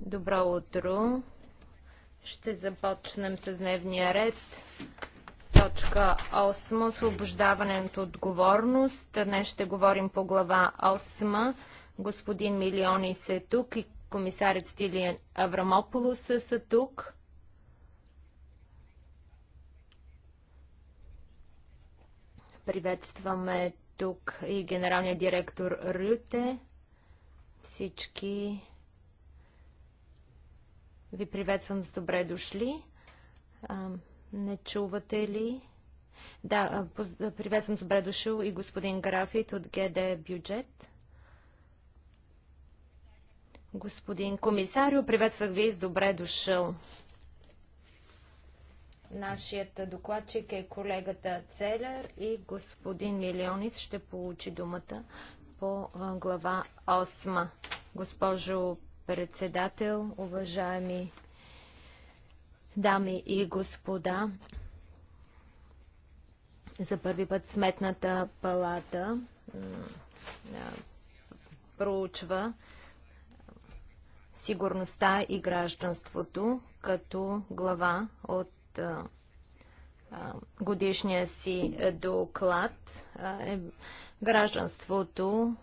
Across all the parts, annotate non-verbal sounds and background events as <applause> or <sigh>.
Добро утро. Ще започнем с дневния ред. Точка 8. Освобождаването от отговорност. Днес ще говорим по глава 8. Господин Милиони се е тук и комисарят Стилиан Аврамополос са тук. Приветстваме тук и генералния директор Рюте. Всички ви приветствам с добре дошли. не чувате ли? Да, приветствам с добре дошъл и господин Графит от ГД Бюджет. Господин комисарио, приветствах ви с добре дошъл. Нашият докладчик е колегата Целер и господин Милионис ще получи думата по глава 8. Госпожо председател, уважаеми дами и господа, за първи път Сметната палата проучва сигурността и гражданството като глава от годишния си доклад. Е, Гражданството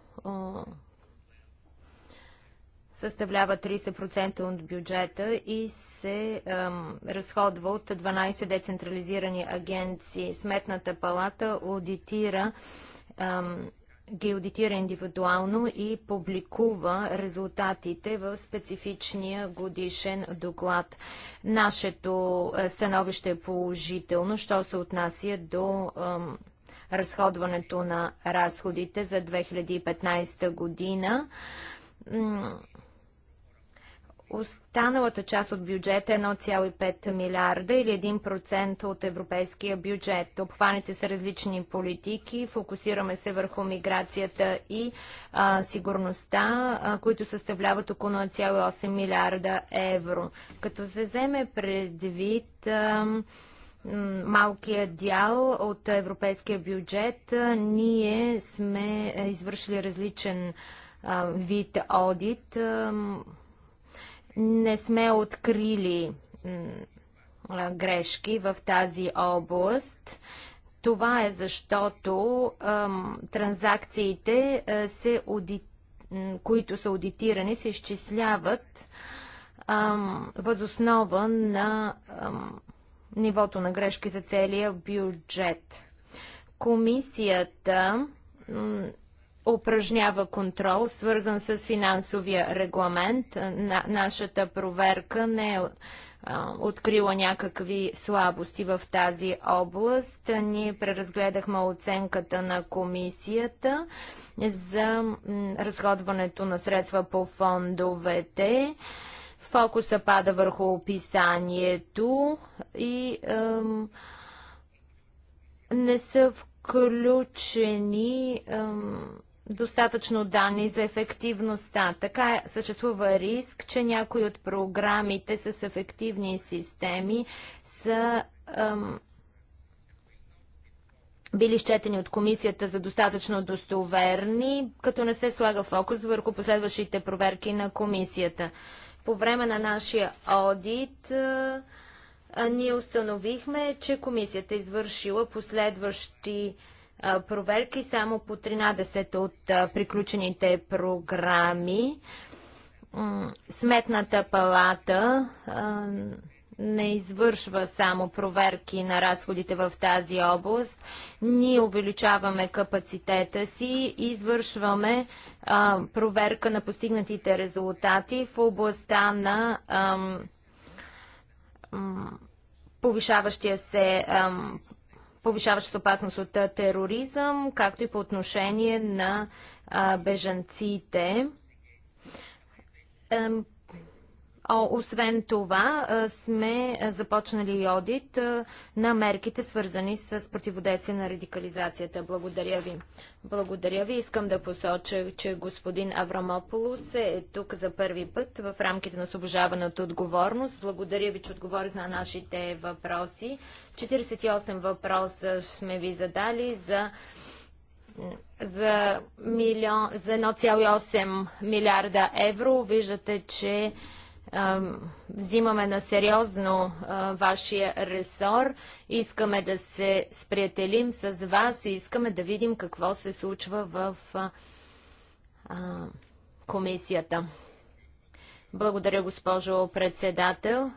съставлява 30% от бюджета и се разходва от 12 децентрализирани агенции. Сметната палата аудитира ги аудитира индивидуално и публикува резултатите в специфичния годишен доклад. Нашето становище е положително, що се отнася до разходването на разходите за 2015 година. Останалата част от бюджета е 1,5 милиарда или 1% от европейския бюджет. Обхваните са различни политики, фокусираме се върху миграцията и а, сигурността, а, които съставляват около 1,8 милиарда евро. Като се вземе предвид а, малкия дял от европейския бюджет, ние сме извършили различен вид одит. Не сме открили грешки в тази област. Това е защото транзакциите, се които са аудитирани, се изчисляват възоснова на нивото на грешки за целия бюджет. Комисията упражнява контрол, свързан с финансовия регламент. На, нашата проверка не е открила някакви слабости в тази област. Ние преразгледахме оценката на комисията за разходването на средства по фондовете. Фокуса пада върху описанието и ем, не са включени ем, достатъчно данни за ефективността. Така съществува риск, че някои от програмите с ефективни системи са ем, били изчетени от комисията за достатъчно достоверни, като не се слага фокус върху последващите проверки на комисията. По време на нашия аудит ние установихме, че комисията е извършила последващи проверки само по 13 от приключените програми. Сметната палата не извършва само проверки на разходите в тази област. Ние увеличаваме капацитета си и извършваме а, проверка на постигнатите резултати в областта на ам, повишаващия се ам, повишаващата опасност от тероризъм, както и по отношение на а, бежанците. Освен това, сме започнали и одит на мерките, свързани с противодействие на радикализацията. Благодаря ви. Благодаря ви. Искам да посоча, че господин Аврамополос е тук за първи път в рамките на освобождаваната отговорност. Благодаря ви, че отговорих на нашите въпроси. 48 въпроса сме ви задали за за, милион, за 1,8 милиарда евро. Виждате, че взимаме на сериозно вашия ресор, искаме да се сприятелим с вас и искаме да видим какво се случва в комисията. Благодаря, госпожо председател.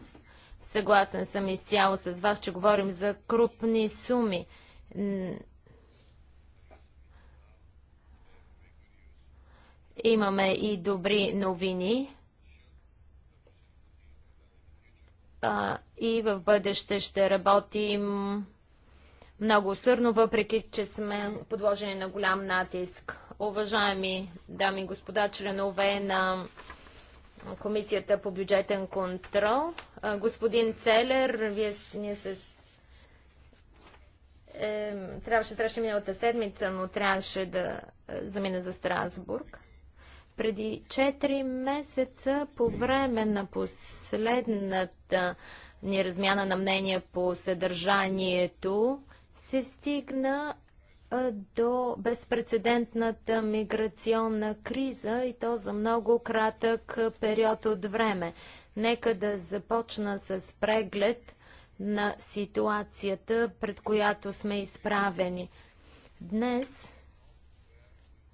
Съгласен съм изцяло с вас, че говорим за крупни суми. Имаме и добри новини а, и в бъдеще ще работим много усърно, въпреки че сме подложени на голям натиск. Уважаеми дами и господа, членове на Комисията по бюджетен контрол, а, господин Целер, вие ние с е, трябваше срещаме миналата седмица, но трябваше да е, замина за Страсбург. Преди 4 месеца по време на последната ни размяна на мнение по съдържанието се стигна до безпредседентната миграционна криза и то за много кратък период от време. Нека да започна с преглед на ситуацията, пред която сме изправени. Днес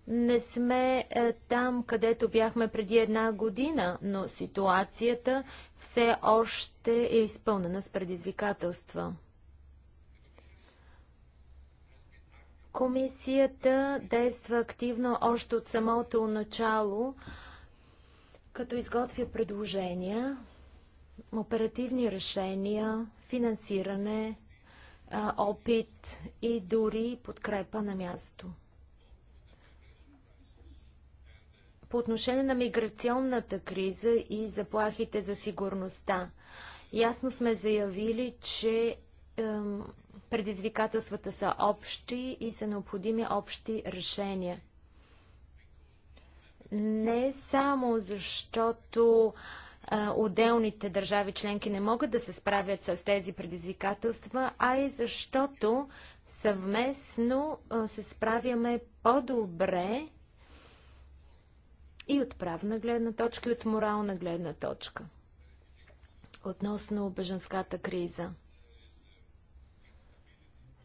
не сме е, там, където бяхме преди една година, но ситуацията все още е изпълнена с предизвикателства. Комисията действа активно още от самото начало, като изготвя предложения, оперативни решения, финансиране, е, опит и дори подкрепа на място. по отношение на миграционната криза и заплахите за сигурността. Ясно сме заявили, че предизвикателствата са общи и са необходими общи решения. Не само защото е, отделните държави членки не могат да се справят с тези предизвикателства, а и защото съвместно е, се справяме по-добре и от правна гледна точка, и от морална гледна точка. Относно беженската криза.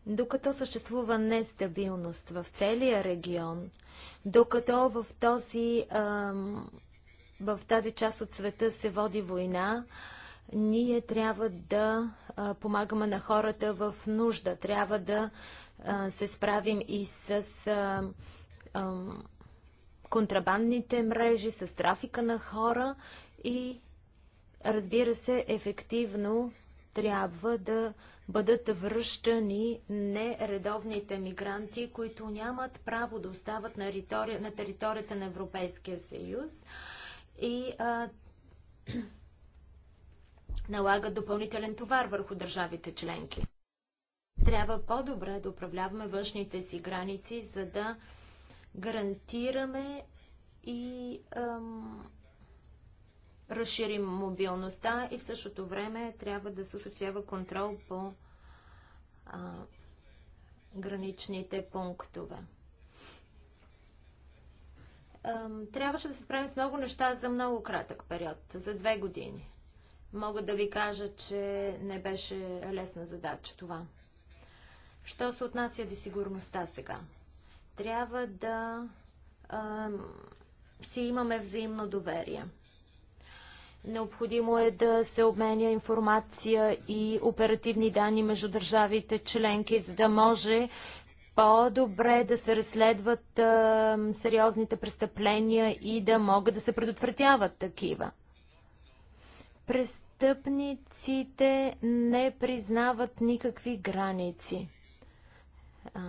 Докато съществува нестабилност в целия регион, докато в, този, в тази част от света се води война, ние трябва да помагаме на хората в нужда. Трябва да се справим и с контрабандните мрежи, с трафика на хора и разбира се, ефективно трябва да бъдат връщани нередовните мигранти, които нямат право да остават на, територия, на територията на Европейския съюз и а, <clears throat> налагат допълнителен товар върху държавите членки. Трябва по-добре да управляваме външните си граници, за да гарантираме и ам, разширим мобилността и в същото време трябва да се осъществява контрол по а, граничните пунктове. Ам, трябваше да се справим с много неща за много кратък период, за две години. Мога да ви кажа, че не беше лесна задача това. Що се отнася до сигурността сега? Трябва да а, си имаме взаимно доверие. Необходимо е да се обменя информация и оперативни данни между държавите членки, за да може по-добре да се разследват а, сериозните престъпления и да могат да се предотвратяват такива. Престъпниците не признават никакви граници. А,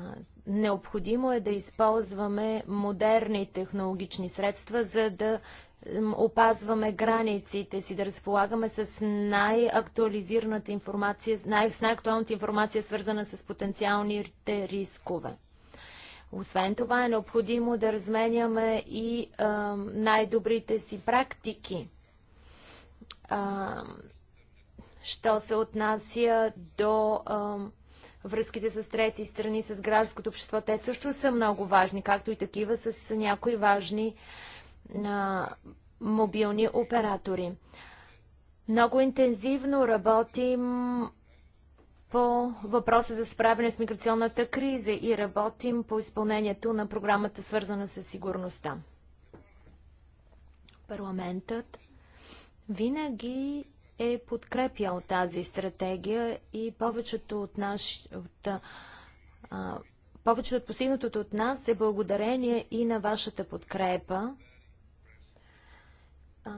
Необходимо е да използваме модерни технологични средства, за да опазваме границите си, да разполагаме с най-актуализираната информация, най- с най-актуалната информация, свързана с потенциалните рискове. Освен това е необходимо да разменяме и най-добрите си практики. А, що се отнася до а, връзките с трети страни, с гражданското общество, те също са много важни, както и такива с някои важни а, мобилни оператори. Много интензивно работим по въпроса за справяне с миграционната криза и работим по изпълнението на програмата, свързана с сигурността. Парламентът винаги е подкрепял тази стратегия и повечето от наш, от, а, повечето от постигнатото от нас е благодарение и на вашата подкрепа. А,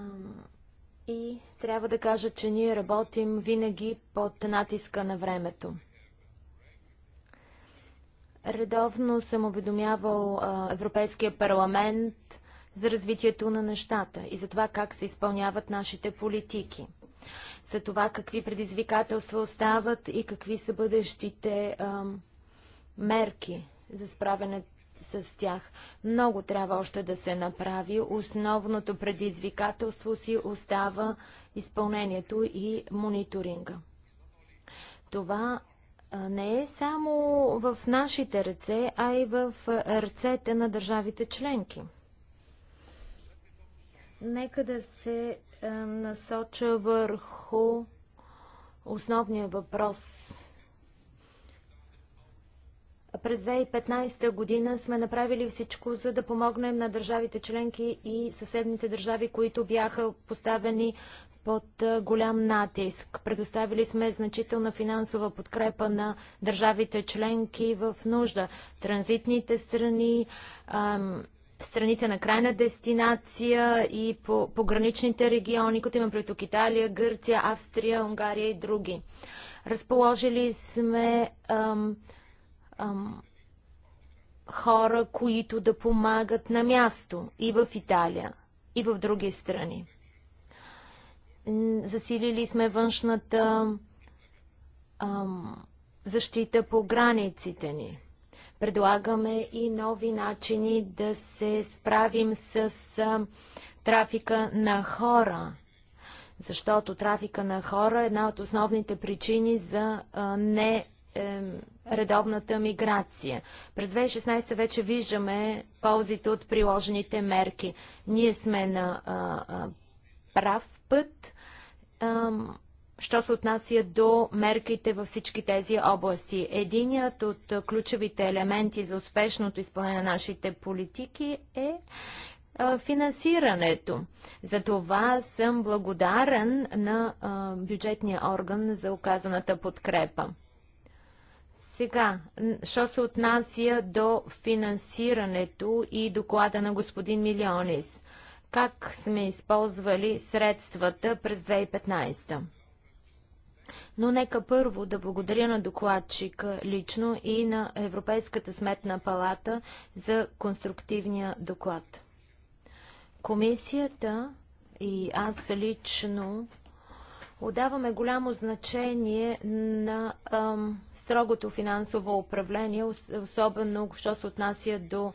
и трябва да кажа, че ние работим винаги под натиска на времето. Редовно съм уведомявал а, Европейския парламент за развитието на нещата и за това как се изпълняват нашите политики за това какви предизвикателства остават и какви са бъдещите ам, мерки за справяне с тях. Много трябва още да се направи. Основното предизвикателство си остава изпълнението и мониторинга. Това не е само в нашите ръце, а и в ръцете на държавите членки. Нека да се насоча върху основния въпрос. През 2015 година сме направили всичко, за да помогнем на държавите членки и съседните държави, които бяха поставени под голям натиск. Предоставили сме значителна финансова подкрепа на държавите членки в нужда. Транзитните страни, ам, страните на крайна дестинация и по пограничните региони, като има приток Италия, Гърция, Австрия, Унгария и други. Разположили сме ам, ам, хора, които да помагат на място и в Италия, и в други страни. Засилили сме външната ам, защита по границите ни. Предлагаме и нови начини да се справим с трафика на хора, защото трафика на хора е една от основните причини за не редовната миграция. През 2016 вече виждаме ползите от приложените мерки. Ние сме на а, а, прав път. А, що се отнася до мерките във всички тези области. Единият от ключовите елементи за успешното изпълнение на нашите политики е финансирането. За това съм благодарен на бюджетния орган за оказаната подкрепа. Сега, що се отнася до финансирането и доклада на господин Милионис? Как сме използвали средствата през 2015? Но нека първо да благодаря на докладчика лично и на Европейската сметна палата за конструктивния доклад. Комисията и аз лично отдаваме голямо значение на ам, строгото финансово управление, особено що се отнася до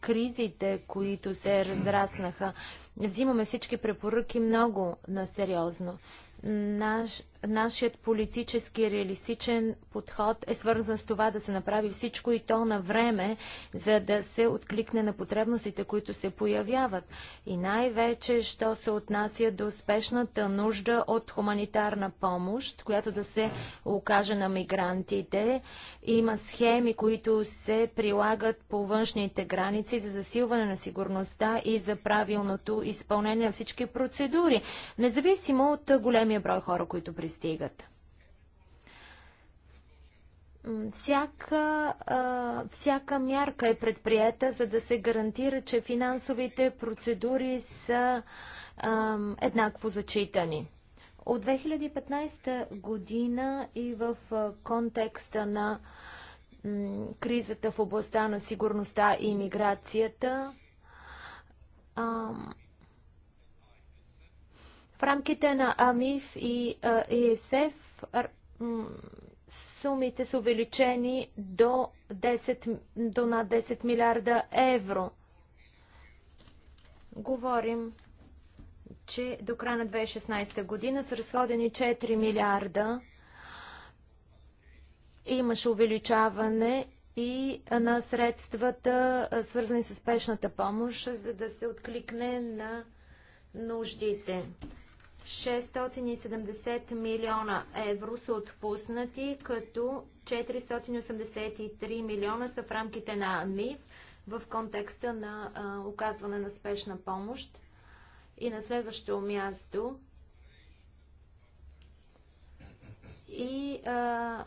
кризите, които се разраснаха. Взимаме всички препоръки много насериозно. Наш, Нашият политически реалистичен подход е свързан с това да се направи всичко и то на време, за да се откликне на потребностите, които се появяват. И най-вече, що се отнася до успешната нужда от хуманитарна помощ, която да се окаже на мигрантите. Има схеми, които се прилагат по външните граници за засилване на сигурността и за правилното изпълнение на всички процедури, независимо от големия брой хора, които присъстват пристигат. Всяка, всяка мярка е предприета, за да се гарантира, че финансовите процедури са еднакво зачитани. От 2015 година и в контекста на кризата в областта на сигурността и миграцията, в рамките на АМИФ и ИСФ сумите са увеличени до, 10, до над 10 милиарда евро. Говорим, че до края на 2016 година са разходени 4 милиарда. Имаше увеличаване и на средствата, свързани с спешната помощ, за да се откликне на нуждите. 670 милиона евро са отпуснати, като 483 милиона са в рамките на МИФ в контекста на а, оказване на спешна помощ. И на следващо място и а,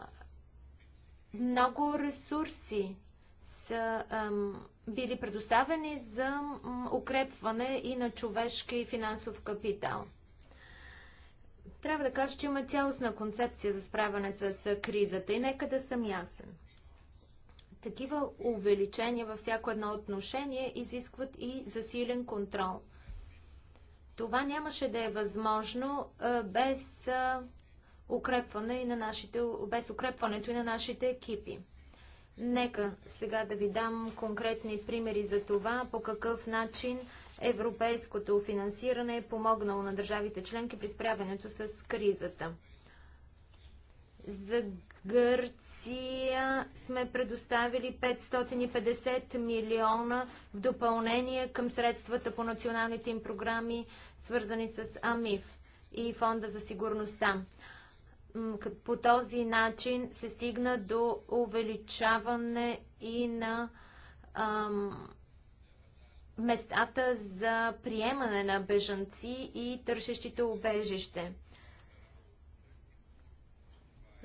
много ресурси са ам, били предоставени за укрепване и на човешки финансов капитал. Трябва да кажа, че има цялостна концепция за справяне с кризата и нека да съм ясен. Такива увеличения във всяко едно отношение изискват и засилен контрол. Това нямаше да е възможно без укрепване и на нашите, без укрепването и на нашите екипи. Нека сега да ви дам конкретни примери за това, по какъв начин Европейското финансиране е помогнало на държавите членки при справянето с кризата. За Гърция сме предоставили 550 милиона в допълнение към средствата по националните им програми, свързани с АМИФ и Фонда за сигурността. По този начин се стигна до увеличаване и на ам, местата за приемане на бежанци и търсещите убежище.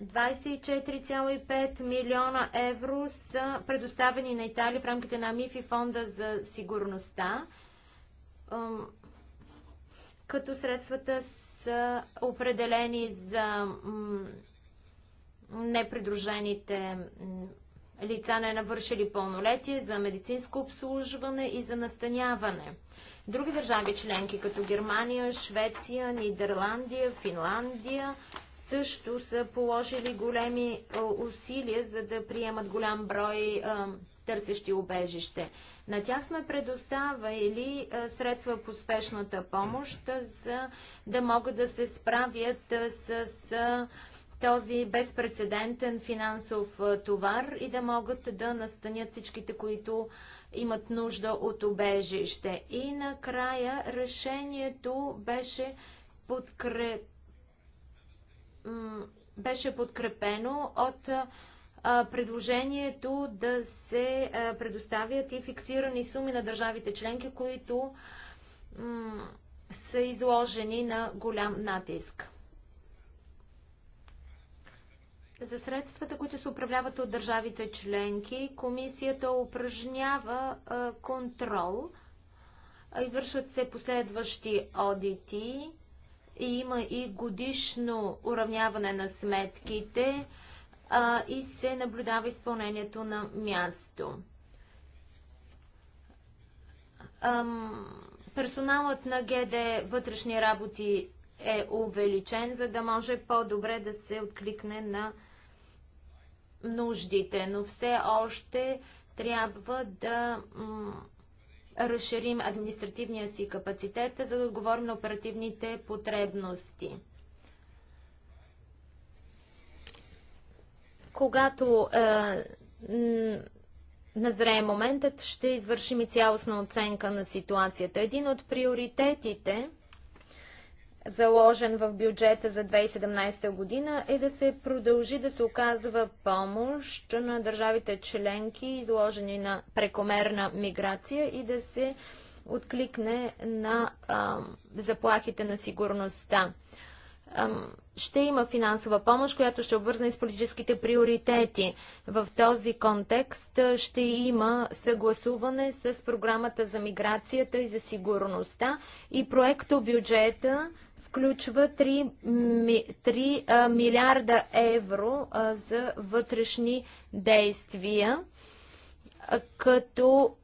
24,5 милиона евро са предоставени на Италия в рамките на МИФ и Фонда за сигурността, като средствата са определени за непридружените лица не навършили пълнолетие, за медицинско обслужване и за настаняване. Други държави членки, като Германия, Швеция, Нидерландия, Финландия, също са положили големи усилия, за да приемат голям брой а, търсещи убежище. На тях сме предоставили средства по спешната помощ, за да могат да се справят с този безпредседентен финансов товар и да могат да настанят всичките, които имат нужда от обежище. И накрая решението беше, подкреп... беше подкрепено от предложението да се предоставят и фиксирани суми на държавите членки, които са изложени на голям натиск. За средствата, които се управляват от държавите членки, комисията упражнява контрол, извършват се последващи одити и има и годишно уравняване на сметките и се наблюдава изпълнението на място. персоналът на ГД вътрешни работи е увеличен, за да може по-добре да се откликне на нуждите, но все още трябва да разширим административния си капацитет, за да отговорим на оперативните потребности. Когато е, назрее моментът, ще извършим и цялостна оценка на ситуацията. Един от приоритетите заложен в бюджета за 2017 година, е да се продължи да се оказва помощ на държавите членки, изложени на прекомерна миграция и да се откликне на а, заплахите на сигурността. ще има финансова помощ, която ще обвързна и с политическите приоритети. В този контекст ще има съгласуване с програмата за миграцията и за сигурността и проекто бюджета включва 3, 3 милиарда евро за вътрешни действия, като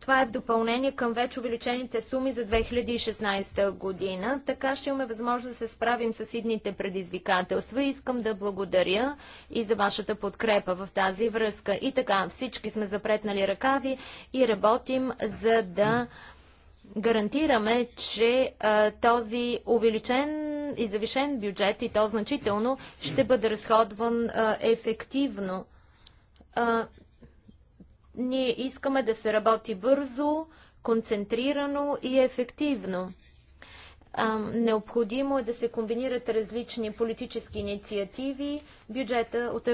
това е в допълнение към вече увеличените суми за 2016 година. Така ще имаме възможност да се справим с идните предизвикателства. Искам да благодаря и за вашата подкрепа в тази връзка. И така, всички сме запретнали ръкави и работим за да гарантираме, че а, този увеличен и завишен бюджет, и то значително, ще бъде разходван а, ефективно. А, ние искаме да се работи бързо, концентрирано и ефективно необходимо е да се комбинират различни политически инициативи, бюджета от,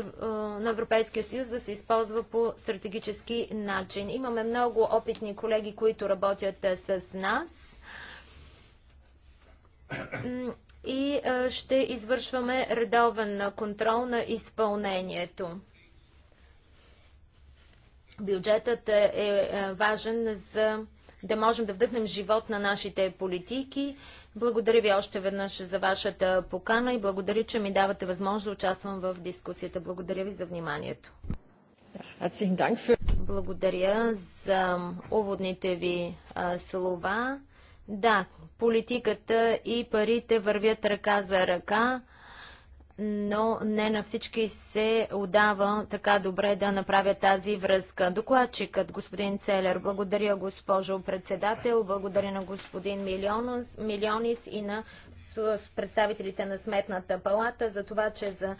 на Европейския съюз да се използва по стратегически начин. Имаме много опитни колеги, които работят с нас и ще извършваме редовен контрол на изпълнението. Бюджетът е, е, е важен за да можем да вдъхнем живот на нашите политики благодаря ви още веднъж за вашата покана и благодаря, че ми давате възможност да участвам в дискусията. Благодаря ви за вниманието. Благодаря за уводните ви а, слова. Да, политиката и парите вървят ръка за ръка но не на всички се удава така добре да направя тази връзка. Докладчикът, господин Целер, благодаря госпожо председател, благодаря на господин Милионис, Милионис и на представителите на Сметната палата за това, че за...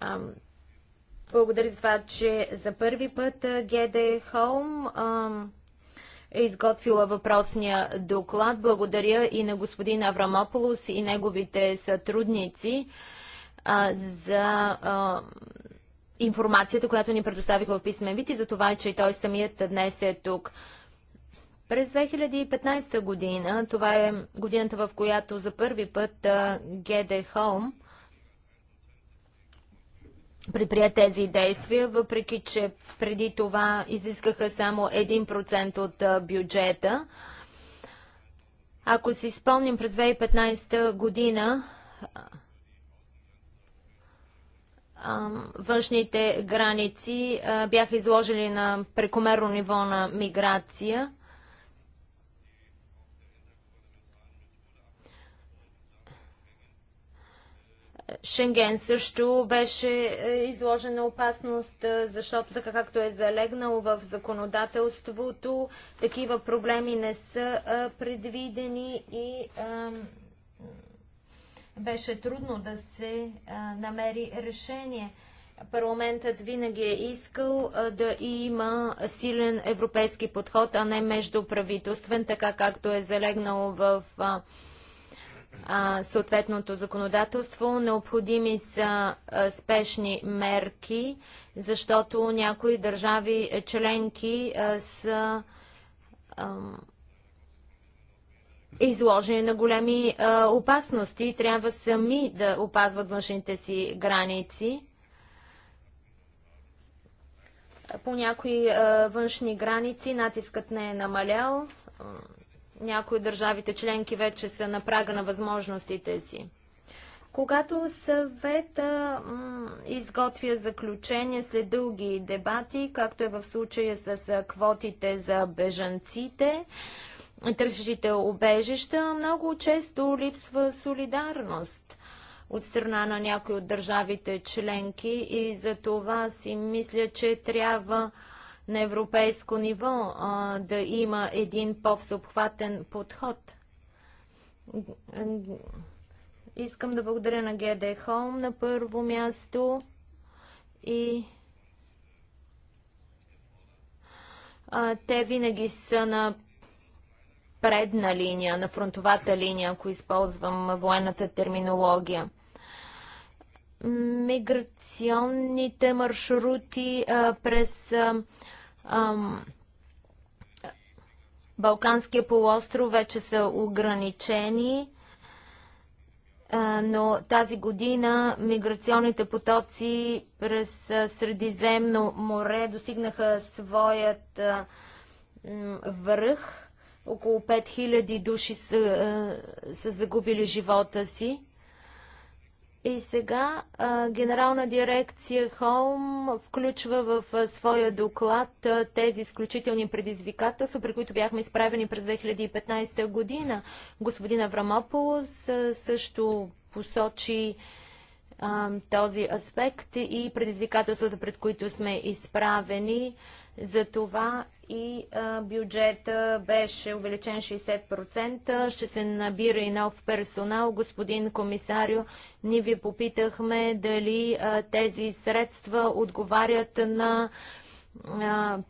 Ам, благодаря за това, че за първи път ГД Холм е изготвила въпросния доклад. Благодаря и на господин Аврамополос и неговите сътрудници а, за а, информацията, която ни предоставиха в писмен вид и за това, че той самият днес е тук. През 2015 година, това е годината, в която за първи път Геде Холм предприе тези действия, въпреки че преди това изискаха само 1% от бюджета. Ако си спомним през 2015 година, външните граници бяха изложили на прекомерно ниво на миграция. Шенген също беше е, изложен на опасност, защото така както е залегнал в законодателството, такива проблеми не са предвидени и беше трудно да се а, намери решение. Парламентът винаги е искал а, да има силен европейски подход, а не междуправителствен, така както е залегнало в а, а, съответното законодателство. Необходими са а, спешни мерки, защото някои държави членки а, са. А, е изложени на големи а, опасности и трябва сами да опазват външните си граници. По някои а, външни граници натискът не е намалял. Някои държавите членки вече са на прага на възможностите си. Когато съвета изготвя заключение след дълги дебати, както е в случая с квотите за бежанците, търсещите обежища, много често липсва солидарност от страна на някои от държавите членки и за това си мисля, че трябва на европейско ниво а, да има един по-всеобхватен подход. Искам да благодаря на ГД Холм на първо място и а, те винаги са на предна линия, на фронтовата линия, ако използвам военната терминология. Миграционните маршрути а, през а, а, Балканския полуостров вече са ограничени, но тази година миграционните потоци през Средиземно море достигнаха своят връх около 5000 души са, е, са загубили живота си. И сега а, е, Генерална дирекция Холм включва в а, е, своя доклад а, тези изключителни предизвикателства, при които бяхме изправени през 2015 година. Господин Аврамополос също посочи този аспект и предизвикателствата, пред които сме изправени. За това и бюджета беше увеличен 60%. Ще се набира и нов персонал. Господин комисарио, ние ви попитахме дали тези средства отговарят на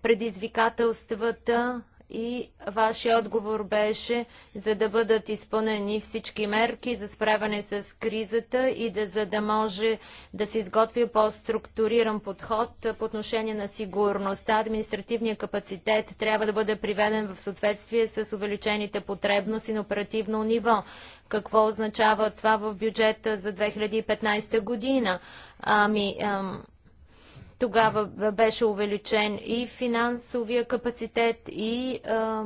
предизвикателствата и вашия отговор беше за да бъдат изпълнени всички мерки за справяне с кризата и да, за да може да се изготви по-структуриран подход по отношение на сигурността. административния капацитет трябва да бъде приведен в съответствие с увеличените потребности на оперативно ниво. Какво означава това в бюджета за 2015 година? Ами, ам, тогава беше увеличен и финансовия капацитет, и а,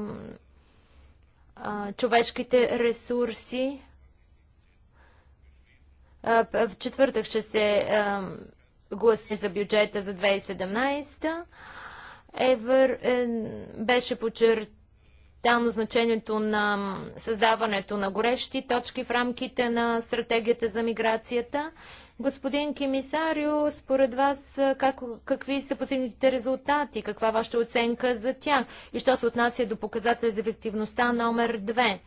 а, човешките ресурси. А, в четвъртък ще се гласи за бюджета за 2017. Евър е, беше подчертан значението на създаването на горещи точки в рамките на стратегията за миграцията. Господин Кимисарио, според вас как, какви са последните резултати? Каква е вашата оценка за тях? И що се отнася до показателя за ефективността номер 2?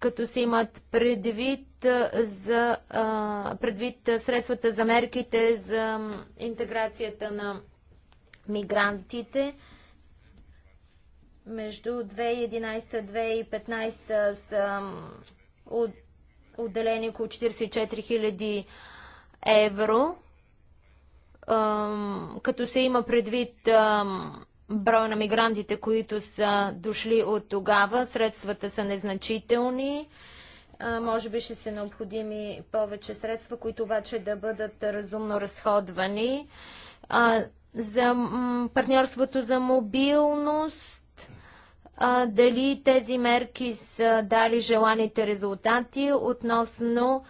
като се имат предвид, за, предвид средствата за мерките за интеграцията на мигрантите между 2011-2015 са отделени около 44 000 евро, като се има предвид броя на мигрантите, които са дошли от тогава. Средствата са незначителни. Може би ще са необходими повече средства, които обаче да бъдат разумно разходвани. За партньорството за мобилност дали тези мерки са дали желаните резултати относно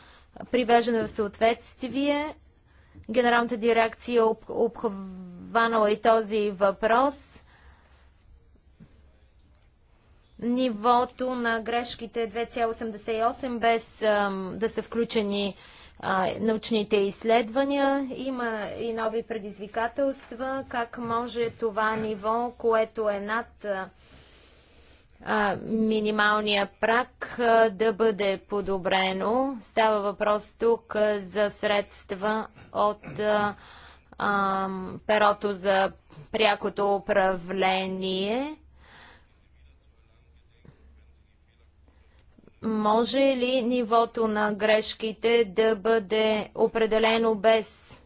привеждане в съответствие. Генералната дирекция е обхванала и този въпрос. Нивото на грешките е 2,88 без да са включени научните изследвания. Има и нови предизвикателства. Как може това ниво, което е над минималния прак да бъде подобрено. Става въпрос тук за средства от перото за прякото управление. Може ли нивото на грешките да бъде определено без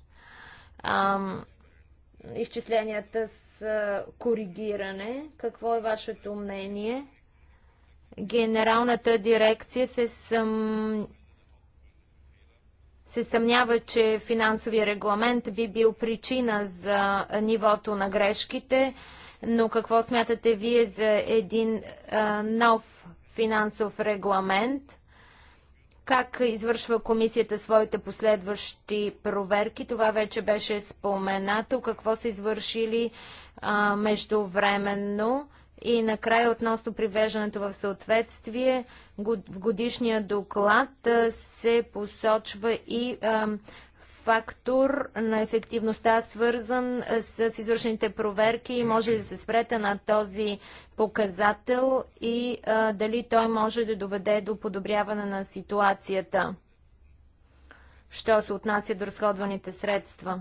изчисленията с коригиране. Какво е вашето мнение? Генералната дирекция се, съм... се съмнява, че финансовия регламент би бил причина за нивото на грешките, но какво смятате вие за един а, нов финансов регламент? Как извършва комисията своите последващи проверки? Това вече беше споменато. Какво са извършили а, междувременно. И накрая относно привеждането в съответствие, в годишния доклад се посочва и фактор на ефективността, свързан с извършените проверки. Може ли да се спрете на този показател и а, дали той може да доведе до подобряване на ситуацията, що се отнася до разходваните средства?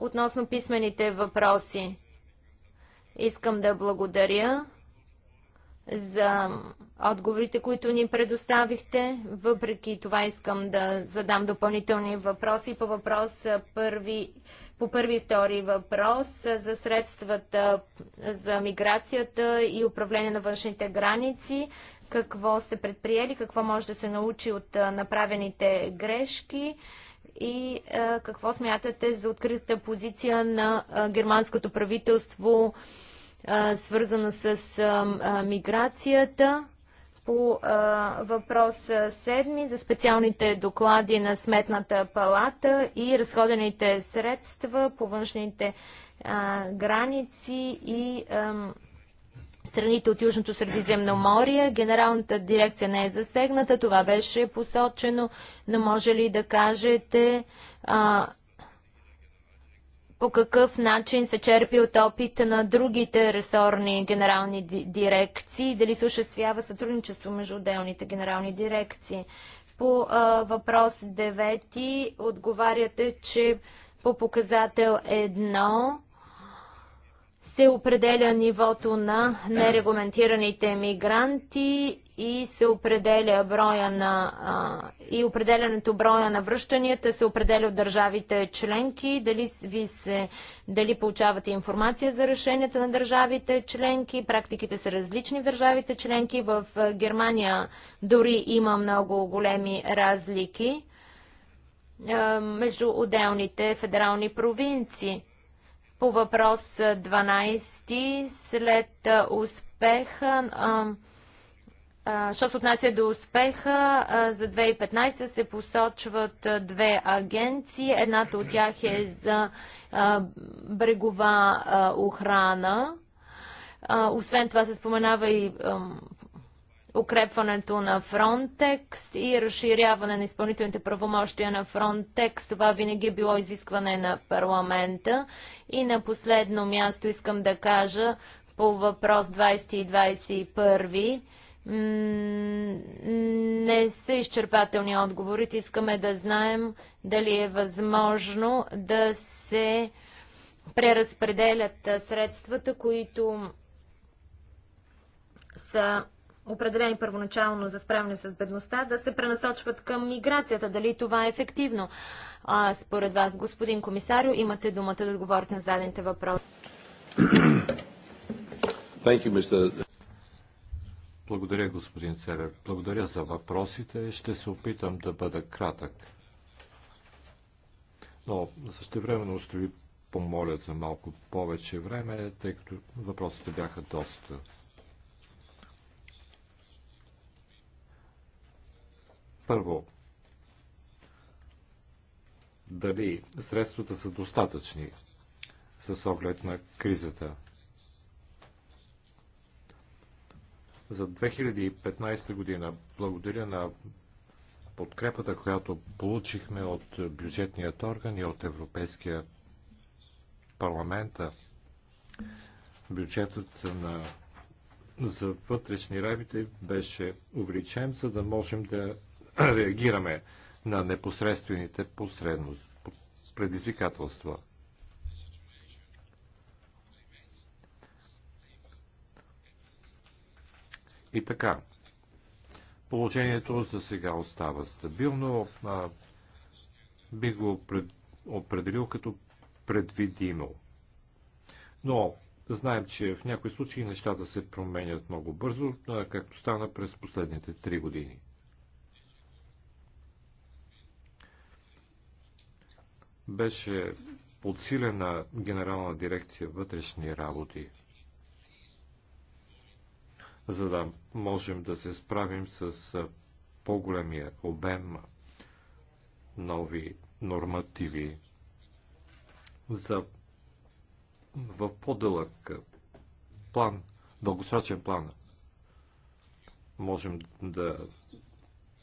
Относно писмените въпроси, искам да благодаря за отговорите, които ни предоставихте. Въпреки това искам да задам допълнителни въпроси по въпрос първи, по първи и втори въпрос за средствата за миграцията и управление на външните граници. Какво сте предприели, какво може да се научи от направените грешки? и а, е, какво смятате за откритата позиция на а, е, германското правителство, а, е, свързана с а, а, миграцията? По а, въпрос 7 за специалните доклади на Сметната палата и разходените средства по външните а, граници и а, страните от Южното море. Генералната дирекция не е засегната, това беше посочено, но може ли да кажете а, по какъв начин се черпи от опита на другите ресорни генерални дирекции, дали се осъществява сътрудничество между отделните генерални дирекции. По а, въпрос 9 отговаряте, че по показател 1 се определя нивото на нерегламентираните мигранти и се определя броя на а, и определянето броя на връщанията се определя от държавите членки, дали ви се дали получавате информация за решенията на държавите членки, практиките са различни в държавите членки, в Германия дори има много големи разлики между отделните федерални провинции. По въпрос 12, след успеха, що се отнася до успеха, за 2015 се посочват две агенции. Едната от тях е за брегова охрана. Освен това се споменава и укрепването на Фронтекс и разширяване на изпълнителните правомощия на Фронтекс. Това винаги е било изискване на парламента. И на последно място искам да кажа по въпрос 20 и 21 не са изчерпателни отговорите. Искаме да знаем дали е възможно да се преразпределят средствата, които са определени първоначално за справяне с бедността, да се пренасочват към миграцията. Дали това е ефективно? А, според вас, господин комисарио, имате думата да отговорите на зададените въпроси. <coughs> You, Благодаря, господин Церер. Благодаря за въпросите. Ще се опитам да бъда кратък. Но същевременно ще ви помоля за малко повече време, тъй като въпросите бяха доста Първо, дали средствата са достатъчни с оглед на кризата. За 2015 година благодаря на подкрепата, която получихме от бюджетният орган и от Европейския парламент. Бюджетът на за вътрешни работи беше увеличен, за да можем да <coughs> реагираме на непосредствените посредност, предизвикателства. И така, положението за сега остава стабилно. А, би го пред, определил като предвидимо. Но знаем, че в някои случаи нещата се променят много бързо, както стана през последните три години. беше подсилена Генерална дирекция вътрешни работи, за да можем да се справим с по-големия обем нови нормативи за в по-дълъг план, дългосрочен план. Можем да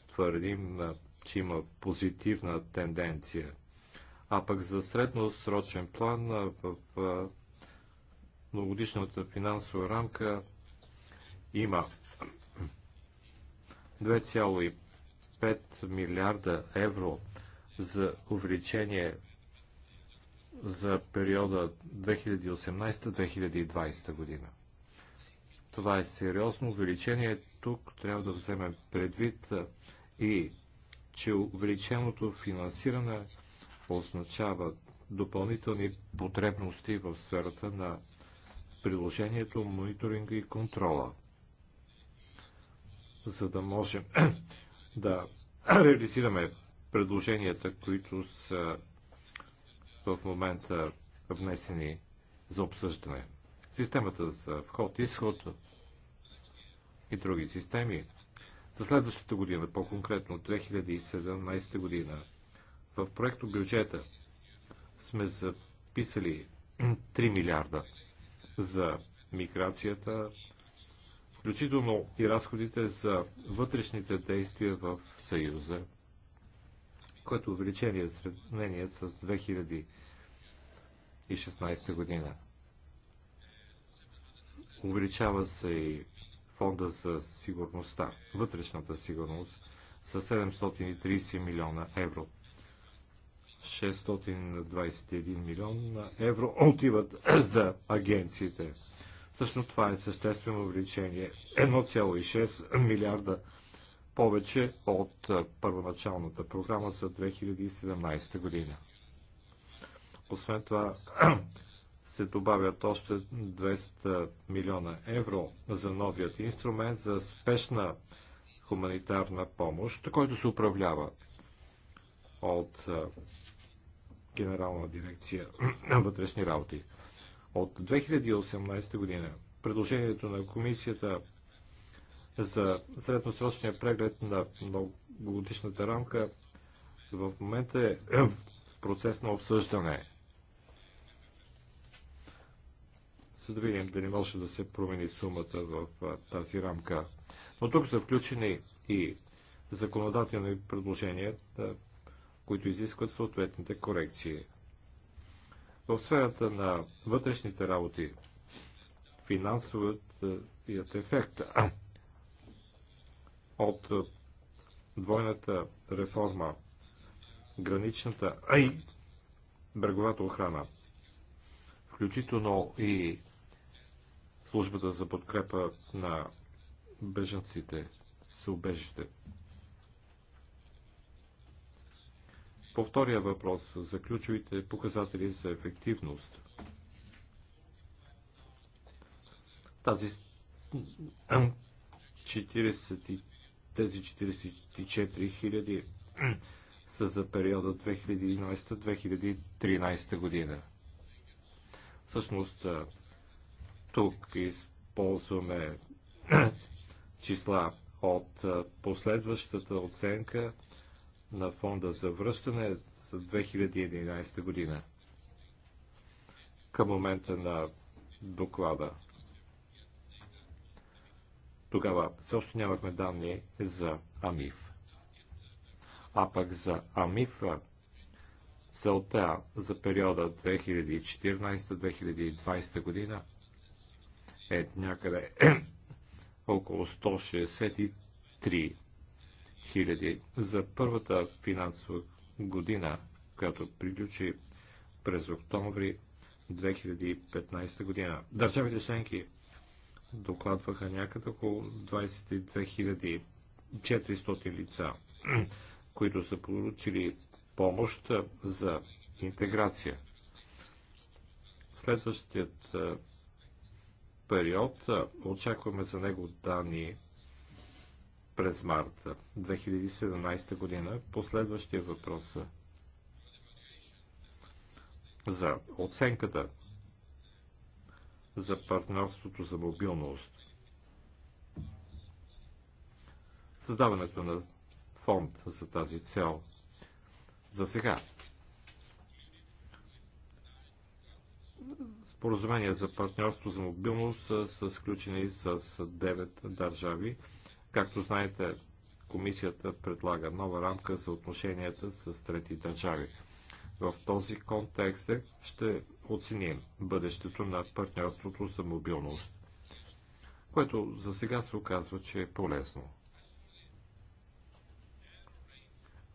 твърдим, че има позитивна тенденция – а пък за средносрочен план в многогодишната финансова рамка има 2,5 милиарда евро за увеличение за периода 2018-2020 година. Това е сериозно увеличение. Тук трябва да вземем предвид и че увеличеното финансиране означава допълнителни потребности в сферата на приложението, мониторинга и контрола. За да можем <clears throat> да <clears throat> реализираме предложенията, които са в момента внесени за обсъждане. Системата за вход-изход и други системи за следващата година, по-конкретно 2017 година, в проекто бюджета сме записали 3 <clears throat> милиарда за миграцията, включително и разходите за вътрешните действия в Съюза, което е увеличение е в сравнение с 2016 година. Увеличава се и фонда за сигурността, вътрешната сигурност, с 730 милиона евро. 621 милион евро отиват <clears throat> за агенциите. Всъщност това е съществено увеличение. 1,6 милиарда повече от първоначалната програма за 2017 година. Освен това <clears throat> се добавят още 200 милиона евро за новият инструмент за спешна хуманитарна помощ, който се управлява от генерална дирекция на вътрешни работи. От 2018 година предложението на комисията за средносрочния преглед на многогодишната рамка в момента е в процес на обсъждане. За да видим дали може да се промени сумата в тази рамка. Но тук са включени и законодателни предложения които изискват съответните корекции. В сферата на вътрешните работи, финансовият ефект от двойната реформа, граничната и бреговата охрана, включително и службата за подкрепа на беженците се убежище. По втория въпрос за ключовите показатели за ефективност. Тази 40, тези 44 хиляди <clears throat> са за периода 2011-2013 година. Всъщност, тук използваме <clears throat> числа от последващата оценка на фонда за връщане за 2011 година. Към момента на доклада. Тогава все още нямахме данни за АМИФ. А пък за АМИФ целта за периода 2014-2020 година е някъде <clears throat> около 163 хиляди за първата финансова година, която приключи през октомври 2015 година. Държавите членки докладваха някъде около 22 400 лица, <clears throat> които са получили помощ за интеграция. Следващият период очакваме за него данни през март 2017 година. Последващия въпрос е за оценката за партньорството за мобилност. Създаването на фонд за тази цел. За сега споразумения за партньорство за мобилност са сключени с 9 държави Както знаете, комисията предлага нова рамка за отношенията с трети държави. В този контекст е, ще оценим бъдещето на партньорството за мобилност, което за сега се оказва, че е полезно.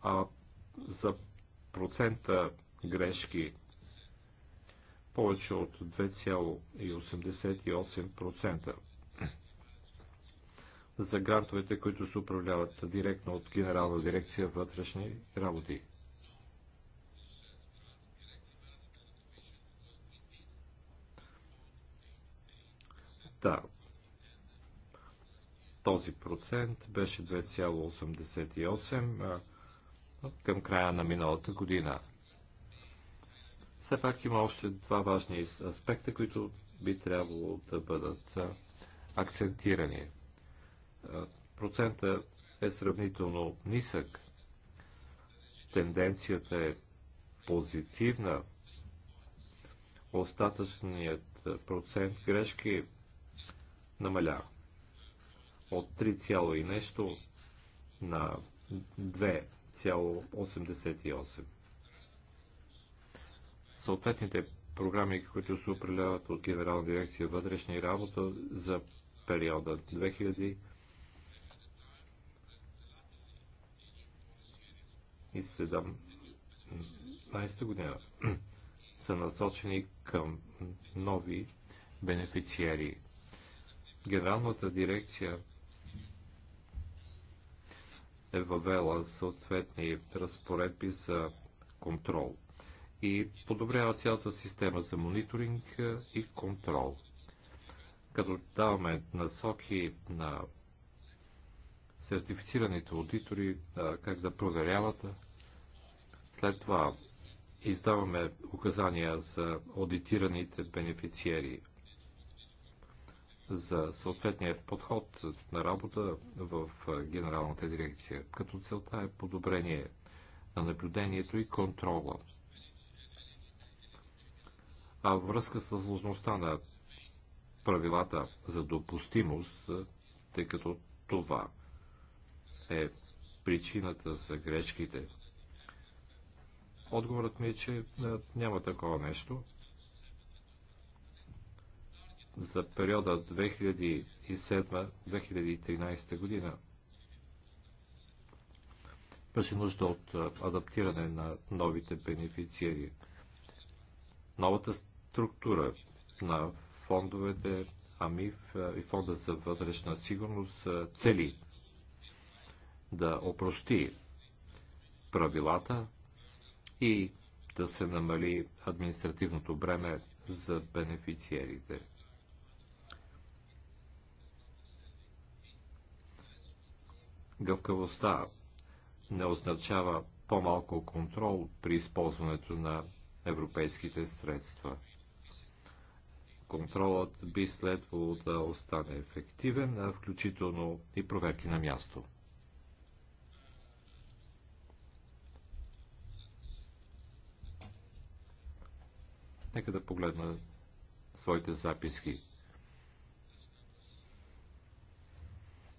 А за процента грешки повече от 2,88% за грантовете, които се управляват директно от Генерална дирекция вътрешни работи. Да, този процент беше 2,88 към края на миналата година. Все пак има още два важни аспекта, които би трябвало да бъдат акцентирани – процента е сравнително нисък. Тенденцията е позитивна. Остатъчният процент грешки намаля от 3, и нещо на 2,88. Съответните програми, които се управляват от Генерална дирекция вътрешни работа за периода 2000 2017 година <clears throat> са насочени към нови бенефициери. Генералната дирекция е въвела съответни разпоредби за контрол и подобрява цялата система за мониторинг и контрол. Като даваме насоки на сертифицираните аудитори как да проверяват. След това издаваме указания за аудитираните бенефициери за съответния подход на работа в Генералната дирекция, като целта е подобрение на наблюдението и контрола. А връзка с сложността на правилата за допустимост, тъй като това е причината за грешките? Отговорът ми е, че е, няма такова нещо. За периода 2007-2013 година беше нужда от е, адаптиране на новите бенефициери. Новата структура на фондовете АМИФ е, и Фонда за вътрешна сигурност цели да опрости правилата и да се намали административното бреме за бенефициерите. Гъвкавостта не означава по-малко контрол при използването на европейските средства. Контролът би следвало да остане ефективен, включително и проверки на място. Нека да погледна своите записки.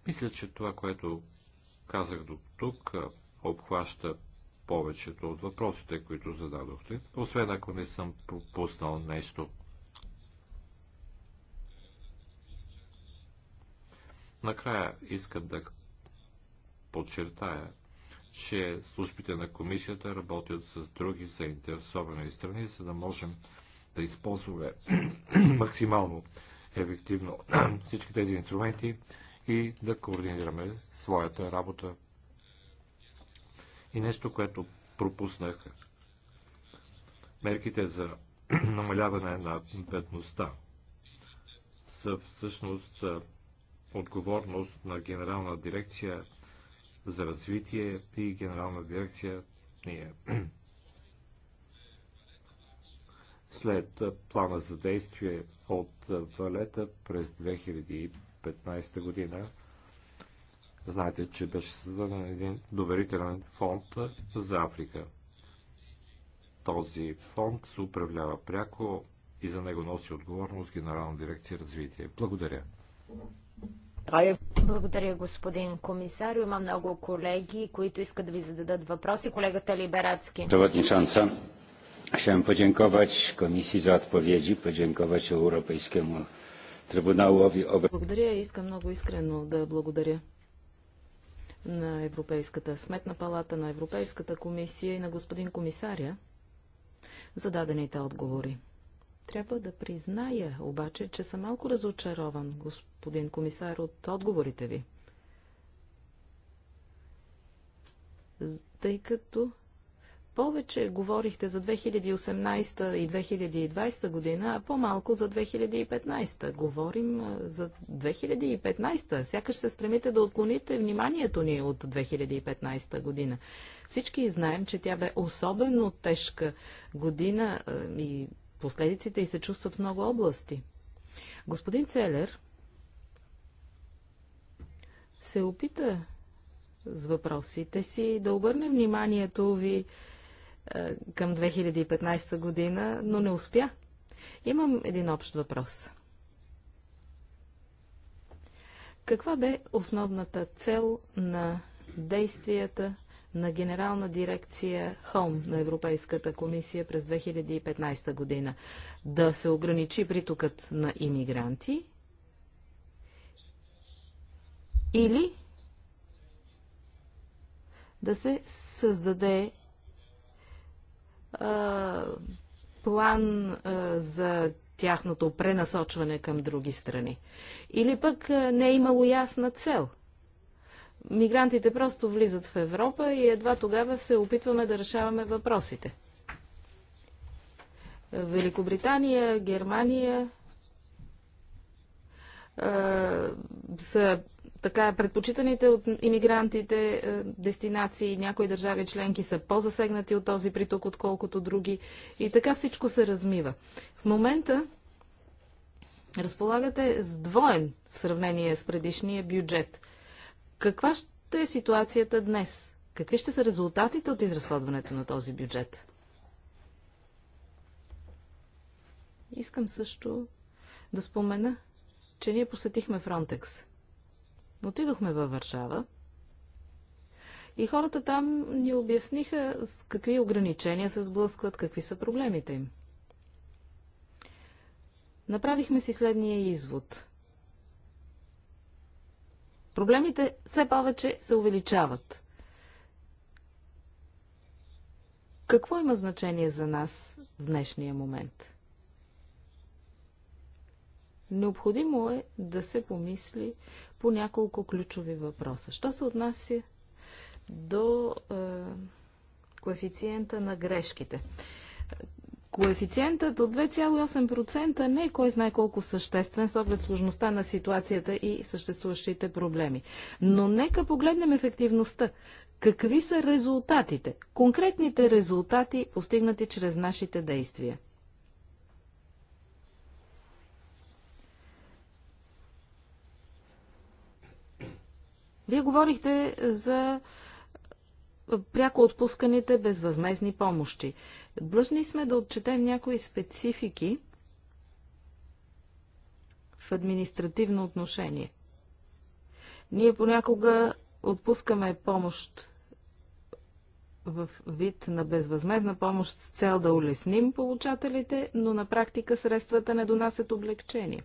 Мисля, че това, което казах до тук, обхваща повечето от въпросите, които зададохте, освен ако не съм пропуснал нещо. Накрая искам да подчертая, че службите на комисията работят с други заинтересовани страни, за да можем да използваме <clears throat> максимално ефективно <clears throat> всички тези инструменти и да координираме своята работа. И нещо, което пропуснах. Мерките за <clears throat> намаляване на бедността са всъщност отговорност на Генерална дирекция за развитие и Генерална дирекция ние след плана за действие от Валета през 2015 година. Знаете, че беше създаден един доверителен фонд за Африка. Този фонд се управлява пряко и за него носи отговорност Генерална дирекция развитие. Благодаря. Благодаря, господин комисар. Има много колеги, които искат да ви зададат въпроси. Колегата Либерацки. Chciałem podziękować Komisji za odpowiedzi, podziękować Europejskiemu Trybunałowi Искам много искрено да благодаря на Европейската сметна палата, на Европейската комисия и на господин комисаря за дадените отговори. Трябва да призная обаче, че съм малко разочарован, господин комисар, от отговорите ви. Тъй като повече говорихте за 2018 и 2020 година, а по-малко за 2015. Говорим за 2015. Сякаш се стремите да отклоните вниманието ни от 2015 година. Всички знаем, че тя бе особено тежка година и последиците й се чувстват в много области. Господин Целер се опита с въпросите си да обърне вниманието ви е, към 2015 година, но не успя. Имам един общ въпрос. Каква бе основната цел на действията на Генерална дирекция Хом на Европейската комисия през 2015 година? Да се ограничи притокът на иммигранти или да се създаде план а, за тяхното пренасочване към други страни. Или пък а, не е имало ясна цел. Мигрантите просто влизат в Европа и едва тогава се опитваме да решаваме въпросите. Великобритания, Германия, са така предпочитаните от иммигрантите е, дестинации, някои държави членки са по-засегнати от този приток, отколкото други. И така всичко се размива. В момента разполагате с двоен в сравнение с предишния бюджет. Каква ще е ситуацията днес? Какви ще са резултатите от изразходването на този бюджет? Искам също да спомена, че ние посетихме Фронтекс. Отидохме във Варшава и хората там ни обясниха с какви ограничения се сблъскват, какви са проблемите им. Направихме си следния извод. Проблемите все повече се увеличават. Какво има значение за нас в днешния момент? Необходимо е да се помисли по няколко ключови въпроса. Що се отнася до е, коефициента на грешките? Коефициентът от 2,8% не е кой знае колко съществен с оглед сложността на ситуацията и съществуващите проблеми. Но нека погледнем ефективността. Какви са резултатите? Конкретните резултати, постигнати чрез нашите действия. Вие говорихте за пряко отпусканите безвъзмезни помощи. Длъжни сме да отчетем някои специфики в административно отношение. Ние понякога отпускаме помощ в вид на безвъзмезна помощ с цел да улесним получателите, но на практика средствата не донасят облегчение.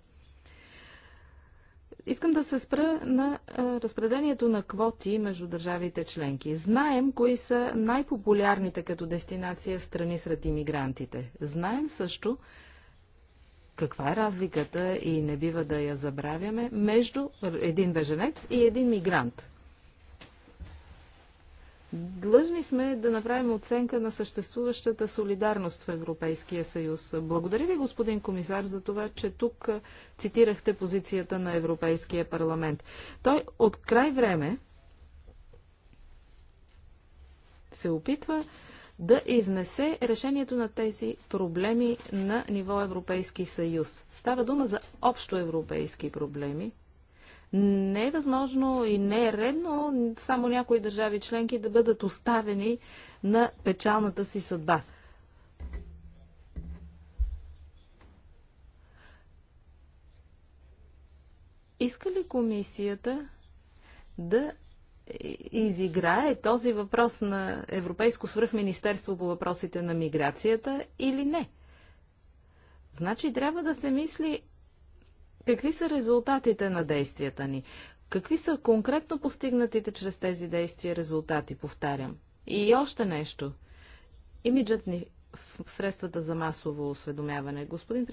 Искам да се спра на разпределението на квоти между държавите членки. Знаем кои са най-популярните като дестинация страни сред иммигрантите. Знаем също каква е разликата и не бива да я забравяме между един беженец и един мигрант. Длъжни сме да направим оценка на съществуващата солидарност в Европейския съюз. Благодаря ви, господин комисар, за това, че тук цитирахте позицията на Европейския парламент. Той от край време се опитва да изнесе решението на тези проблеми на ниво Европейски съюз. Става дума за общо европейски проблеми, не е възможно и не е редно само някои държави членки да бъдат оставени на печалната си съдба. Иска ли комисията да изиграе този въпрос на Европейско свръхминистерство по въпросите на миграцията или не? Значи трябва да се мисли Какви са резултатите на действията ни? Какви са конкретно постигнатите чрез тези действия резултати, повтарям? И още нещо. Имиджът ни в средствата за масово осведомяване. Господин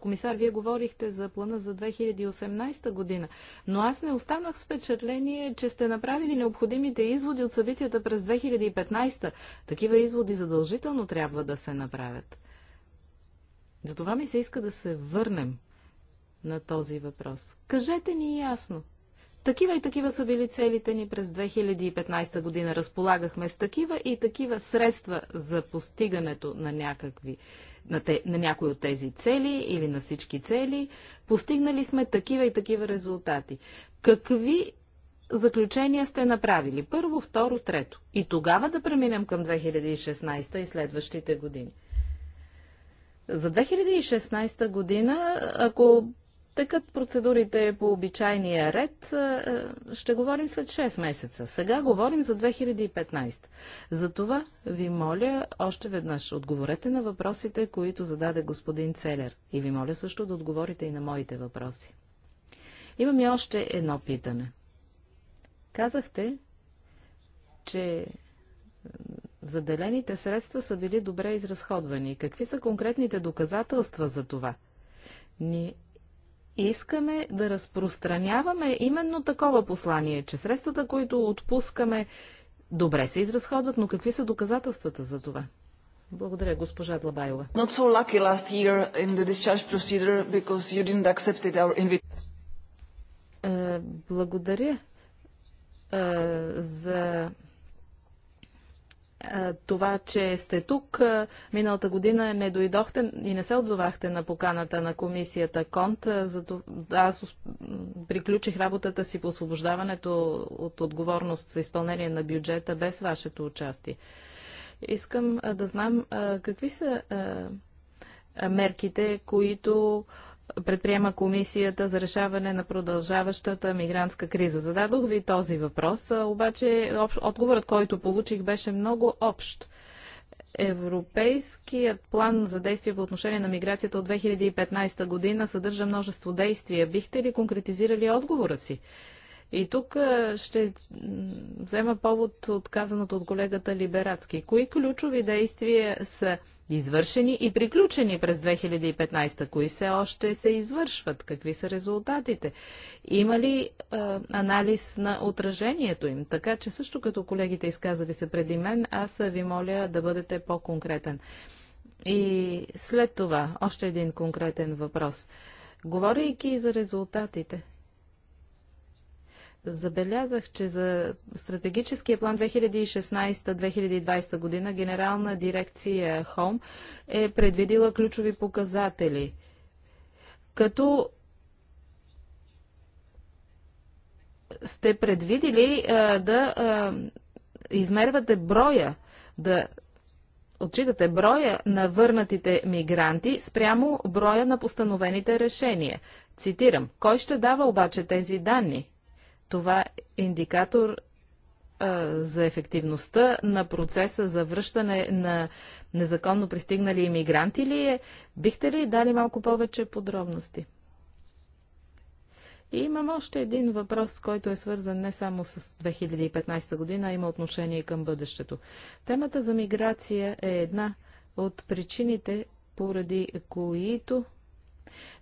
комисар, вие говорихте за плана за 2018 година, но аз не останах с впечатление, че сте направили необходимите изводи от събитията през 2015. Такива изводи задължително трябва да се направят. Затова ми се иска да се върнем на този въпрос. Кажете ни ясно. Такива и такива са били целите ни през 2015 година. Разполагахме с такива и такива средства за постигането на, някакви, на, те, на някои от тези цели или на всички цели. Постигнали сме такива и такива резултати. Какви заключения сте направили? Първо, второ, трето. И тогава да преминем към 2016 и следващите години. За 2016 година, ако Такът процедурите по обичайния ред ще говорим след 6 месеца. Сега говорим за 2015. Затова ви моля още веднъж отговорете на въпросите, които зададе господин Целер. И ви моля също да отговорите и на моите въпроси. Имам и още едно питане. Казахте, че заделените средства са били добре изразходвани. Какви са конкретните доказателства за това? Ни искаме да разпространяваме именно такова послание, че средствата, които отпускаме, добре се изразходват, но какви са доказателствата за това? Благодаря, госпожа Длабаева. Not so lucky last year in the discharge procedure because you didn't our invitation. Uh, е, благодаря uh, за това, че сте тук. Миналата година не дойдохте и не се отзовахте на поканата на комисията Конт. Зато аз приключих работата си по освобождаването от отговорност за изпълнение на бюджета без вашето участие. Искам да знам какви са мерките, които предприема комисията за решаване на продължаващата мигрантска криза? Зададох ви този въпрос, обаче отговорът, който получих, беше много общ. Европейският план за действие по отношение на миграцията от 2015 година съдържа множество действия. Бихте ли конкретизирали отговора си? И тук ще взема повод от казаното от колегата Либерацки. Кои ключови действия са извършени и приключени през 2015, кои все още се извършват, какви са резултатите, има ли е, анализ на отражението им. Така че също като колегите изказали се преди мен, аз ви моля да бъдете по-конкретен. И след това още един конкретен въпрос. Говорейки за резултатите, Забелязах, че за стратегическия план 2016-2020 година Генерална дирекция ХОМ е предвидила ключови показатели, като сте предвидили а, да а, измервате броя, да отчитате броя на върнатите мигранти спрямо броя на постановените решения. Цитирам, кой ще дава обаче тези данни? Това е индикатор за ефективността на процеса за връщане на незаконно пристигнали иммигранти ли е? Бихте ли дали малко повече подробности? И имам още един въпрос, който е свързан не само с 2015 година, а има отношение към бъдещето. Темата за миграция е една от причините, поради които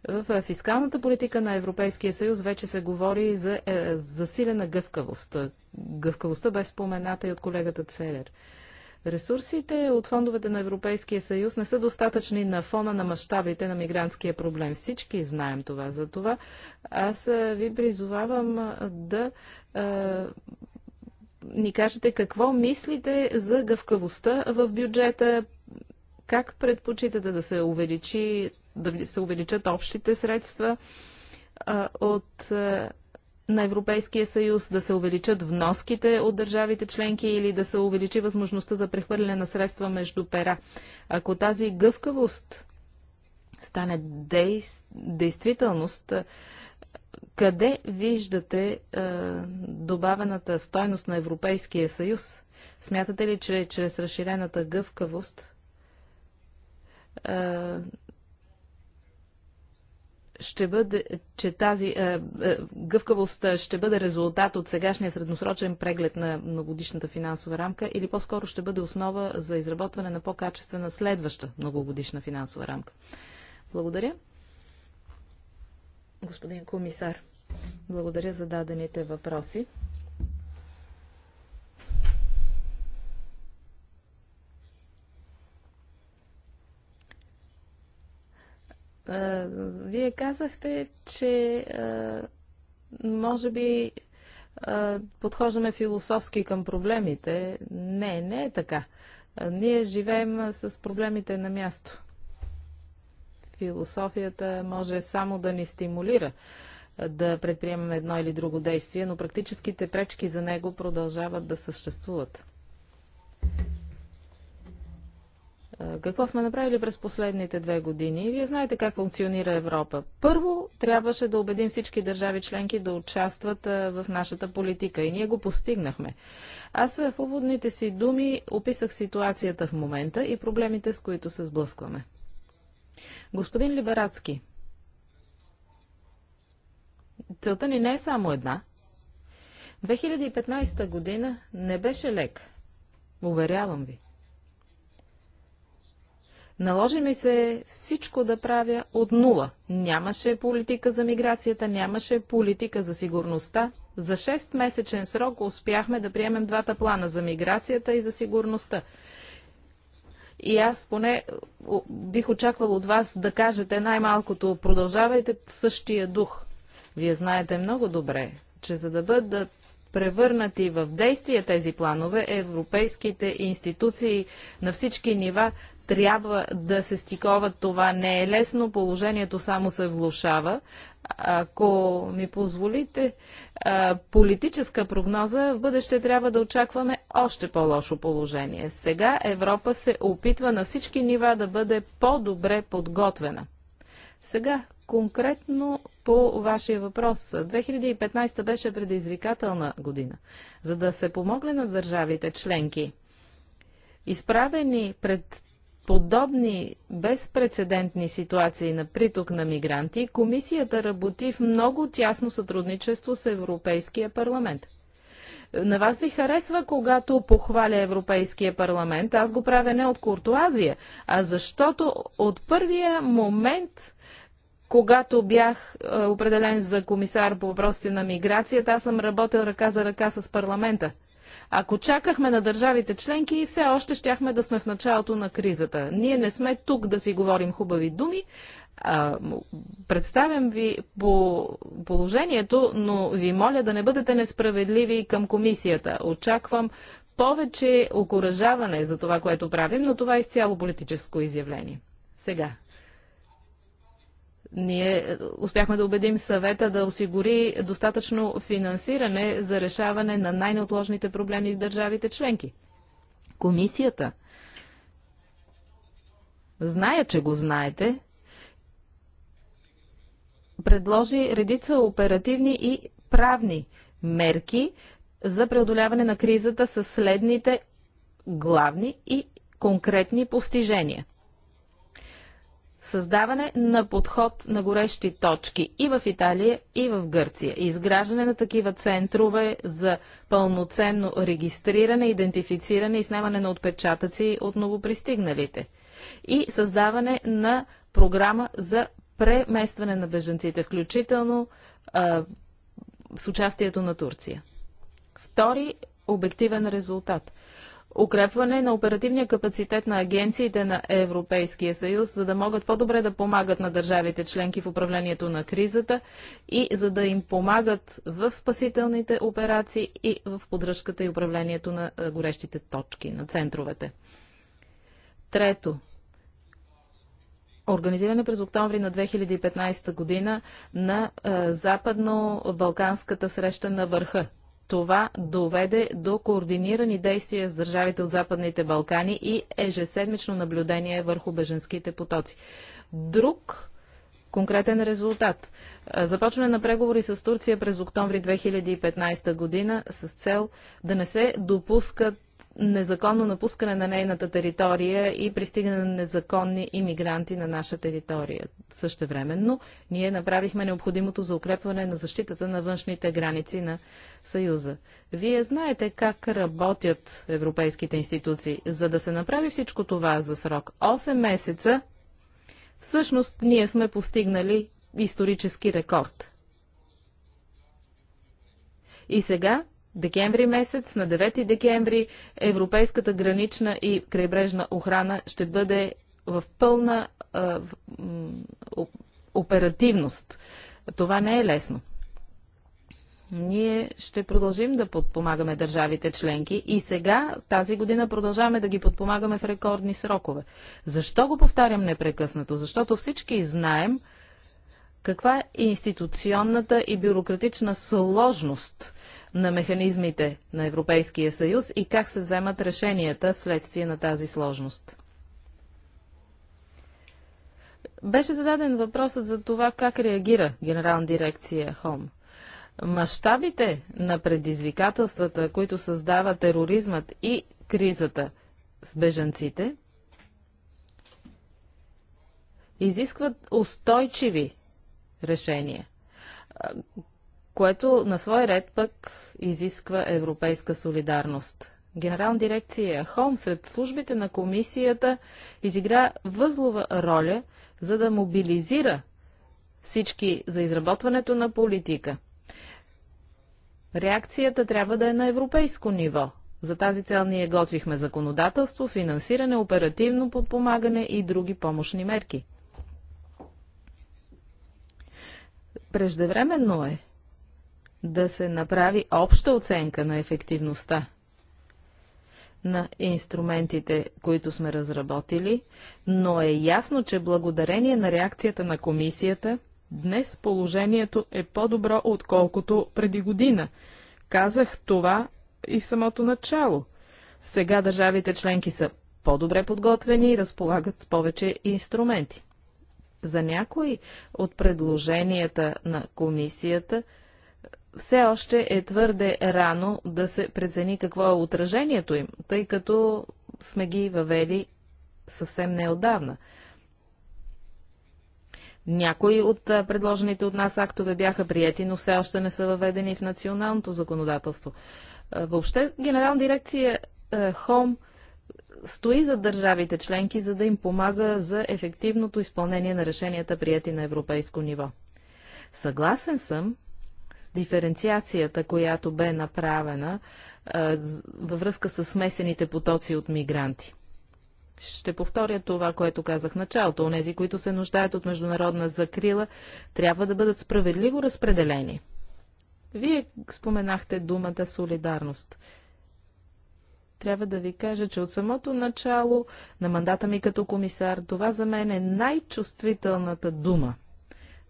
в фискалната политика на Европейския съюз вече се говори за е, засилена гъвкавост. Гъвкавостта бе спомената и от колегата Целер. Ресурсите от фондовете на Европейския съюз не са достатъчни на фона на мащабите на мигрантския проблем. Всички знаем това. за това. аз е, ви призовавам е, да е, ни кажете какво мислите за гъвкавостта в бюджета, как предпочитате да се увеличи да се увеличат общите средства от на Европейския съюз, да се увеличат вноските от държавите членки или да се увеличи възможността за прехвърляне на средства между пера. Ако тази гъвкавост стане действ... действителност, къде виждате е, добавената стойност на Европейския съюз? Смятате ли, че чрез разширената гъвкавост е, ще бъде, че тази е, е, гъвкавост е, ще бъде резултат от сегашния средносрочен преглед на многогодишната финансова рамка или по-скоро ще бъде основа за изработване на по-качествена следваща многогодишна финансова рамка? Благодаря. Господин комисар, благодаря за дадените въпроси. Вие казахте, че може би подхождаме философски към проблемите. Не, не е така. Ние живеем с проблемите на място. Философията може само да ни стимулира да предприемем едно или друго действие, но практическите пречки за него продължават да съществуват. Какво сме направили през последните две години? Вие знаете как функционира Европа. Първо, трябваше да убедим всички държави членки да участват в нашата политика и ние го постигнахме. Аз в уводните си думи описах ситуацията в момента и проблемите, с които се сблъскваме. Господин Либерацки, целта ни не е само една. 2015 година не беше лек. Уверявам ви. Наложи ми се всичко да правя от нула. Нямаше политика за миграцията, нямаше политика за сигурността. За 6-месечен срок успяхме да приемем двата плана за миграцията и за сигурността. И аз поне бих очаквал от вас да кажете най-малкото продължавайте в същия дух. Вие знаете много добре, че за да бъдат превърнати в действие тези планове, европейските институции на всички нива трябва да се стиковат. Това не е лесно, положението само се влушава. Ако ми позволите, политическа прогноза, в бъдеще трябва да очакваме още по-лошо положение. Сега Европа се опитва на всички нива да бъде по-добре подготвена. Сега, конкретно по вашия въпрос. 2015 беше предизвикателна година. За да се помогне на държавите членки, изправени пред подобни безпредседентни ситуации на приток на мигранти, комисията работи в много тясно сътрудничество с Европейския парламент. На вас ви харесва, когато похваля Европейския парламент. Аз го правя не от куртуазия, а защото от първия момент когато бях е, определен за комисар по въпросите на миграцията, аз съм работил ръка за ръка с парламента. Ако чакахме на държавите членки, все още щяхме да сме в началото на кризата. Ние не сме тук да си говорим хубави думи, Представям ви по положението, но ви моля да не бъдете несправедливи към комисията. Очаквам повече окоръжаване за това, което правим, но това е изцяло политическо изявление. Сега. Ние е, успяхме да убедим съвета да осигури достатъчно финансиране за решаване на най-неотложните проблеми в държавите членки. Комисията. Зная, че го знаете, предложи редица оперативни и правни мерки за преодоляване на кризата с следните главни и конкретни постижения. Създаване на подход на горещи точки и в Италия, и в Гърция. Изграждане на такива центрове за пълноценно регистриране, идентифициране и снимане на отпечатъци от новопристигналите. И създаване на програма за преместване на беженците, включително а, с участието на Турция. Втори обективен резултат укрепване на оперативния капацитет на агенциите на Европейския съюз, за да могат по-добре да помагат на държавите членки в управлението на кризата и за да им помагат в спасителните операции и в поддръжката и управлението на горещите точки, на центровете. Трето, организиране през октомври на 2015 година на е, Западно-Балканската среща на върха. Това доведе до координирани действия с държавите от Западните Балкани и ежеседмично наблюдение върху беженските потоци. Друг конкретен резултат. Е, започване на преговори с Турция през октомври 2015 година с цел да не се допускат незаконно напускане на нейната територия и пристигане на незаконни иммигранти на наша територия. Същевременно ние направихме необходимото за укрепване на защитата на външните граници на Съюза. Вие знаете как работят европейските институции. За да се направи всичко това за срок 8 месеца, всъщност ние сме постигнали исторически рекорд. И сега декември месец, на 9 декември, Европейската гранична и крайбрежна охрана ще бъде в пълна а, оперативност. Това не е лесно. Ние ще продължим да подпомагаме държавите членки и сега, тази година, продължаваме да ги подпомагаме в рекордни срокове. Защо го повтарям непрекъснато? Защото всички знаем каква е институционната и бюрократична сложност – на механизмите на Европейския съюз и как се вземат решенията вследствие на тази сложност. Беше зададен въпросът за това как реагира генерална дирекция ХОМ. Мащабите на предизвикателствата, които създава тероризмът и кризата с бежанците, изискват устойчиви решения което на свой ред пък изисква европейска солидарност. Генерална дирекция Хом сред службите на комисията изигра възлова роля, за да мобилизира всички за изработването на политика. Реакцията трябва да е на европейско ниво. За тази цел ние готвихме законодателство, финансиране, оперативно подпомагане и други помощни мерки. Преждевременно е да се направи обща оценка на ефективността на инструментите, които сме разработили, но е ясно, че благодарение на реакцията на комисията, днес положението е по-добро, отколкото преди година. Казах това и в самото начало. Сега държавите членки са по-добре подготвени и разполагат с повече инструменти. За някои от предложенията на комисията – все още е твърде рано да се прецени какво е отражението им, тъй като сме ги въвели съвсем неодавна. Някои от предложените от нас актове бяха прияти, но все още не са въведени в националното законодателство. Въобще, Генерална дирекция Хом стои за държавите членки, за да им помага за ефективното изпълнение на решенията, прияти на европейско ниво. Съгласен съм, диференциацията, която бе направена във връзка с смесените потоци от мигранти. Ще повторя това, което казах началото. Онези, които се нуждаят от международна закрила, трябва да бъдат справедливо разпределени. Вие споменахте думата солидарност. Трябва да ви кажа, че от самото начало на мандата ми като комисар, това за мен е най-чувствителната дума,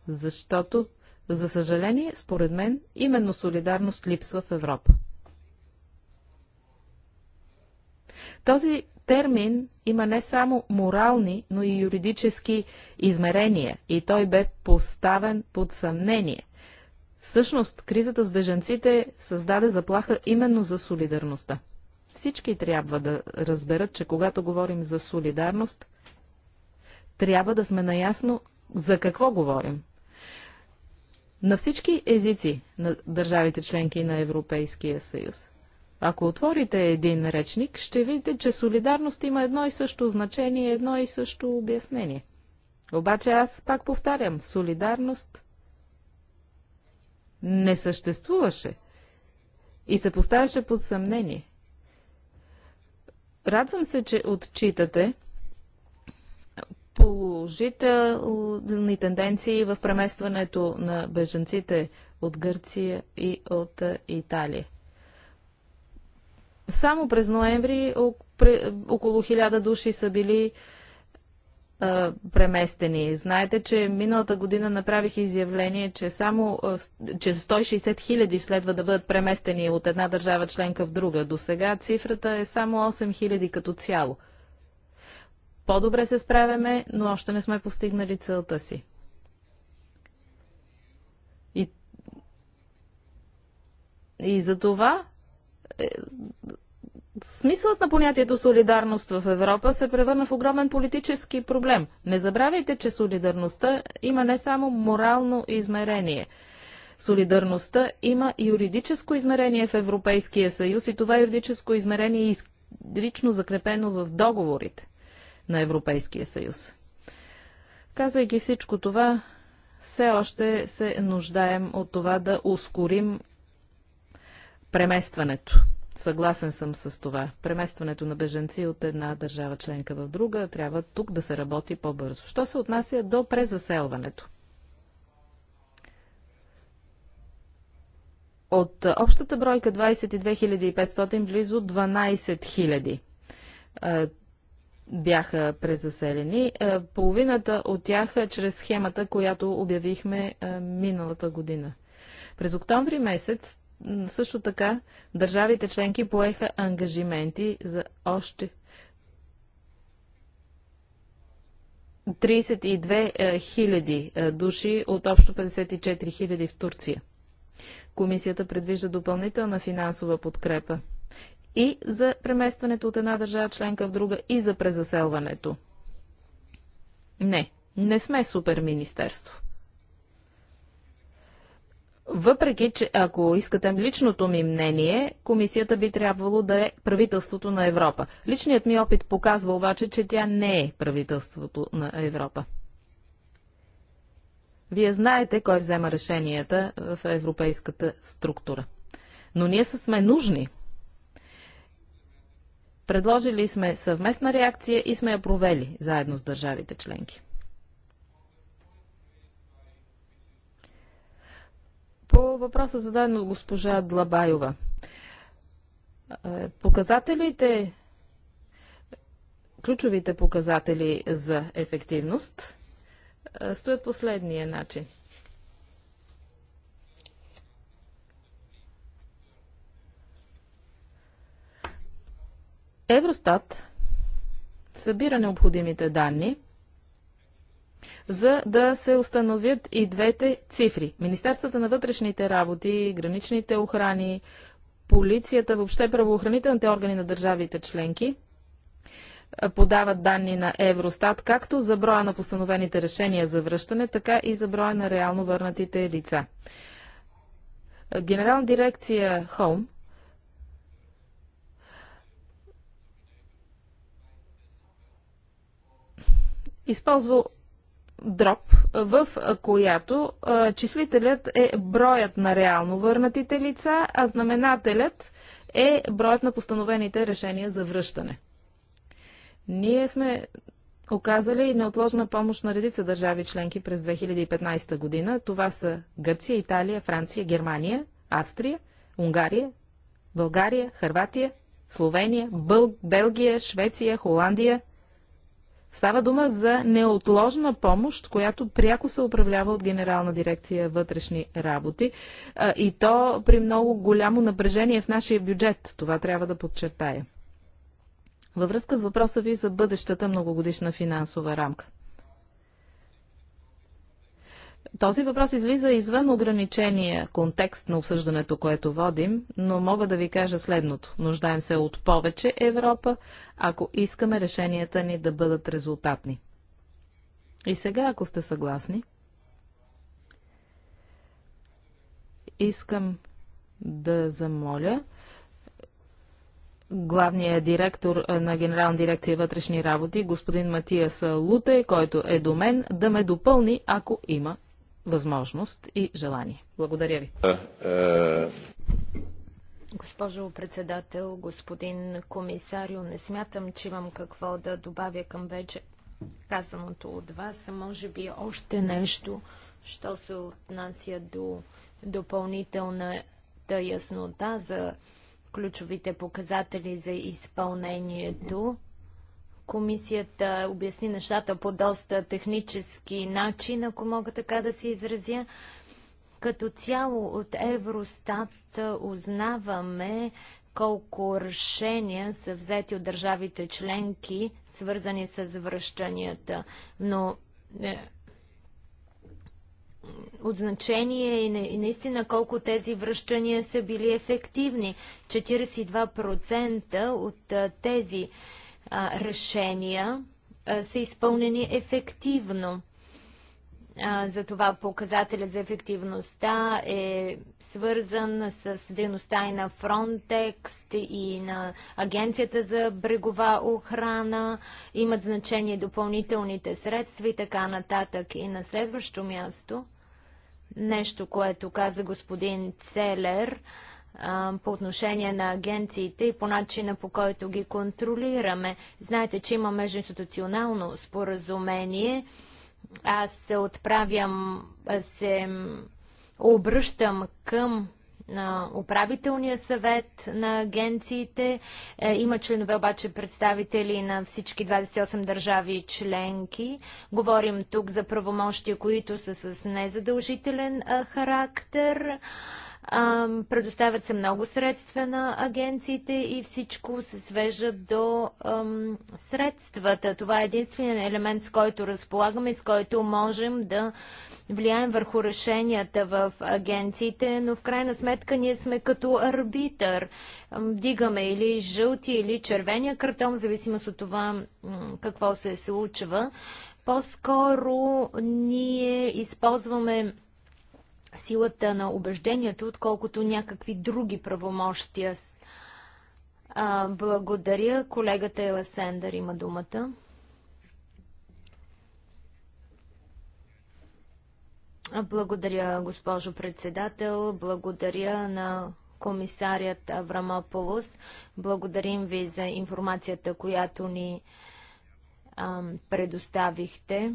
защото за съжаление, според мен, именно солидарност липсва в Европа. Този термин има не само морални, но и юридически измерения и той бе поставен под съмнение. Всъщност, кризата с беженците създаде заплаха именно за солидарността. Всички трябва да разберат, че когато говорим за солидарност, трябва да сме наясно за какво говорим на всички езици на държавите членки на Европейския съюз. Ако отворите един речник, ще видите, че солидарност има едно и също значение, едно и също обяснение. Обаче аз пак повтарям, солидарност не съществуваше и се поставяше под съмнение. Радвам се, че отчитате, положителни тенденции в преместването на беженците от Гърция и от Италия. Само през ноември около 1000 души са били преместени. Знаете, че миналата година направих изявление, че само че 160 хиляди следва да бъдат преместени от една държава членка в друга. До сега цифрата е само 8 хиляди като цяло. По-добре се справяме, но още не сме постигнали целта си. И, и за това е, смисълът на понятието солидарност в Европа се превърна в огромен политически проблем. Не забравяйте, че солидарността има не само морално измерение. Солидарността има юридическо измерение в Европейския съюз и това юридическо измерение е изрично закрепено в договорите на Европейския съюз. Казайки всичко това, все още се нуждаем от това да ускорим преместването. Съгласен съм с това. Преместването на беженци от една държава членка в друга трябва тук да се работи по-бързо. Що се отнася до презаселването? От общата бройка 22 500, близо 12 000 бяха презаселени. Е, половината от тях е, чрез схемата, която обявихме е, миналата година. През октомври месец също така държавите членки поеха ангажименти за още 32 хиляди души от общо 54 хиляди в Турция. Комисията предвижда допълнителна финансова подкрепа и за преместването от една държава членка в друга и за презаселването. Не, не сме суперминистерство. Въпреки, че ако искате личното ми мнение, комисията би трябвало да е правителството на Европа. Личният ми опит показва обаче, че тя не е правителството на Европа. Вие знаете кой взема решенията в европейската структура. Но ние са сме нужни Предложили сме съвместна реакция и сме я провели заедно с държавите членки. По въпроса зададен от госпожа Длабаева. Е, показателите, ключовите показатели за ефективност е, стоят последния начин – Евростат събира необходимите данни, за да се установят и двете цифри. Министерствата на вътрешните работи, граничните охрани, полицията, въобще правоохранителните органи на държавите членки подават данни на Евростат, както за броя на постановените решения за връщане, така и за броя на реално върнатите лица. Генерална дирекция Home използвал дроп, в която числителят е броят на реално върнатите лица, а знаменателят е броят на постановените решения за връщане. Ние сме оказали неотложна помощ на редица държави членки през 2015 година. Това са Гърция, Италия, Франция, Германия, Австрия, Унгария, България, Хърватия, Словения, Бълг, Белгия, Швеция, Холандия, Става дума за неотложна помощ, която пряко се управлява от Генерална дирекция вътрешни работи и то при много голямо напрежение в нашия бюджет. Това трябва да подчертая. Във връзка с въпроса ви за бъдещата многогодишна финансова рамка. Този въпрос излиза извън ограничения контекст на обсъждането, което водим, но мога да ви кажа следното. Нуждаем се от повече Европа, ако искаме решенията ни да бъдат резултатни. И сега, ако сте съгласни, искам да замоля главния директор на Генерална дирекция вътрешни работи, господин Матиас Луте, който е до мен, да ме допълни, ако има възможност и желание. Благодаря ви. Госпожо председател, господин комисарио, не смятам, че имам какво да добавя към вече казаното от вас. Може би още нещо, що се отнася до допълнителната яснота за ключовите показатели за изпълнението Комисията обясни нещата по доста технически начин, ако мога така да се изразя. Като цяло от Евростат узнаваме колко решения са взети от държавите членки, свързани с връщанията. Но е, от значение е и, на, и наистина колко тези връщания са били ефективни. 42% от тези е, а, решения а, са изпълнени ефективно. А, затова показателят за ефективността е свързан с дейността и на Frontex и на Агенцията за брегова охрана. Имат значение допълнителните средства и така нататък. И на следващо място, нещо, което каза господин Целер, по отношение на агенциите и по начина по който ги контролираме. Знаете, че има междуинституционално споразумение. Аз се отправям, се обръщам към на управителния съвет на агенциите. Е, има членове обаче представители на всички 28 държави и членки. Говорим тук за правомощия, които са с незадължителен характер. Предоставят се много средства на агенциите и всичко се свежда до средствата. Това е единственият елемент, с който разполагаме и с който можем да влияем върху решенията в агенциите, но в крайна сметка ние сме като арбитър. Дигаме или жълти, или червения картон, в зависимост от това какво се случва. По-скоро ние използваме силата на убеждението, отколкото някакви други правомощия. А, благодаря. Колегата Сендър има думата. Благодаря, госпожо председател. Благодаря на комисарият Аврамополус. Благодарим ви за информацията, която ни предоставихте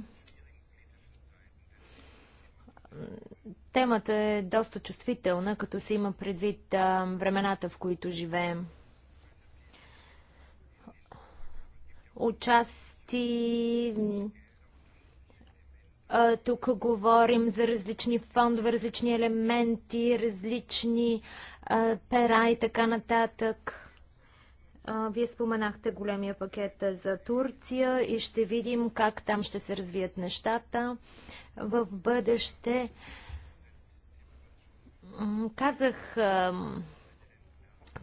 Темата е доста чувствителна, като се има предвид а, времената, в които живеем. Отчасти а, тук говорим за различни фондове, различни елементи, различни а, пера и така нататък. Вие споменахте големия пакет за Турция и ще видим как там ще се развият нещата в бъдеще. Казах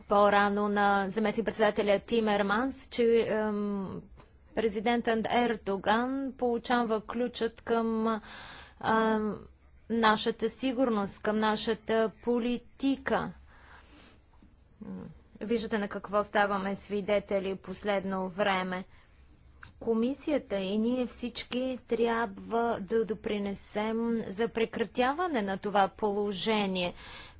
по-рано на заместник-председателя Тимерманс, че президентът Ердоган получава ключът към нашата сигурност, към нашата политика. Виждате на какво ставаме свидетели последно време. Комисията и ние всички трябва да допринесем за прекратяване на това положение.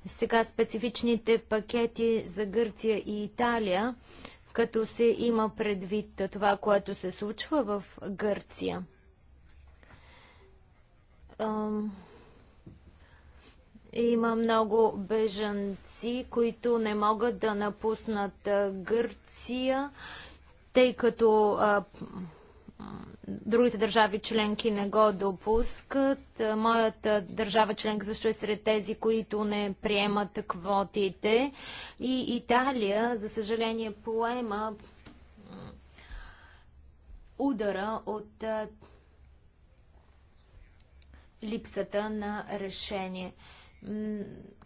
Сега специфичните пакети за Гърция и Италия, като се има предвид това, което се случва в Гърция. Има много бежанци, които не могат да напуснат Гърция тъй като а, другите държави членки не го допускат. Моята държава членка също е сред тези, които не приемат квотите. И Италия, за съжаление, поема удара от а, липсата на решение.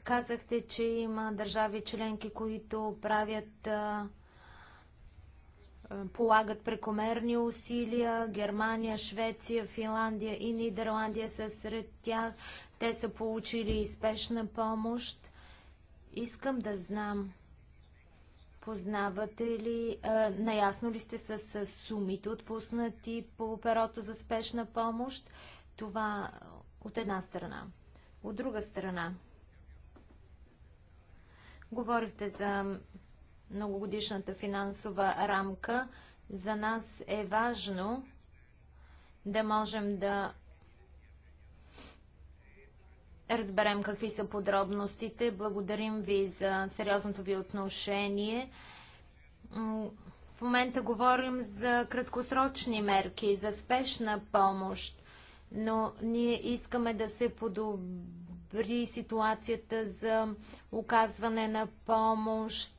казахте, че има държави членки, които правят а, е, полагат прекомерни усилия. Германия, Швеция, Финландия и Нидерландия са сред тях. Те са получили спешна помощ. Искам да знам, познавате ли, а, е, наясно ли сте с, с сумите отпуснати по перото за спешна помощ? Това от една страна. От друга страна, говорихте за многогодишната финансова рамка, за нас е важно да можем да разберем какви са подробностите. Благодарим ви за сериозното ви отношение. В момента говорим за краткосрочни мерки, за спешна помощ, но ние искаме да се подобри ситуацията за оказване на помощ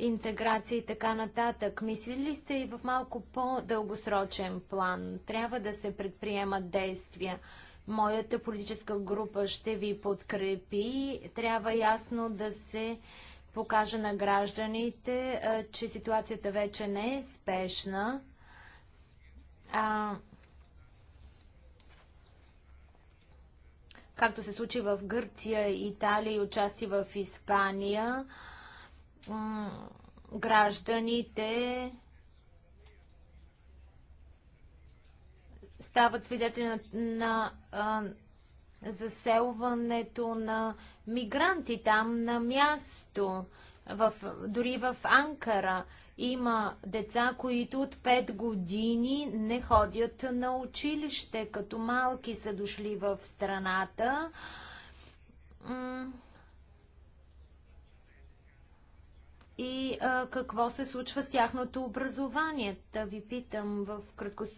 интеграция и така нататък. Мислили сте и в малко по-дългосрочен план? Трябва да се предприемат действия. Моята политическа група ще ви подкрепи. Трябва ясно да се покаже на гражданите, че ситуацията вече не е спешна. А, както се случи в Гърция, Италия и участие в Испания, гражданите стават свидетели на, на а, заселването на мигранти там на място. В, дори в Анкара има деца, които от 5 години не ходят на училище, като малки са дошли в страната. и а, какво се случва с тяхното образование. Та ви питам в,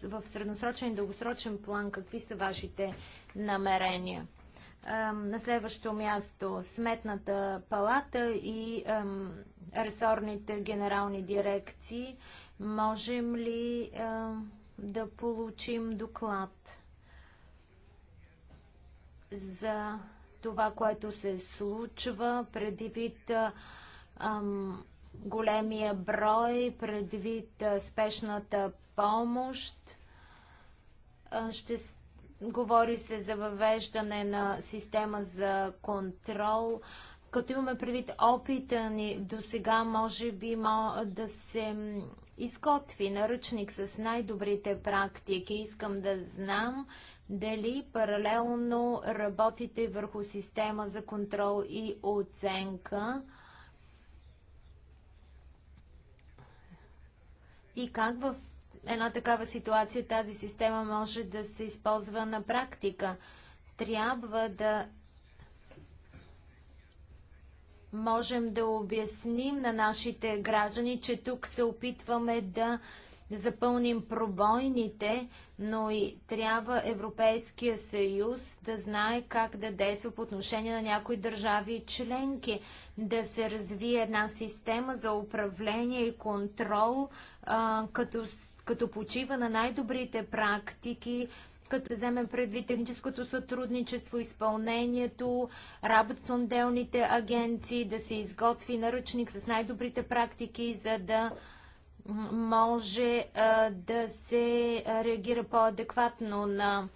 в средносрочен и дългосрочен план какви са вашите намерения. А, на следващо място Сметната палата и а, ресорните генерални дирекции. Можем ли а, да получим доклад за това, което се случва предвид вид големия брой предвид спешната помощ. Ще говори се за въвеждане на система за контрол. Като имаме предвид опита ни до сега, може би да се изготви наръчник с най-добрите практики. Искам да знам дали паралелно работите върху система за контрол и оценка и как в една такава ситуация тази система може да се използва на практика. Трябва да можем да обясним на нашите граждани, че тук се опитваме да да запълним пробойните, но и трябва Европейския съюз да знае как да действа по отношение на някои държави и членки, да се развие една система за управление и контрол, а, като, като почива на най-добрите практики, като вземем предвид техническото сътрудничество, изпълнението, работа с отделните агенции, да се изготви наръчник с най-добрите практики, за да може а, да се реагира по-адекватно на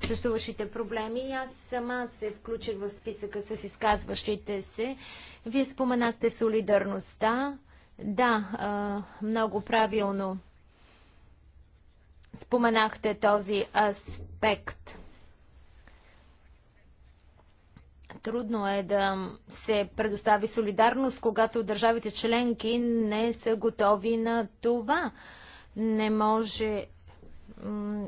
съществуващите проблеми. И аз сама се включих в списъка с изказващите се. Вие споменахте солидарността. Да, а, много правилно споменахте този аспект. Трудно е да се предостави солидарност, когато държавите членки не са готови на това. Не може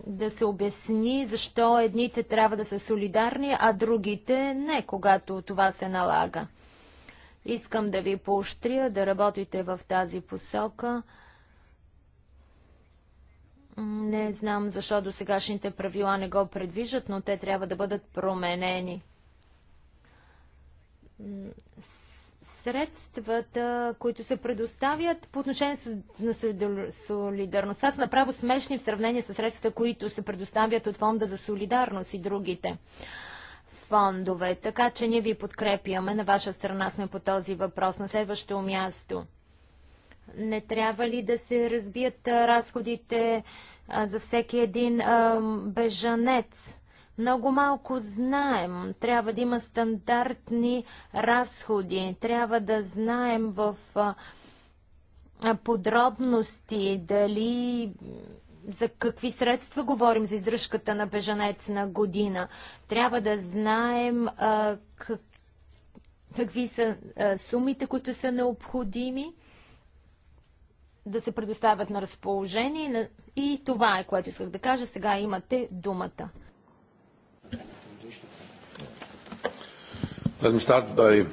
да се обясни защо едните трябва да са солидарни, а другите не, когато това се налага. Искам да ви поощря да работите в тази посока. Не знам защо досегашните правила не го предвижат, но те трябва да бъдат променени средствата, които се предоставят по отношение на солидарността са направо смешни в сравнение с средствата, които се предоставят от Фонда за солидарност и другите фондове. Така че ние ви подкрепяме. На ваша страна сме по този въпрос. На следващото място. Не трябва ли да се разбият разходите за всеки един бежанец? Много малко знаем. Трябва да има стандартни разходи. Трябва да знаем в подробности дали за какви средства говорим за издръжката на бежанец на година. Трябва да знаем а, как, какви са а, сумите, които са необходими да се предоставят на разположение. И това е, което исках да кажа. Сега имате думата. Eh,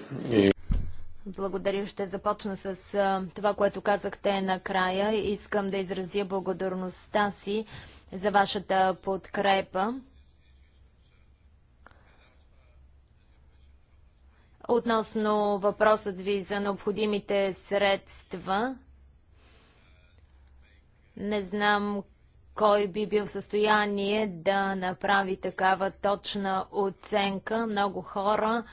Благодаря. Ще започна с това, което казахте накрая. Искам да изразя благодарността си за вашата подкрепа. Относно въпросът ви за необходимите средства, не знам кой би бил в състояние да направи такава точна оценка. Много хора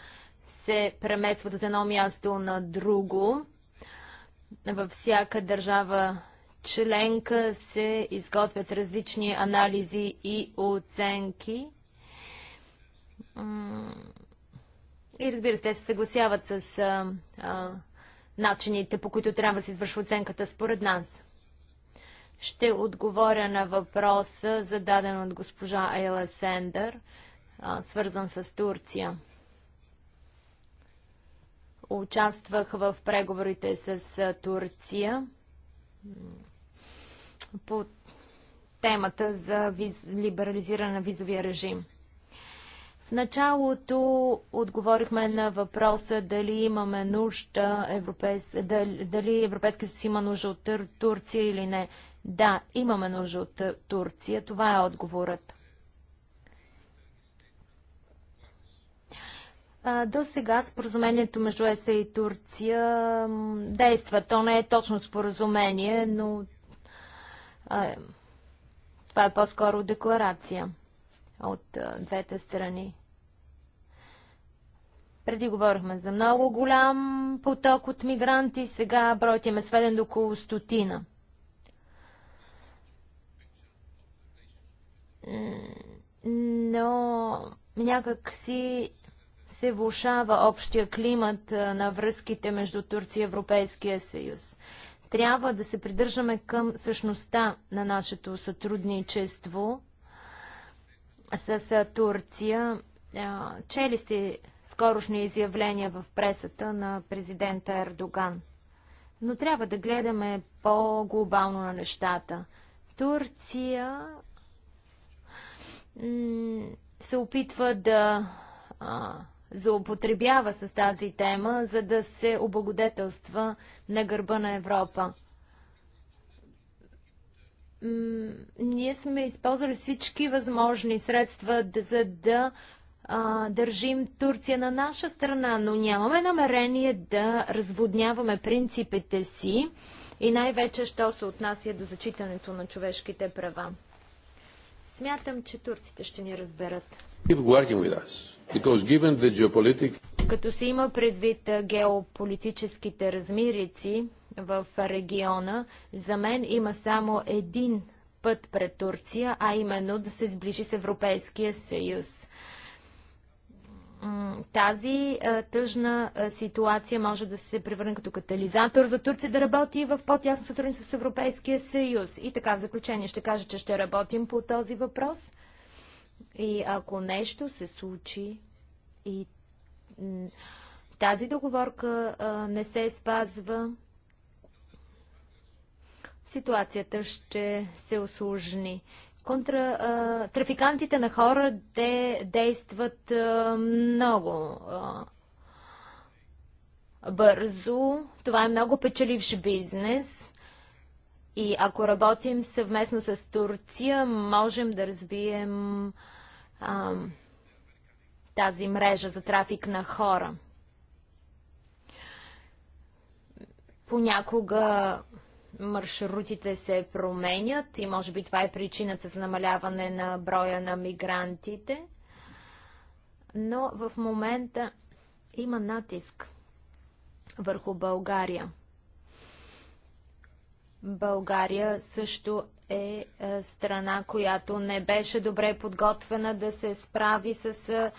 се преместват от едно място на друго. Във всяка държава членка се изготвят различни анализи и оценки. И разбира се, те се съгласяват с а, а, начините, по които трябва да се извършва оценката според нас. Ще отговоря на въпроса, зададен от госпожа Айла Сендър, а, свързан с Турция. Участвах в преговорите с Турция по темата за виз... либерализиране на визовия режим. В началото отговорихме на въпроса дали имаме нужда, европейс... дали, дали Европейския съюз има нужда от Турция или не. Да, имаме нужда от Турция. Това е отговорът. До сега споразумението между ЕСА и Турция действа. То не е точно споразумение, но а, това е по-скоро декларация от а, двете страни. Преди говорихме за много голям поток от мигранти, сега броят им е сведен до около стотина. Но някак си се влушава общия климат на връзките между Турция и Европейския съюз. Трябва да се придържаме към същността на нашето сътрудничество с Турция. Чели сте скорошни изявления в пресата на президента Ердоган. Но трябва да гледаме по-глобално на нещата. Турция се опитва да а, заупотребява с тази тема, за да се облагодетелства на гърба на Европа. ние сме използвали всички възможни средства, за да а, държим Турция на наша страна, но нямаме намерение да разводняваме принципите си и най-вече, що се отнася до зачитането на човешките права. Смятам, че турците ще ни разберат. working with us. Като се има предвид геополитическите размирици в региона, за мен има само един път пред Турция, а именно да се сближи с Европейския съюз. Тази тъжна ситуация може да се превърне като катализатор за Турция да работи в по-тясно сътрудничество с Европейския съюз. И така, в заключение ще кажа, че ще работим по този въпрос – и ако нещо се случи и тази договорка а, не се спазва, ситуацията ще се осложни. Контра, а, трафикантите на хора те действат а, много а, бързо. Това е много печеливш бизнес и ако работим съвместно с Турция, можем да разбием а, тази мрежа за трафик на хора. Понякога маршрутите се променят и може би това е причината за намаляване на броя на мигрантите. Но в момента има натиск върху България. България също е, е страна, която не беше добре подготвена да се справи с е,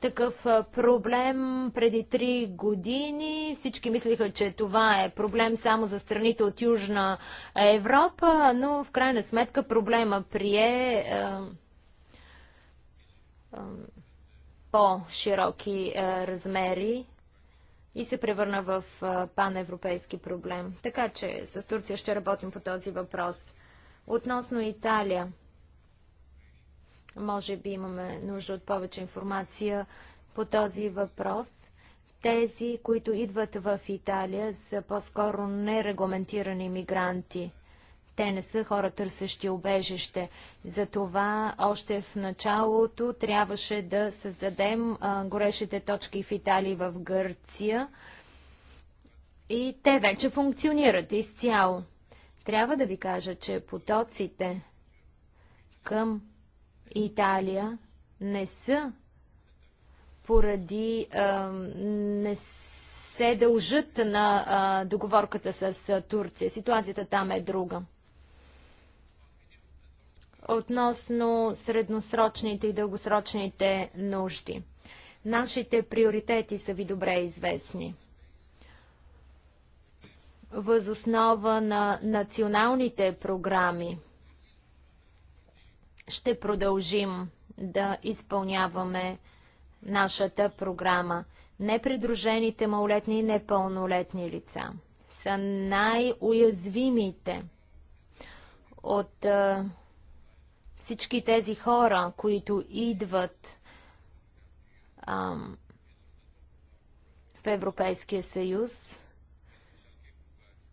такъв е, проблем преди три години. Всички мислиха, че това е проблем само за страните от Южна Европа, но в крайна сметка проблема прие по-широки размери и се превърна в паневропейски проблем. Така че с Турция ще работим по този въпрос. Относно Италия, може би имаме нужда от повече информация по този въпрос. Тези, които идват в Италия, са по-скоро нерегламентирани мигранти – те не са хора търсещи обежище. Затова още в началото трябваше да създадем а, горещите точки в Италия и в Гърция. И те вече функционират изцяло. Трябва да ви кажа, че потоците към Италия не са поради а, не се дължат на а, договорката с а, Турция. Ситуацията там е друга относно средносрочните и дългосрочните нужди. Нашите приоритети са ви добре известни. Възоснова на националните програми ще продължим да изпълняваме нашата програма. Непридружените малолетни и непълнолетни лица са най-уязвимите от всички тези хора, които идват ам, в Европейския съюз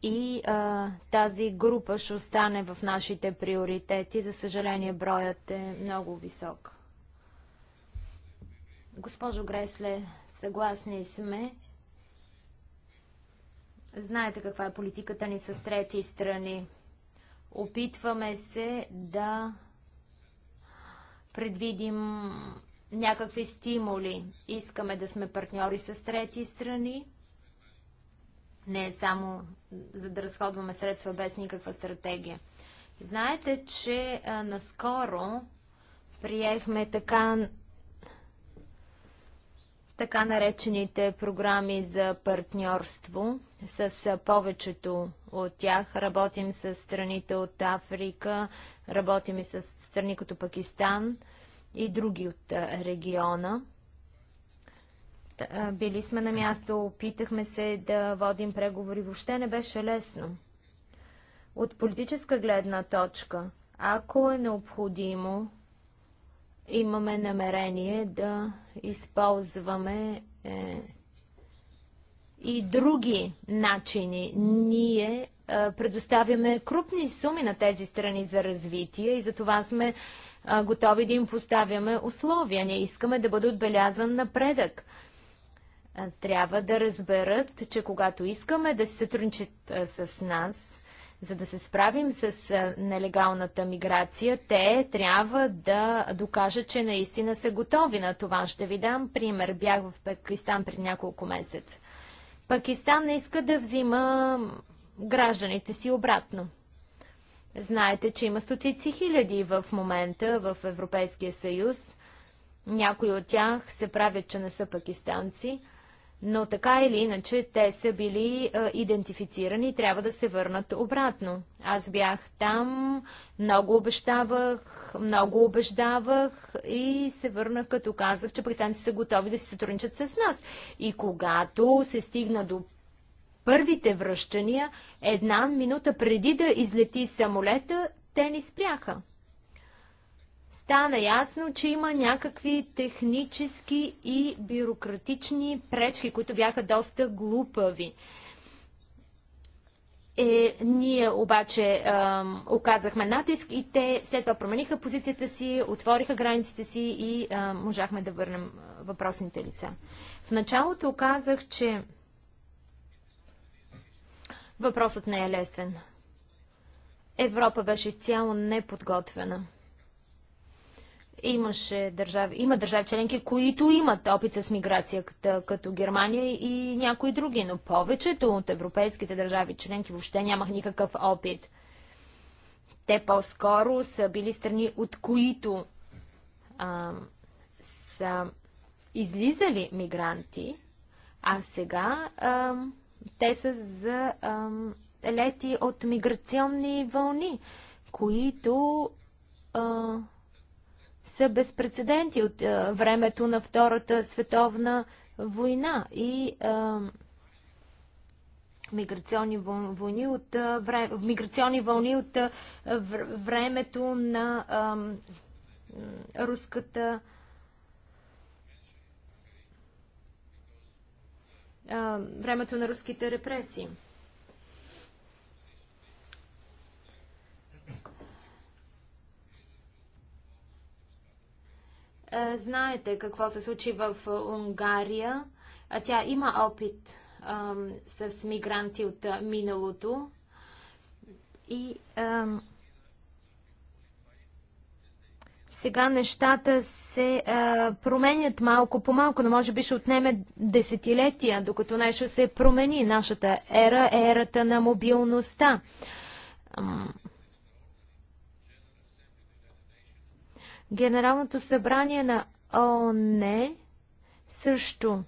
и а, тази група ще остане в нашите приоритети. За съжаление, броят е много висок. Госпожо Гресле, съгласни сме. Знаете каква е политиката ни с трети страни. Опитваме се да предвидим някакви стимули. Искаме да сме партньори с трети страни, не само за да разходваме средства без никаква стратегия. Знаете, че а, наскоро приехме така, така наречените програми за партньорство. С повечето от тях работим с страните от Африка, Работим и с страни като Пакистан и други от региона. Били сме на място, опитахме се да водим преговори. Въобще не беше лесно. От политическа гледна точка, ако е необходимо, имаме намерение да използваме е, и други начини. Ние предоставяме крупни суми на тези страни за развитие и за това сме готови да им поставяме условия. Ние искаме да бъде отбелязан напредък. трябва да разберат, че когато искаме да се сътрудничат с нас, за да се справим с нелегалната миграция, те трябва да докажат, че наистина са готови на това. Ще ви дам пример. Бях в Пакистан при няколко месеца. Пакистан не иска да взима гражданите си обратно. Знаете, че има стотици хиляди в момента в Европейския съюз. Някои от тях се правят, че не са пакистанци – но така или иначе, те са били а, идентифицирани и трябва да се върнат обратно. Аз бях там, много обещавах, много обеждавах и се върнах, като казах, че пристанци са готови да си сътрудничат с нас. И когато се стигна до първите връщания, една минута преди да излети самолета, те ни спряха стана ясно, че има някакви технически и бюрократични пречки, които бяха доста глупави. Е, ние обаче е, оказахме натиск и те след това промениха позицията си, отвориха границите си и е, можахме да върнем въпросните лица. В началото казах, че въпросът не е лесен. Европа беше изцяло неподготвена. Имаше държави, има държави членки, които имат опит с миграцията, като Германия и някои други, но повечето от европейските държави членки въобще нямах никакъв опит. Те по-скоро са били страни, от които а, са излизали мигранти, а сега а, те са за а, лети от миграционни вълни, които а, са безпредседенти от а, е, времето на Втората световна война и а, е, миграционни вълни от, е, вре, миграционни вълни от времето на а, руската времето на руските репресии. Е, знаете какво се случи в е, Унгария. Тя има опит а, с мигранти от е, миналото. И а, сега нещата се а, променят малко по малко, но може би ще отнеме десетилетия, докато нещо се промени. Нашата ера е ерата на мобилността. Генералното събрание на ООН също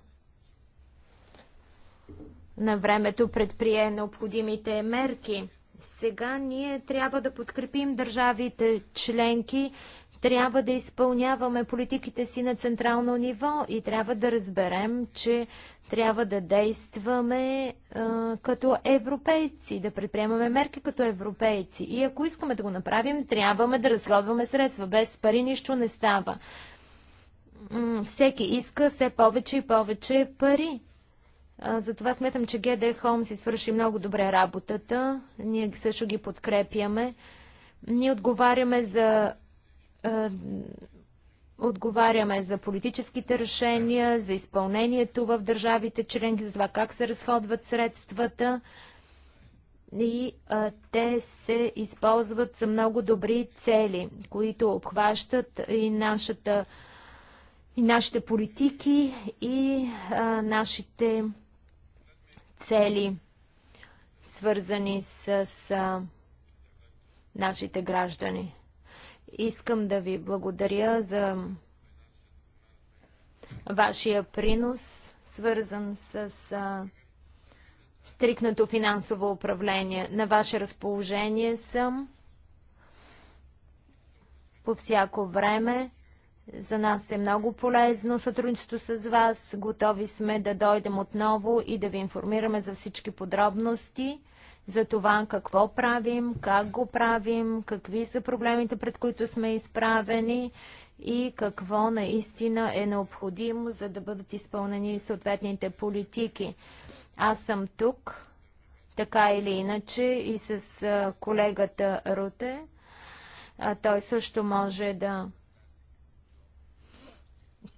на времето предприе необходимите мерки. Сега ние трябва да подкрепим държавите членки трябва да изпълняваме политиките си на централно ниво и трябва да разберем, че трябва да действаме а, като европейци, да предприемаме мерки като европейци. И ако искаме да го направим, трябваме да разходваме средства. Без пари нищо не става. М всеки иска все повече и повече пари. А, затова сметам, че ГД Холм си свърши много добре работата. Ние също ги подкрепяме. Ние отговаряме за е, отговаряме за политическите решения, за изпълнението в държавите членки, за това как се разходват средствата и а, е, те се използват за много добри цели, които обхващат и нашата и нашите политики и а, е, нашите цели, свързани с а, нашите граждани. Искам да ви благодаря за вашия принос, свързан с а, стрикнато финансово управление. На ваше разположение съм по всяко време. За нас е много полезно сътрудничество с вас. Готови сме да дойдем отново и да ви информираме за всички подробности, за това какво правим, как го правим, какви са проблемите, пред които сме изправени и какво наистина е необходимо, за да бъдат изпълнени съответните политики. Аз съм тук, така или иначе, и с колегата Руте. Той също може да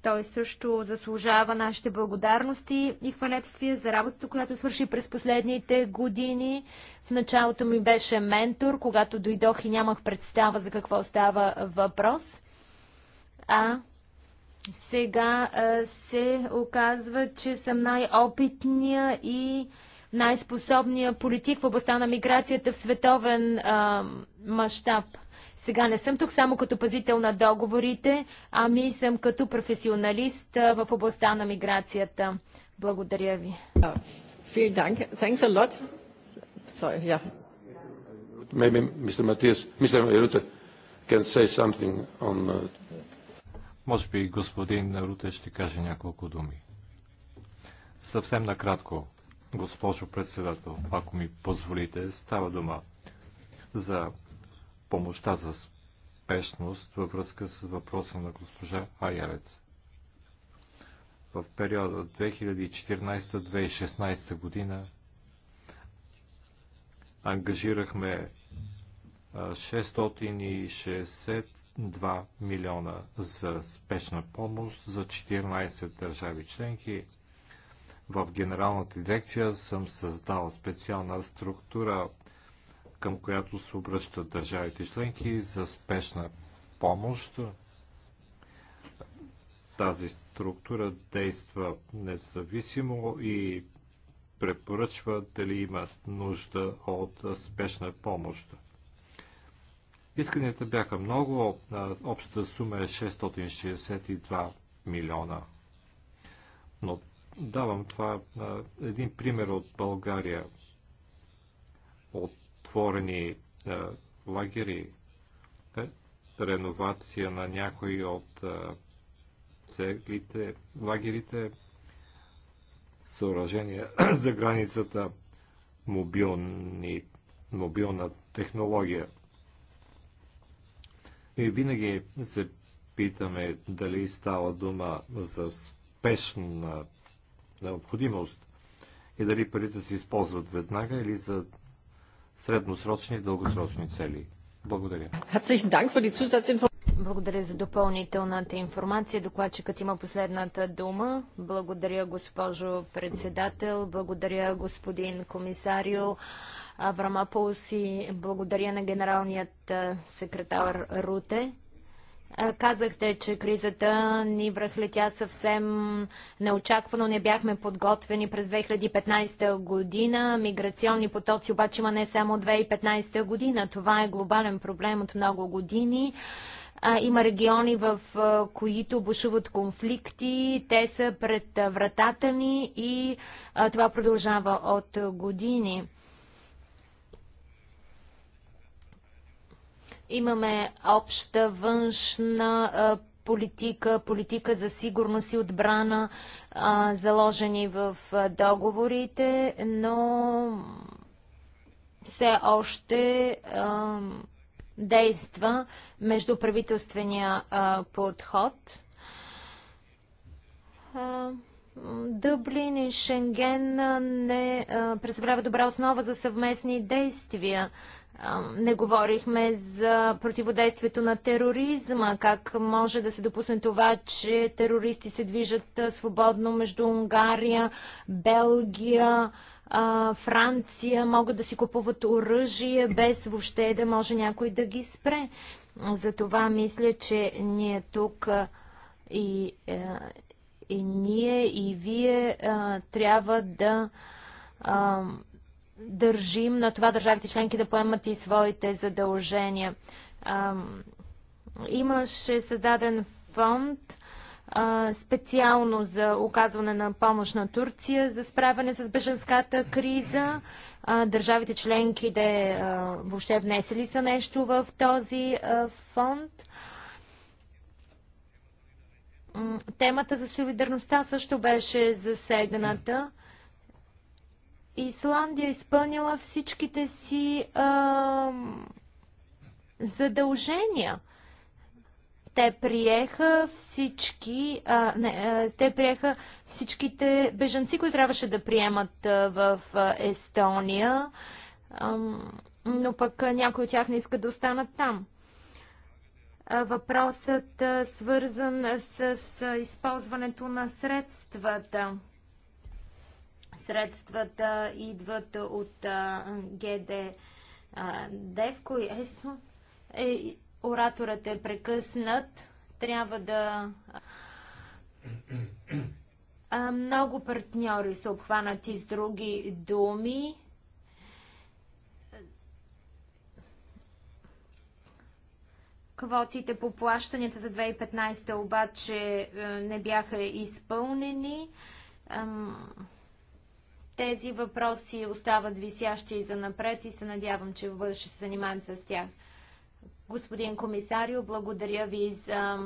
той също заслужава нашите благодарности и хвалепствия за работата, която свърши през последните години. В началото ми беше ментор, когато дойдох и нямах представа за какво става въпрос. А сега а, се оказва, че съм най-опитния и най-способния политик в областта на миграцията в световен мащаб. Сега не съм тук само като пазител на договорите, ами съм като професионалист в областта на миграцията. Благодаря ви. Maybe Mr. Matthias, Mr. can say something on... Uh, Може би господин Руте ще каже няколко думи. Съвсем накратко, госпожо председател, ако ми позволите, става дума за помощта за спешност във връзка с въпроса на госпожа Аярец. В периода 2014-2016 година ангажирахме 662 милиона за спешна помощ за 14 държави членки. В Генералната дирекция съм създал специална структура към която се обръщат държавите членки за спешна помощ. Тази структура действа независимо и препоръчва дали имат нужда от спешна помощ. Исканията бяха много. Общата сума е 662 милиона. Но давам това един пример от България. От затворени е, лагери, е, реновация на някои от е, целите, лагерите, съоръжения <clears throat> за границата, мобилни, мобилна технология. И винаги се питаме дали става дума за спешна необходимост и дали парите се използват веднага или за средносрочни и дългосрочни цели. Благодаря. Благодаря за допълнителната информация. Докладчикът има последната дума. Благодаря, госпожо председател. Благодаря, господин комисарио Аврамапулс благодаря на генералният секретар Руте. Казахте, че кризата ни връхлетя съвсем неочаквано. Не бяхме подготвени през 2015 година. Миграционни потоци обаче има не само 2015 година. Това е глобален проблем от много години. има региони, в които бушуват конфликти, те са пред вратата ни и това продължава от години. Имаме обща външна политика, политика за сигурност и отбрана, заложени в договорите, но все още действа междуправителствения правителствения подход. Дъблин и Шенген не представлява добра основа за съвместни действия. Не говорихме за противодействието на тероризма, как може да се допусне това, че терористи се движат свободно между Унгария, Белгия, Франция, могат да си купуват оръжие, без въобще да може някой да ги спре. Затова мисля, че ние тук и, и ние, и вие трябва да държим на това държавите членки да поемат и своите задължения. А, имаше създаден фонд а, специално за оказване на помощ на Турция за справяне с беженската криза. А, държавите членки да е, въобще внесли са нещо в този фонд. Темата за солидарността също беше засегната. Исландия е изпълнила всичките си а, задължения. Те приеха всички, а, не, а, те приеха всичките бежанци, които трябваше да приемат а, в а, Естония, а, но пък а, някои от тях не искат да останат там. А, въпросът а, свързан с, с използването на средствата средствата идват от ГД Девко и Е, ораторът е прекъснат. Трябва да... Много партньори са обхванати с други думи. Квотите по плащанията за 2015 обаче е, не бяха изпълнени. Тези въпроси остават висящи и за напред и се надявам, че ще се занимаем с тях. Господин комисарио, благодаря ви за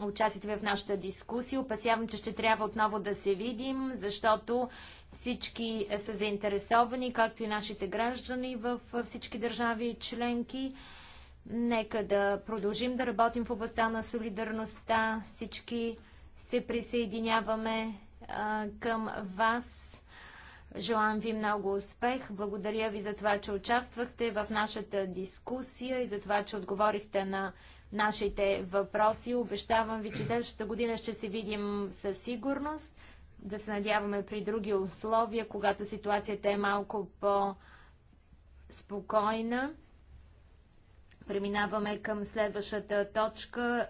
участието в нашата дискусия. Опасявам, че ще трябва отново да се видим, защото всички са заинтересовани, както и нашите граждани в всички държави и членки. Нека да продължим да работим в областта на солидарността. Всички се присъединяваме към вас Желаем ви много успех. Благодаря ви за това, че участвахте в нашата дискусия и за това, че отговорихте на нашите въпроси. Обещавам ви, че следващата година ще се видим със сигурност. Да се надяваме при други условия, когато ситуацията е малко по-спокойна. Преминаваме към следващата точка.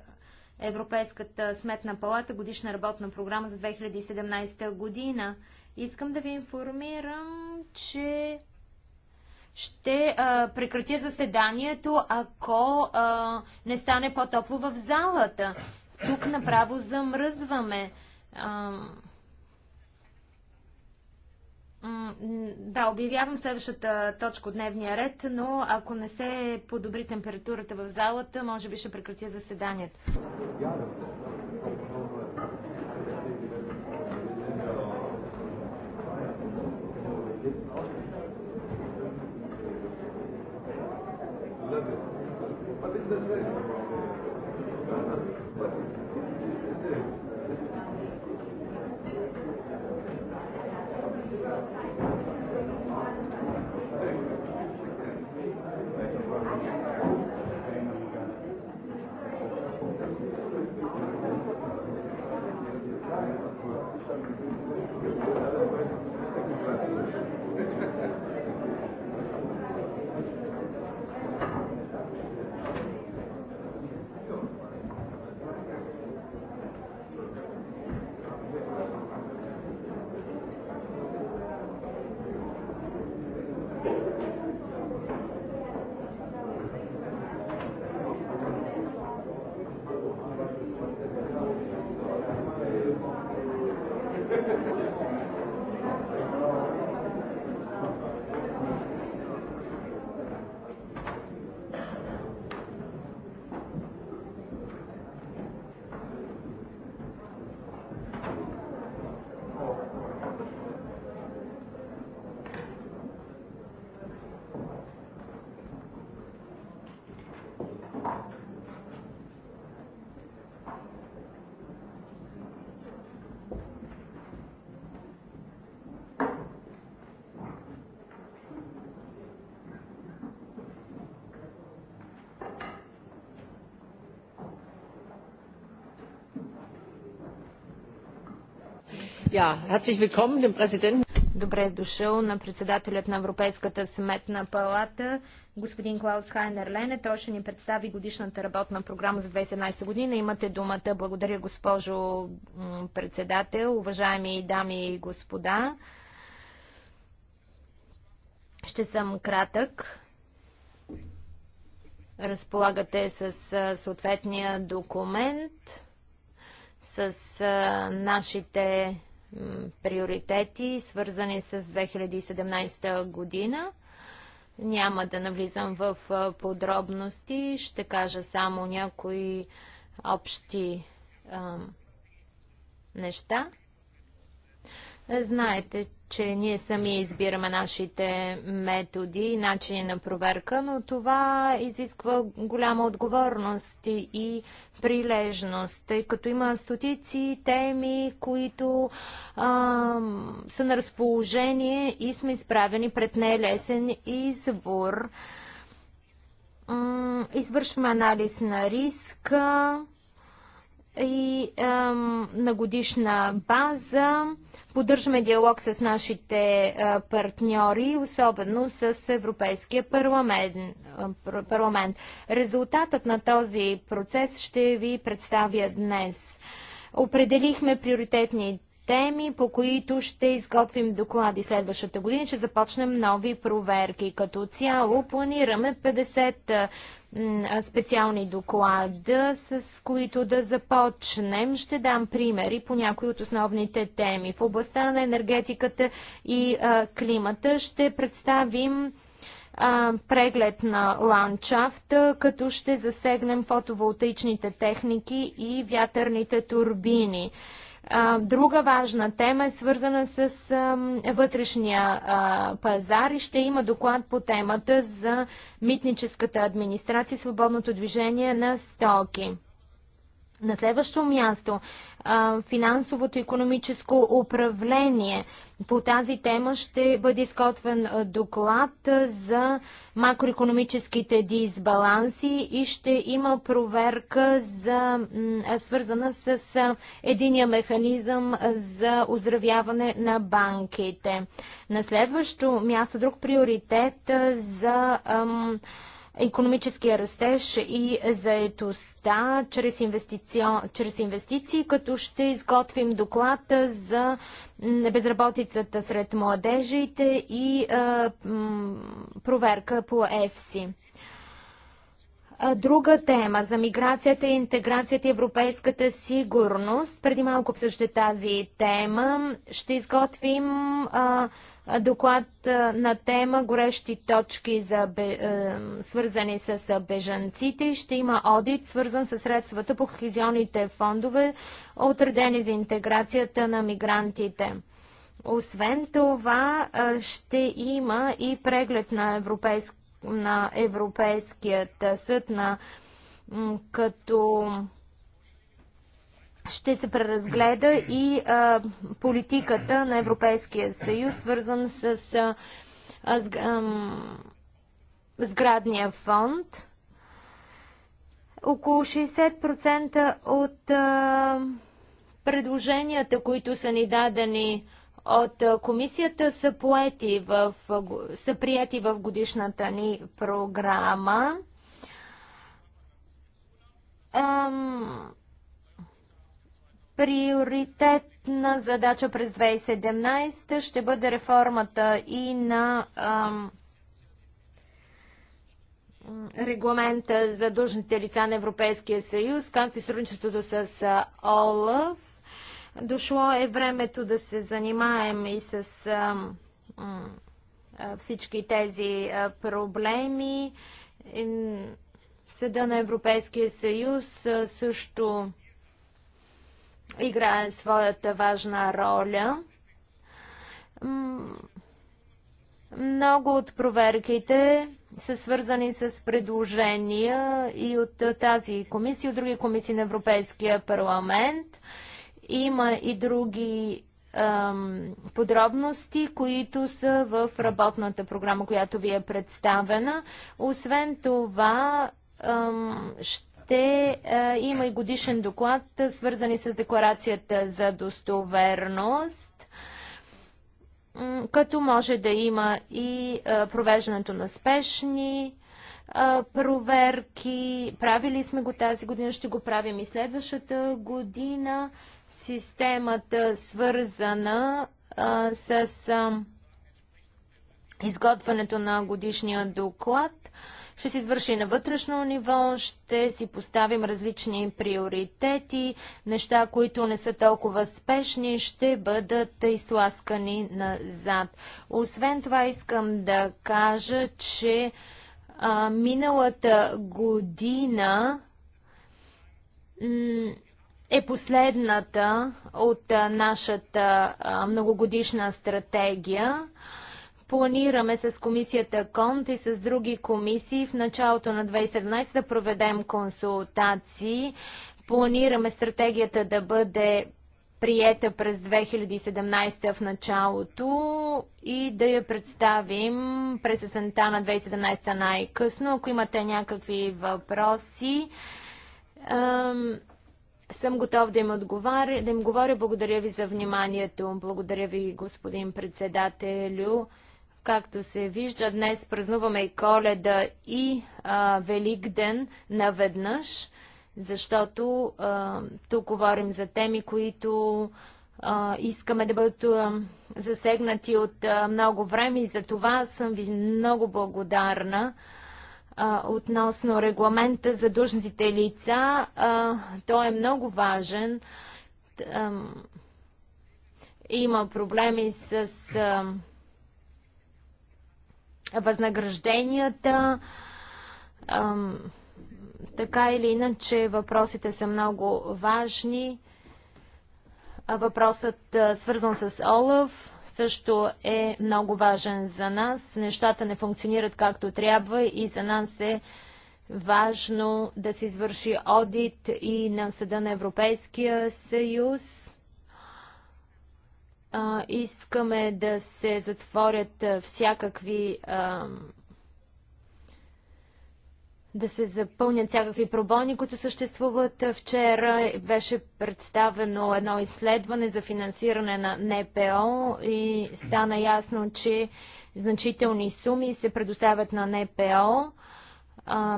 Европейската сметна палата, годишна работна програма за 2017 година. Искам да ви информирам, че ще а, прекратя заседанието, ако а, не стане по-топло в залата. Тук направо замръзваме. А, да, обявявам следващата точка от дневния ред, но ако не се подобри температурата в залата, може би ще прекратя заседанието. Thank you. Добре е дошъл на председателят на Европейската сметна палата, господин Клаус Хайнер Лене. Той ще ни представи годишната работна програма за 2017 година. Имате думата. Благодаря, госпожо председател, уважаеми дами и господа. Ще съм кратък. Разполагате с съответния документ, с нашите приоритети, свързани с 2017 година. Няма да навлизам в подробности, ще кажа само някои общи неща. Знаете, че ние сами избираме нашите методи и начини на проверка, но това изисква голяма отговорност и прилежност, тъй като има стотици теми, които а, са на разположение и сме изправени пред нелесен избор. Извършваме анализ на риска, и ем, на годишна база. Поддържаме диалог с нашите партньори, особено с Европейския парламент, парламент. Резултатът на този процес ще ви представя днес. Определихме приоритетни теми, по които ще изготвим доклади следващата година, ще започнем нови проверки. Като цяло планираме 50 специални доклада, с които да започнем. Ще дам примери по някои от основните теми. В областта на енергетиката и а, климата ще представим а, преглед на ландшафта, като ще засегнем фотоволтаичните техники и вятърните турбини. Друга важна тема е свързана с вътрешния пазар и ще има доклад по темата за митническата администрация и свободното движение на стоки. На следващо място, финансовото економическо управление. По тази тема ще бъде изготвен доклад за макроекономическите дисбаланси и ще има проверка за, свързана с единия механизъм за оздравяване на банките. На следващо място, друг приоритет за економическия растеж и заетостта чрез, инвестици... чрез инвестиции, като ще изготвим доклад за безработицата сред младежите и а, проверка по ЕФСИ. Друга тема за миграцията, и интеграцията и европейската сигурност. Преди малко обсъжда тази тема. Ще изготвим а, доклад на тема горещи точки, за, бе, свързани с бежанците. Ще има одит, свързан с средствата по хизионните фондове, отредени за интеграцията на мигрантите. Освен това, ще има и преглед на, европейск... на Европейският съд на като ще се преразгледа и а, политиката на Европейския съюз, свързан с а, а, а сградния фонд. Около 60% от а, предложенията, които са ни дадени от комисията, са, поети в, са прияти в годишната ни програма. Приоритетна задача през 2017 ще бъде реформата и на ам, регламента за длъжните лица на Европейския съюз, както и сътрудничеството с ОЛАВ. Дошло е времето да се занимаем и с ам, всички тези проблеми. Съда на Европейския съюз също играе своята важна роля. Много от проверките са свързани с предложения и от тази комисия, от други комисии на Европейския парламент. Има и други ам, подробности, които са в работната програма, която ви е представена. Освен това, ам, ще ще а, е, има и годишен доклад, свързани с декларацията за достоверност, като може да има и а, е, провеждането на спешни а, е, проверки. Правили сме го тази година, ще го правим и следващата година. Системата свързана с изготвянето на годишния доклад ще се извърши на вътрешно ниво, ще си поставим различни приоритети, неща, които не са толкова спешни, ще бъдат изтласкани назад. Освен това искам да кажа, че а, миналата година е последната от а, нашата а, многогодишна стратегия. Планираме с комисията КОНТ и с други комисии в началото на 2017 да проведем консултации. Планираме стратегията да бъде приета през 2017 в началото и да я представим през есента на 2017 най-късно. Ако имате някакви въпроси, съм готов да им, отговаря, да им говоря. Благодаря ви за вниманието. Благодаря ви, господин председателю. Както се вижда, днес празнуваме и Коледа и а, Великден наведнъж, защото а, тук говорим за теми, които а, искаме да бъдат а, засегнати от а, много време и за това съм ви много благодарна относно регламента за длъжностите лица. А, той е много важен. има проблеми с А, възнагражденията. Така или иначе, въпросите са много важни. Въпросът, свързан с Олаф, също е много важен за нас. Нещата не функционират както трябва и за нас е важно да се извърши одит и на Съда на Европейския съюз а, искаме да се затворят всякакви. А, да се запълнят всякакви пробони, които съществуват. Вчера беше представено едно изследване за финансиране на НПО и стана ясно, че значителни суми се предоставят на НПО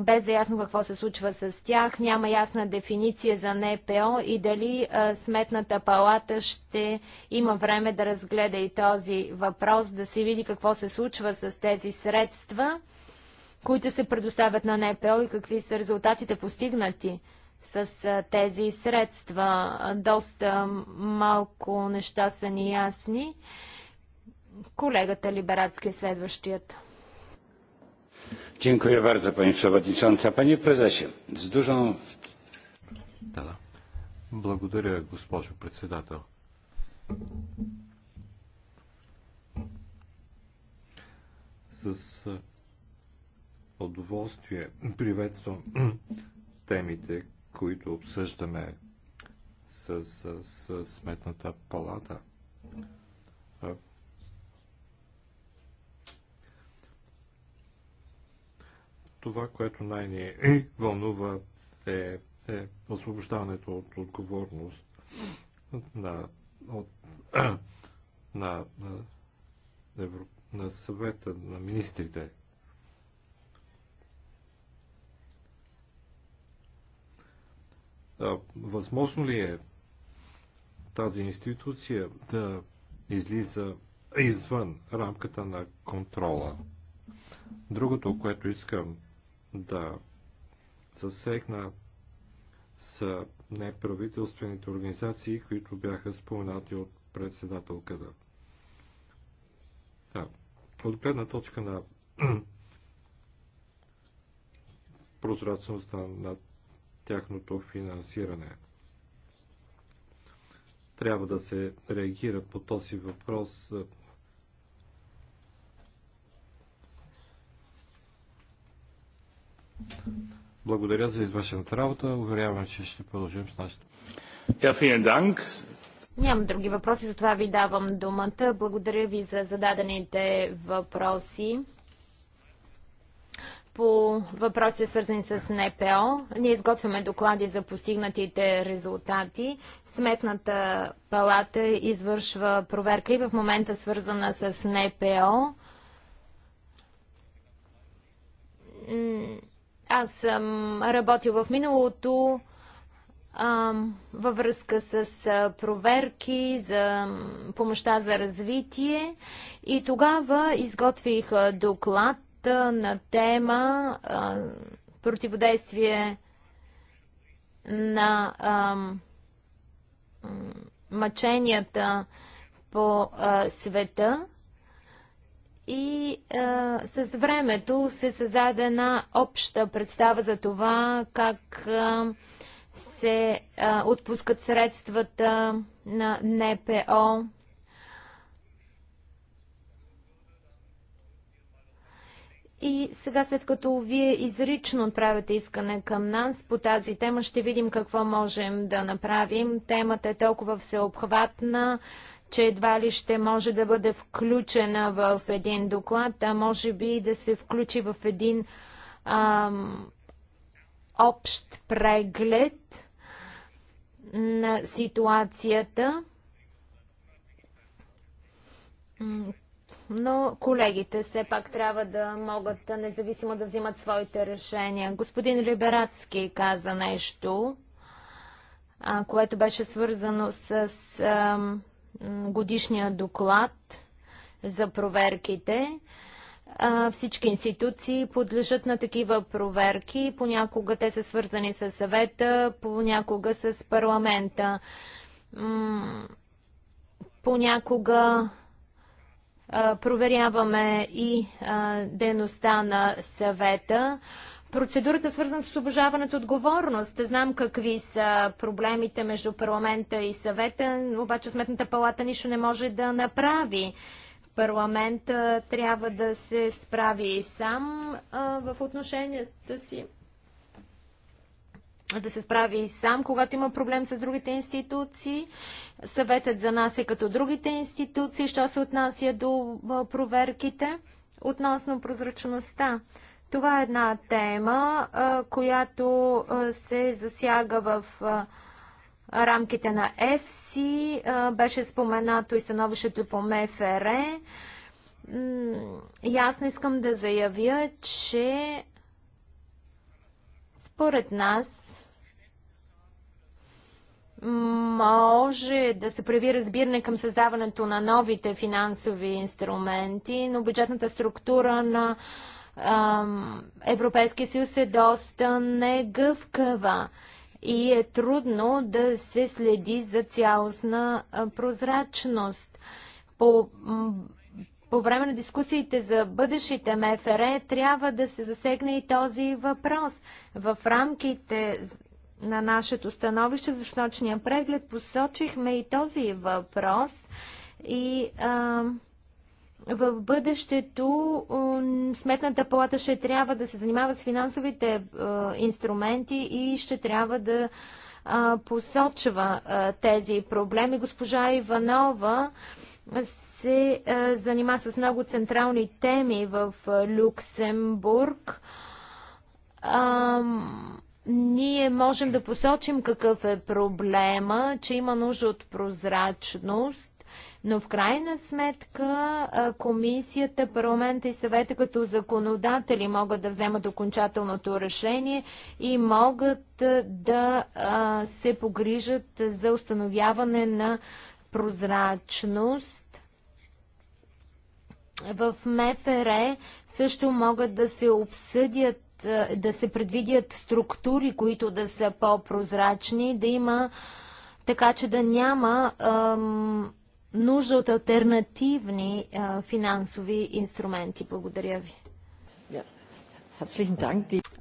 без да е ясно какво се случва с тях. Няма ясна дефиниция за НПО и дали Сметната палата ще има време да разгледа и този въпрос, да се види какво се случва с тези средства, които се предоставят на НПО и какви са резултатите постигнати с тези средства. Доста малко неща са неясни. Колегата Либератски е следващият. Dziękuję bardzo, pani przewodnicząca. Panie prezesie, z dużą... Благодаря, госпожо председател. С удоволствие приветствам темите, които обсъждаме с, с, с Сметната палата това, което най-ни вълнува е, е освобождаването от отговорност на, от, <clears throat> на, на, Евро, на съвета на министрите. Възможно ли е тази институция да излиза извън рамката на контрола? Другото, което искам да засегна с неправителствените организации, които бяха споменати от председателката. Да. От гледна точка на <clears throat> прозрачността на тяхното финансиране. Трябва да се реагира по този въпрос Благодаря за извършената работа. Уверявам, че ще продължим с нашата. Yeah, Нямам други въпроси, затова ви давам думата. Благодаря ви за зададените въпроси. По въпросите свързани с НПО, ние изготвяме доклади за постигнатите резултати. Сметната палата извършва проверка и в момента свързана с НПО аз съм работил в миналото а, във връзка с проверки за помощта за развитие и тогава изготвих доклад на тема а, противодействие на а, мъченията по а, света. И а, с времето се създаде една обща представа за това как а, се а, отпускат средствата на НПО. И сега, след като вие изрично отправяте искане към нас по тази тема, ще видим какво можем да направим. Темата е толкова всеобхватна, че едва ли ще може да бъде включена в един доклад, а може би и да се включи в един ам, общ преглед на ситуацията. Но колегите все пак трябва да могат независимо да взимат своите решения. Господин Либератски каза нещо, а, което беше свързано с. Ам, годишния доклад за проверките. Всички институции подлежат на такива проверки. Понякога те са свързани с съвета, понякога с парламента. Понякога проверяваме и дейността на съвета. Процедурата свързана с освобождаването отговорност. Знам какви са проблемите между парламента и съвета, обаче Сметната палата нищо не може да направи. Парламент трябва да се справи и сам в отношенията си. Да се справи и сам, когато има проблем с другите институции. Съветът за нас е като другите институции, що се отнася до проверките относно прозрачността. Това е една тема, която се засяга в рамките на ЕФСИ. Беше споменато и становището по МФР. Ясно искам да заявя, че според нас може да се прави разбиране към създаването на новите финансови инструменти, но бюджетната структура на Европейския съюз е доста негъвкава и е трудно да се следи за цялостна прозрачност. По, по време на дискусиите за бъдещите МФР трябва да се засегне и този въпрос. В рамките на нашето становище за сночния преглед посочихме и този въпрос и а, в бъдещето Сметната палата ще трябва да се занимава с финансовите е, инструменти и ще трябва да посочва тези проблеми. Госпожа Иванова се е, занима с много централни теми в е, Люксембург. Ние можем да посочим какъв е проблема, че има нужда от прозрачност но в крайна сметка комисията, парламента и съвета като законодатели могат да вземат окончателното решение и могат да се погрижат за установяване на прозрачност в МФР също могат да се обсъдят, да се предвидят структури, които да са по-прозрачни, да има така, че да няма ам, нужда от альтернативни а, финансови инструменти. Благодаря ви.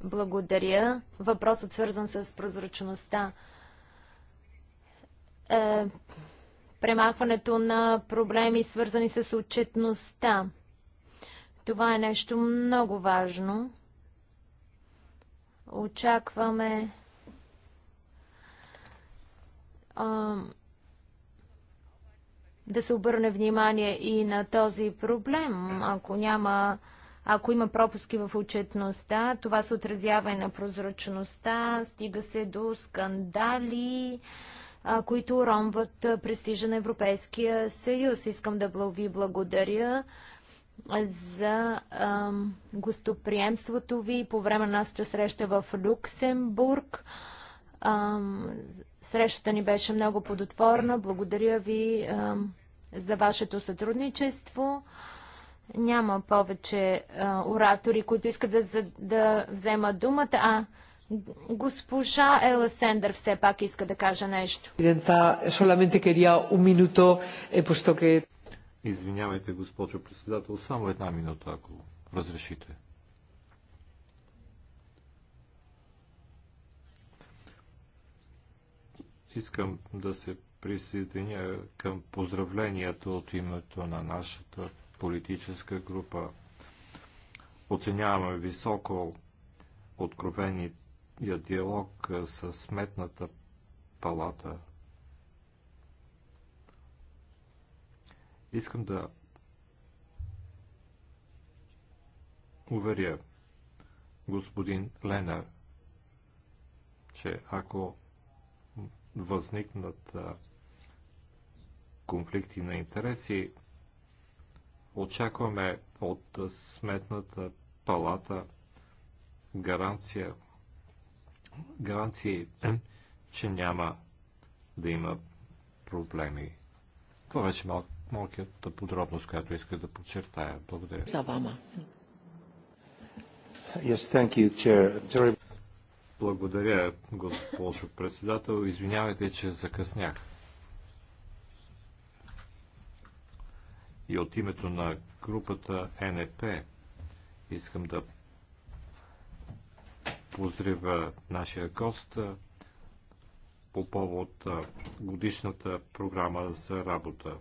Благодаря. Въпросът свързан с прозрачността. Е, премахването на проблеми, свързани с отчетността. Това е нещо много важно. Очакваме. Е, да се обърне внимание и на този проблем. Ако няма ако има пропуски в отчетността, това се отразява и на прозрачността, стига се до скандали, които уронват престижа на Европейския съюз. Искам да ви благодаря за а, гостоприемството ви по време на нашата среща в Люксембург. А, Срещата ни беше много плодотворна. Благодаря ви а, за вашето сътрудничество. Няма повече а, оратори, които искат да, да вземат думата. А, госпожа Ела Сендър все пак иска да каже нещо. Е, Извинявайте, госпожо председател, само една минута, ако разрешите. искам да се присъединя към поздравлението от името на нашата политическа група. Оценяваме високо откровения диалог с Сметната палата. Искам да уверя господин Лена, че ако възникнат конфликти на интереси. Очакваме от сметната палата гаранция, гаранции, <clears throat> че няма да има проблеми. Това беше малко малката подробност, която иска да подчертая. Благодаря. Yes, thank you, Chair. Благодаря, госпожо председател. Извинявайте, че закъснях. И от името на групата НЕП искам да поздравя нашия гост по повод годишната програма за работа.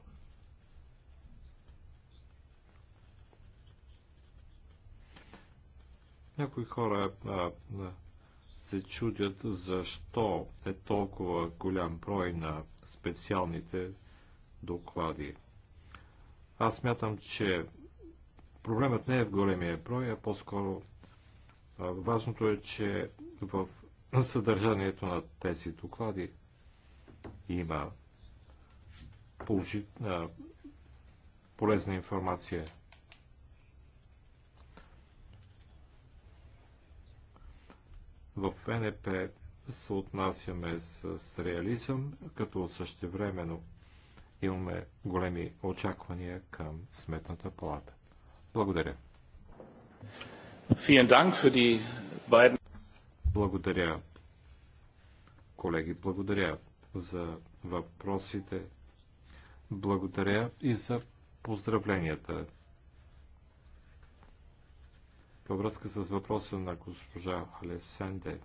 Някои хора а, се чудят защо е толкова голям брой на специалните доклади. Аз мятам, че проблемът не е в големия брой, а по-скоро важното е, че в <laughs> съдържанието на тези доклади има полезна информация. В НП се отнасяме с, реализъм, като същевременно имаме големи очаквания към Сметната палата. Благодаря. Благодаря, колеги, благодаря за въпросите. Благодаря и за поздравленията във връзка с въпроса на госпожа Алесенде.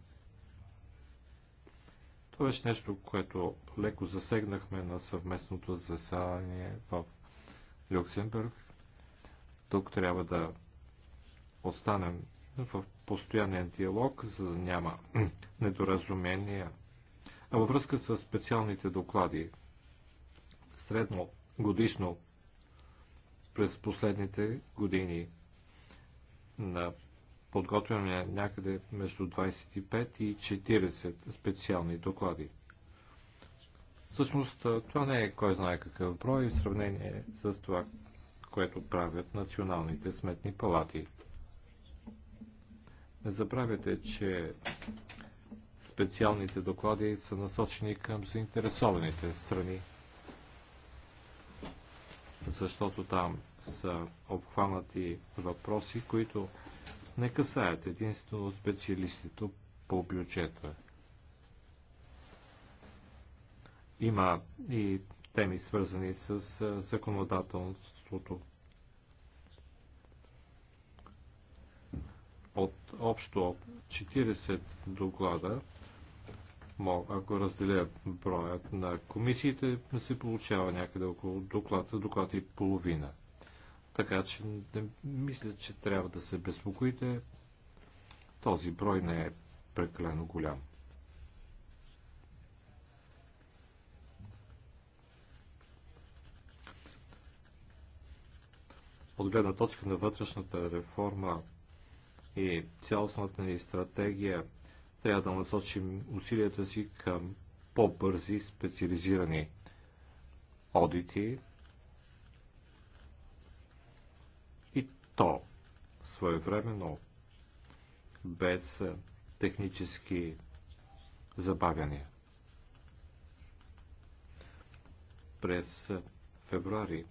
Това беше нещо, което леко засегнахме на съвместното заседание в Люксембург. Тук трябва да останем в постоянен диалог, за да няма <clears throat> недоразумения. А във връзка с специалните доклади, средно годишно през последните години на подготвяме някъде между 25 и 40 специални доклади. Всъщност това не е кой знае какъв брой в сравнение с това, което правят националните сметни палати. Не забравяйте, че специалните доклади са насочени към заинтересованите страни защото там са обхванати въпроси, които не касаят единствено специалистите по бюджета. Има и теми свързани с законодателството. От общо 40 доклада ако разделя броят на комисиите, се получава някъде около доклада, доклад и половина. Така че не, мисля, че трябва да се безпокоите. Този брой не е прекалено голям. От гледна точка на вътрешната реформа и цялостната ни стратегия трябва да насочим усилията си към по-бързи специализирани одити и то своевременно, без технически забавяния. През февруари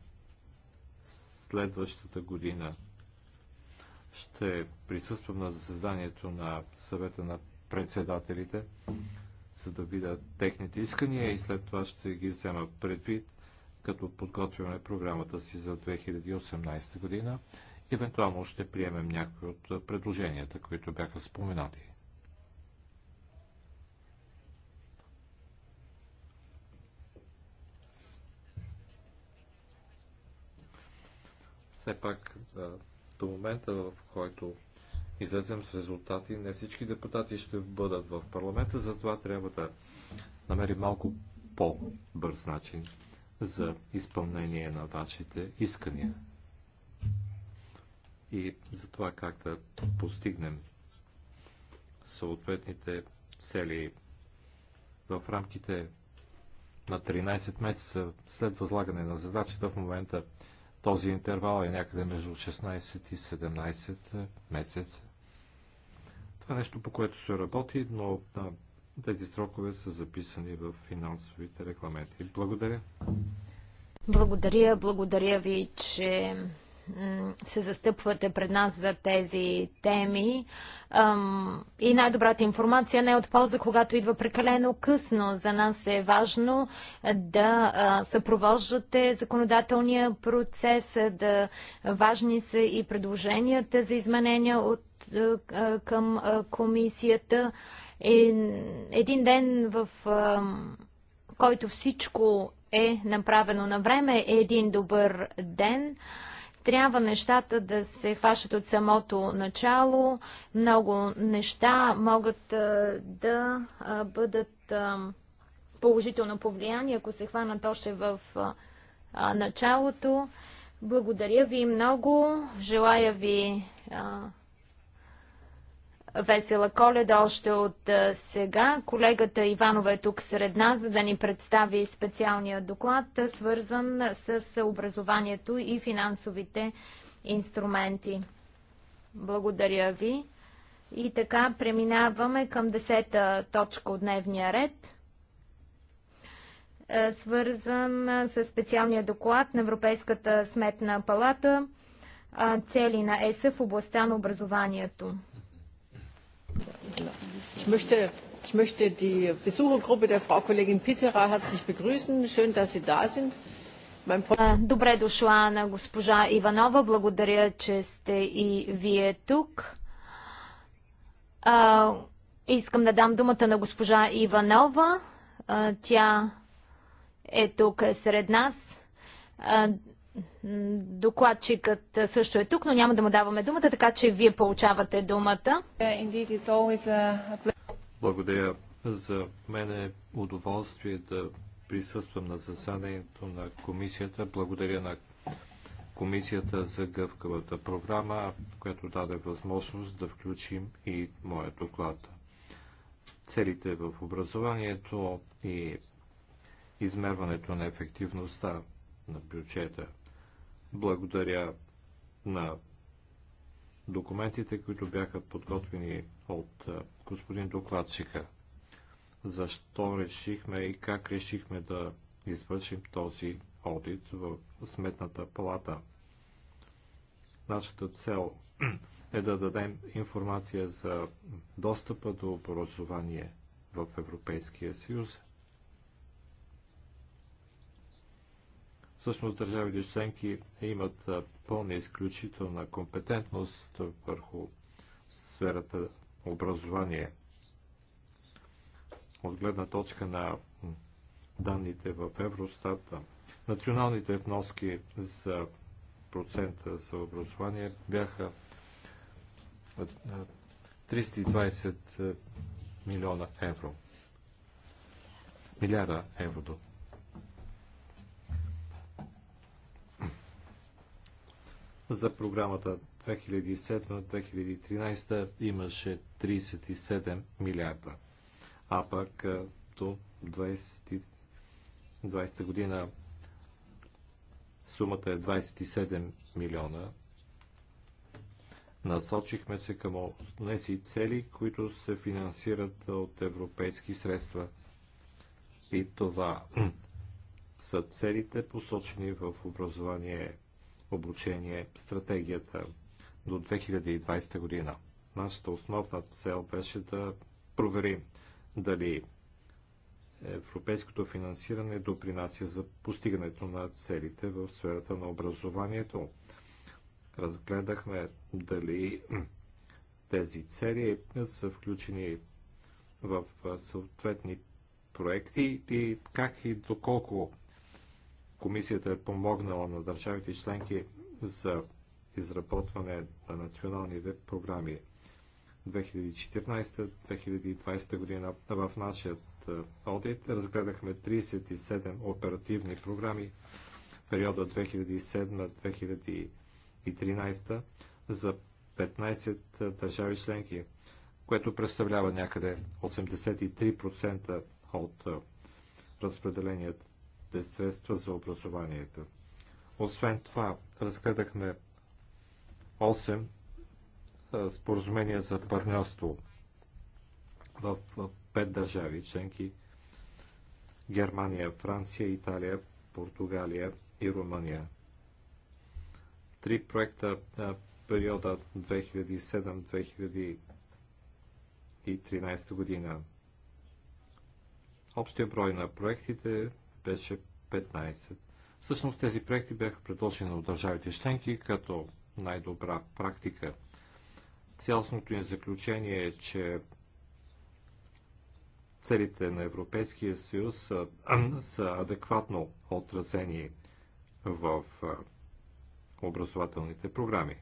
следващата година ще присъствам на заседанието на съвета на председателите, за да видят техните искания и след това ще ги взема предвид, като подготвяме програмата си за 2018 година. Евентуално ще приемем някои от предложенията, които бяха споменати. Все пак до момента, в който излезем с резултати. Не всички депутати ще бъдат в парламента, затова трябва да намерим малко по-бърз начин за изпълнение на вашите искания и за това как да постигнем съответните цели в рамките на 13 месеца след възлагане на задачата в момента този интервал е някъде между 16 и 17 месеца. Това е нещо, по което се работи, но да, тези срокове са записани в финансовите регламенти. Благодаря. Благодаря, благодаря ви, че се застъпвате пред нас за тези теми. И най-добрата информация не е от полза, когато идва прекалено късно. За нас е важно да съпровождате законодателния процес, да важни са и предложенията за изменения от към комисията. един ден, в който всичко е направено на време, е един добър ден. Трябва нещата да се хващат от самото начало. Много неща могат а, да а, бъдат а, положително повлияни, ако се хванат още в началото. Благодаря ви много. Желая ви Весела коледа още от сега. Колегата Иванова е тук сред нас, за да ни представи специалния доклад, свързан с образованието и финансовите инструменти. Благодаря ви. И така преминаваме към десета точка от дневния ред, свързан с специалния доклад на Европейската сметна палата цели на ЕС в областта на образованието. Ich möchte die Besuchergruppe der Frau Kollegin Pitera herzlich begrüßen. Schön, dass Sie da sind. Добре дошла на госпожа Иванова. Благодаря, че сте и вие тук. искам да дам думата на госпожа Иванова. тя е тук сред нас. А, Докладчикът също е тук, но няма да му даваме думата, така че вие получавате думата. Благодаря. За мен е удоволствие да присъствам на заседанието на комисията. Благодаря на комисията за гъвкавата програма, която даде възможност да включим и моя доклад. Целите в образованието и измерването на ефективността на бюджета – благодаря на документите, които бяха подготвени от господин докладчика. Защо решихме и как решихме да извършим този одит в Сметната палата. Нашата цел е да дадем информация за достъпа до образование в Европейския съюз Всъщност държавите членки имат пълна изключителна компетентност върху сферата образование. От гледна точка на данните в Евростат, националните вноски за процента за образование бяха 320 милиона евро. Милиарда евро. за програмата 2007-2013 имаше 37 милиарда, а пък до 20, та година сумата е 27 милиона. Насочихме се към тези цели, които се финансират от европейски средства. И това <clears throat> са целите посочени в образование обучение, стратегията до 2020 година. Нашата основна цел беше да проверим дали европейското финансиране допринася за постигането на целите в сферата на образованието. Разгледахме дали тези цели са включени в съответни проекти и как и доколко Комисията е помогнала на държавите членки за изработване на националните програми 2014-2020 година. В нашия одит разгледахме 37 оперативни програми периода 2007-2013 за 15 държави членки, което представлява някъде 83% от разпределението бюджетните средства за образованието. Освен това, разгледахме 8 споразумения за партньорство в 5 държави членки Германия, Франция, Италия, Португалия и Румъния. Три проекта на периода 2007-2013 година. Общия брой на проектите беше 15. Всъщност тези проекти бяха предложени от държавите членки като най-добра практика. Цялостното им заключение е, че целите на Европейския съюз са, <clears throat> са адекватно отразени в образователните програми.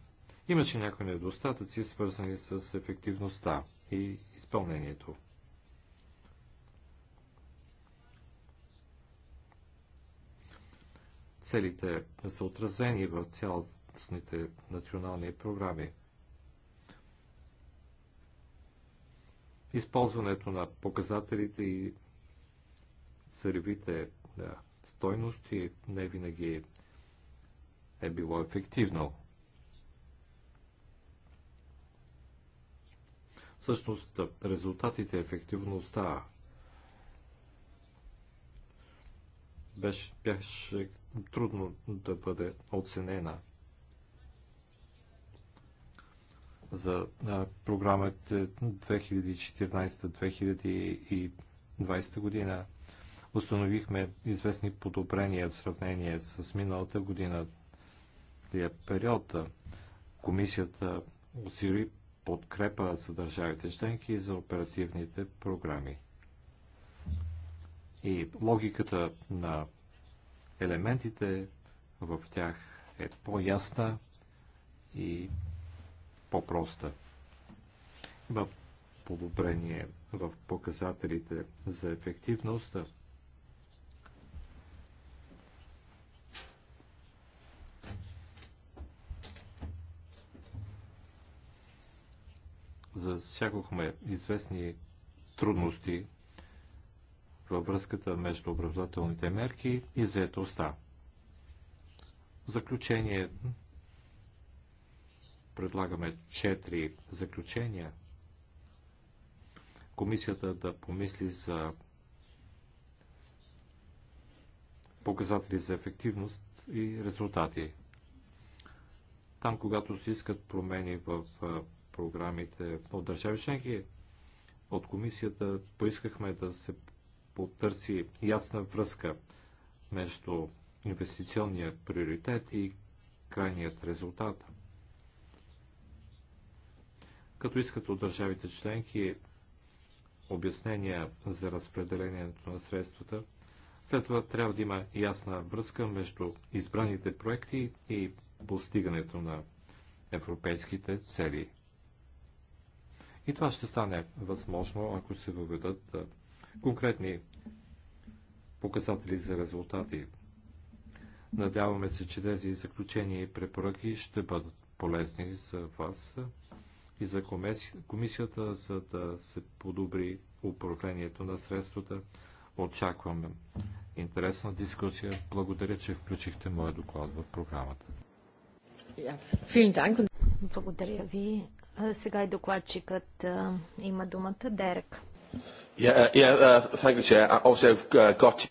Имаше някои недостатъци, свързани с ефективността и изпълнението. Целите са отразени в цялостните национални програми. Използването на показателите и сървите да, стойности не винаги е било ефективно. Всъщност, резултатите, ефективността беше, беше трудно да бъде оценена за а, програмите 2014-2020 година. Установихме известни подобрения в сравнение с миналата година период. Комисията усили подкрепа за държавите членки и за оперативните програми и логиката на елементите в тях е по-ясна и по-проста. Има подобрение в показателите за ефективност. Засягахме известни трудности във връзката между образователните мерки и заетостта. В заключение предлагаме четири заключения. Комисията да помисли за показатели за ефективност и резултати. Там, когато се искат промени в програмите от държави членки, от комисията поискахме да се потърси ясна връзка между инвестиционния приоритет и крайният резултат. Като искат от държавите членки обяснения за разпределението на средствата, след това трябва да има ясна връзка между избраните проекти и постигането на европейските цели. И това ще стане възможно, ако се въведат конкретни показатели за резултати. Надяваме се, че тези заключения и препоръки ще бъдат полезни за вас и за комисията, за да се подобри управлението на средствата. Очакваме интересна дискусия. Благодаря, че включихте моя доклад в програмата. Благодаря ви. Сега и докладчикът има думата Дерек. Yeah, uh, yeah, uh, you, uh, got...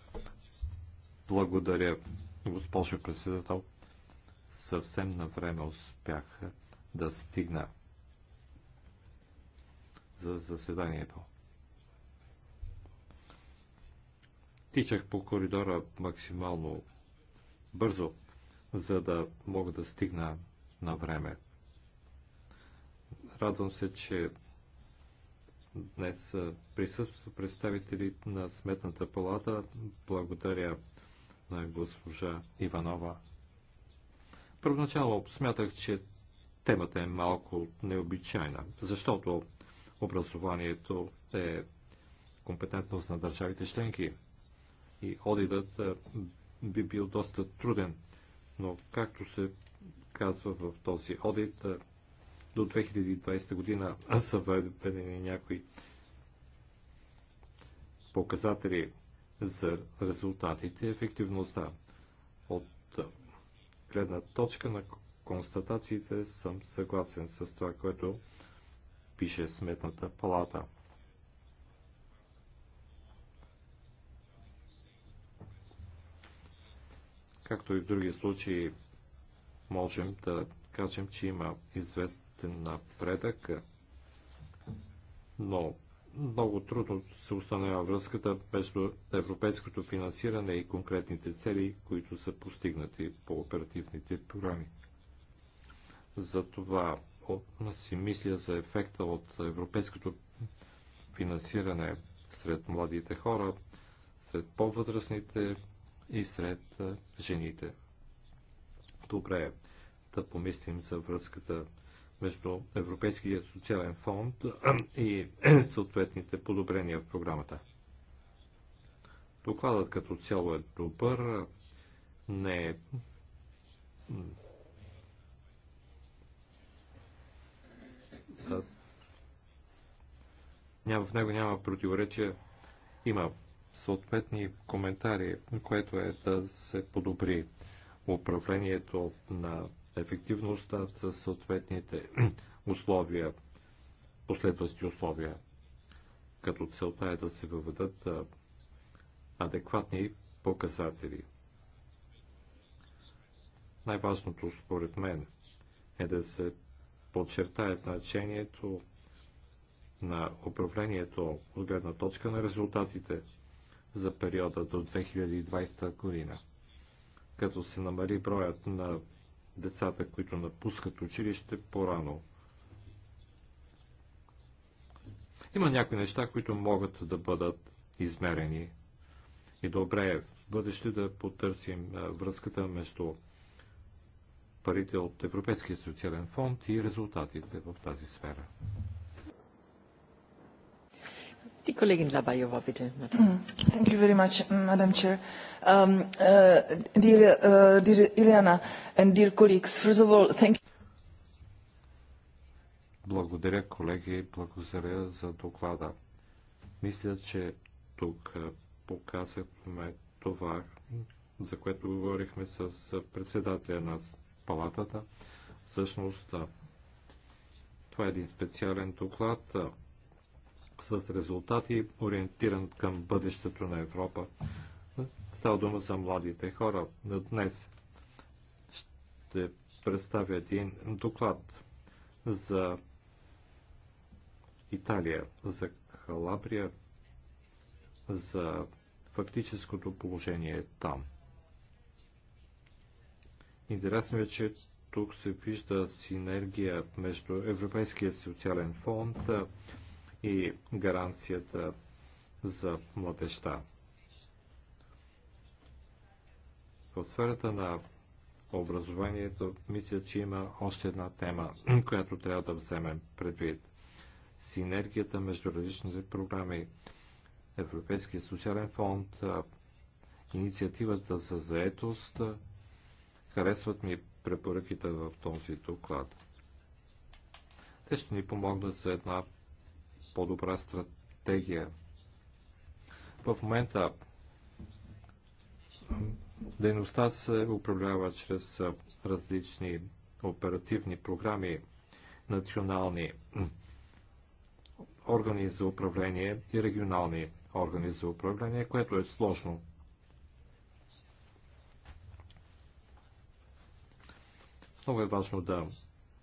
Благодаря, госпожо председател. Съвсем на време успях да стигна за заседанието. Тичах по коридора максимално бързо, за да мога да стигна на време. Радвам се, че Днес присъстват представители на Сметната палата. Благодаря на госпожа Иванова. Първоначално смятах, че темата е малко необичайна, защото образованието е компетентност на държавите членки и одитът би бил доста труден. Но както се казва в този одит, до 2020 година <clears throat> са въведени някои показатели за резултатите и ефективността. От гледна точка на констатациите съм съгласен с това, което пише Сметната палата. Както и в други случаи, можем да кажем, че има известно напредък, но много трудно се установява връзката между европейското финансиране и конкретните цели, които са постигнати по оперативните програми. Затова си мисля за ефекта от европейското финансиране сред младите хора, сред по-възрастните и сред жените. Добре е да помислим за връзката между Европейския социален фонд и съответните подобрения в програмата. Докладът като цяло е добър, не е няма, в него няма противоречие. Има съответни коментари, което е да се подобри управлението на ефективността с съответните <clears throat> условия, последващи условия, като целта е да се въведат адекватни показатели. Най-важното според мен е да се подчертае значението на управлението от гледна точка на резултатите за периода до 2020 година, като се намали броят на децата, които напускат училище по-рано. Има някои неща, които могат да бъдат измерени. И добре е в бъдеще да потърсим връзката между парите от Европейския социален фонд и резултатите в тази сфера. Die Kollegin Labajova, bitte. Hmm. Thank you very much, Madam Chair. Um, uh, dear, uh, dear Ileana and dear colleagues, first of all, thank you. Благодаря, колеги, благодаря за доклада. Мисля, че тук показахме това, за което говорихме с председателя на палатата. Всъщност, това е един специален доклад, с резултати, ориентиран към бъдещето на Европа. Става дума за младите хора. Днес ще представя един доклад за Италия, за Калабрия, за фактическото положение там. Интересно е, че тук се вижда синергия между Европейския социален фонд, и гаранцията за младеща. В сферата на образованието мисля, че има още една тема, <clears throat> която трябва да вземем предвид. Синергията между различните програми Европейския социален фонд, инициативата за заетост. Харесват ми препоръките в този доклад. Те ще ни помогнат за една по-добра стратегия. В момента дейността се управлява чрез различни оперативни програми, национални органи за управление и регионални органи за управление, което е сложно. Много е важно да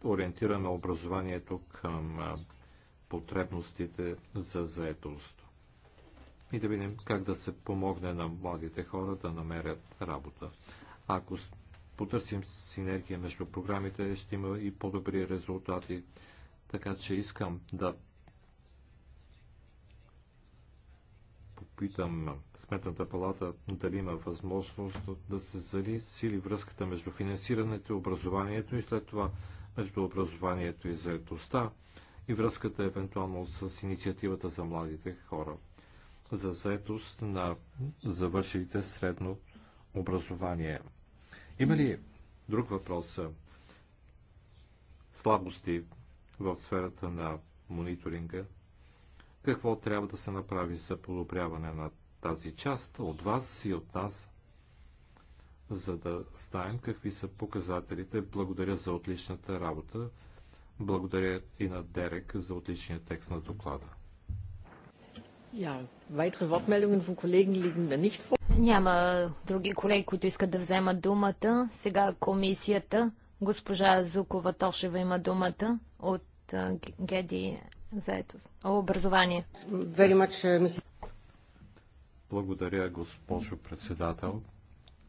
ориентираме образованието към потребностите за заетост. И да видим как да се помогне на младите хора да намерят работа. Ако потърсим синергия между програмите, ще има и по-добри резултати. Така че искам да попитам Сметната палата дали има възможност да се зали сили връзката между финансирането и образованието и след това между образованието и заедостта и връзката евентуално с инициативата за младите хора за заетост на завършилите средно образование. Има ли друг въпрос? Слабости в сферата на мониторинга? Какво трябва да се направи за подобряване на тази част от вас и от нас, за да знаем какви са показателите? Благодаря за отличната работа. Благодаря и на Дерек за отличния текст на доклада. Няма други колеги, които искат да вземат думата. Сега комисията, госпожа Зукова Тошева има думата от ГЕДИ заетост. Образование. Uh, Благодаря, госпожо председател.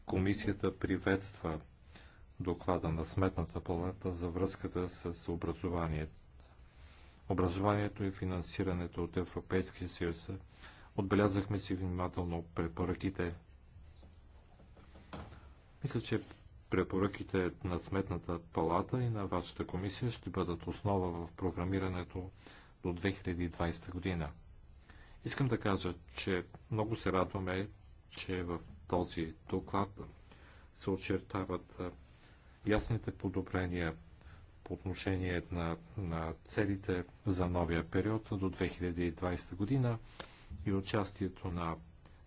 Комисията приветства доклада на Сметната палата за връзката с образованието. Образованието и финансирането от Европейския съюз. Отбелязахме си внимателно препоръките. Мисля, че препоръките на Сметната палата и на вашата комисия ще бъдат основа в програмирането до 2020 година. Искам да кажа, че много се радваме, че в този доклад се очертават ясните подобрения по отношение на, на целите за новия период до 2020 година и участието на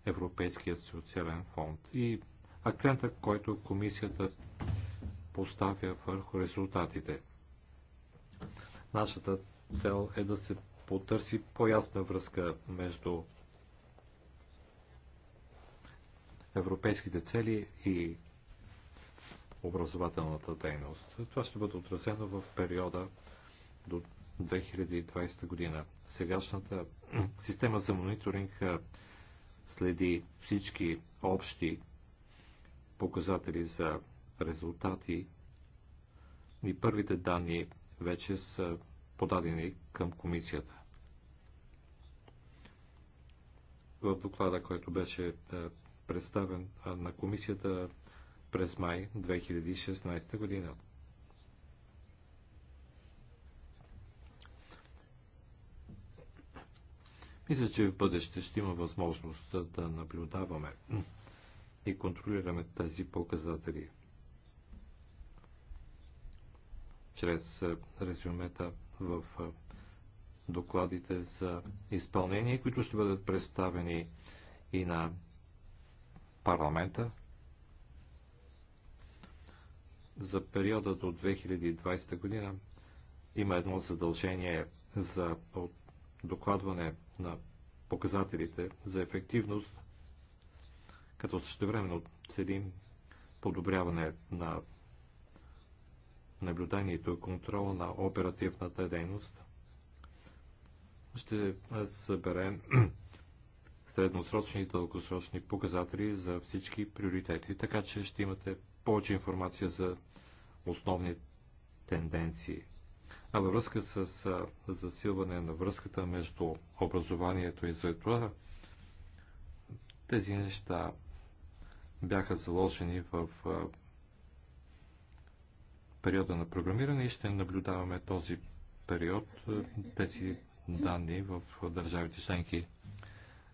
Европейския социален фонд и акцента, който комисията поставя върху резултатите. Нашата цел е да се потърси по-ясна връзка между европейските цели и образователната дейност. Това ще бъде отразено в периода до 2020 година. Сегашната <clears throat> система за мониторинг следи всички общи показатели за резултати и първите данни вече са подадени към комисията. В доклада, който беше представен на комисията, през май 2016 година. Мисля, че в бъдеще ще има възможност да наблюдаваме и контролираме тези показатели чрез резюмета в докладите за изпълнение, които ще бъдат представени и на парламента за периода до 2020 година има едно задължение за докладване на показателите за ефективност, като същевременно целим подобряване на наблюдението и контрола на оперативната дейност. Ще съберем <clears throat> средносрочни и дългосрочни показатели за всички приоритети, така че ще имате повече информация за основни тенденции. А във връзка с засилване на връзката между образованието и заедостта, тези неща бяха заложени в периода на програмиране и ще наблюдаваме този период, тези данни в държавите членки.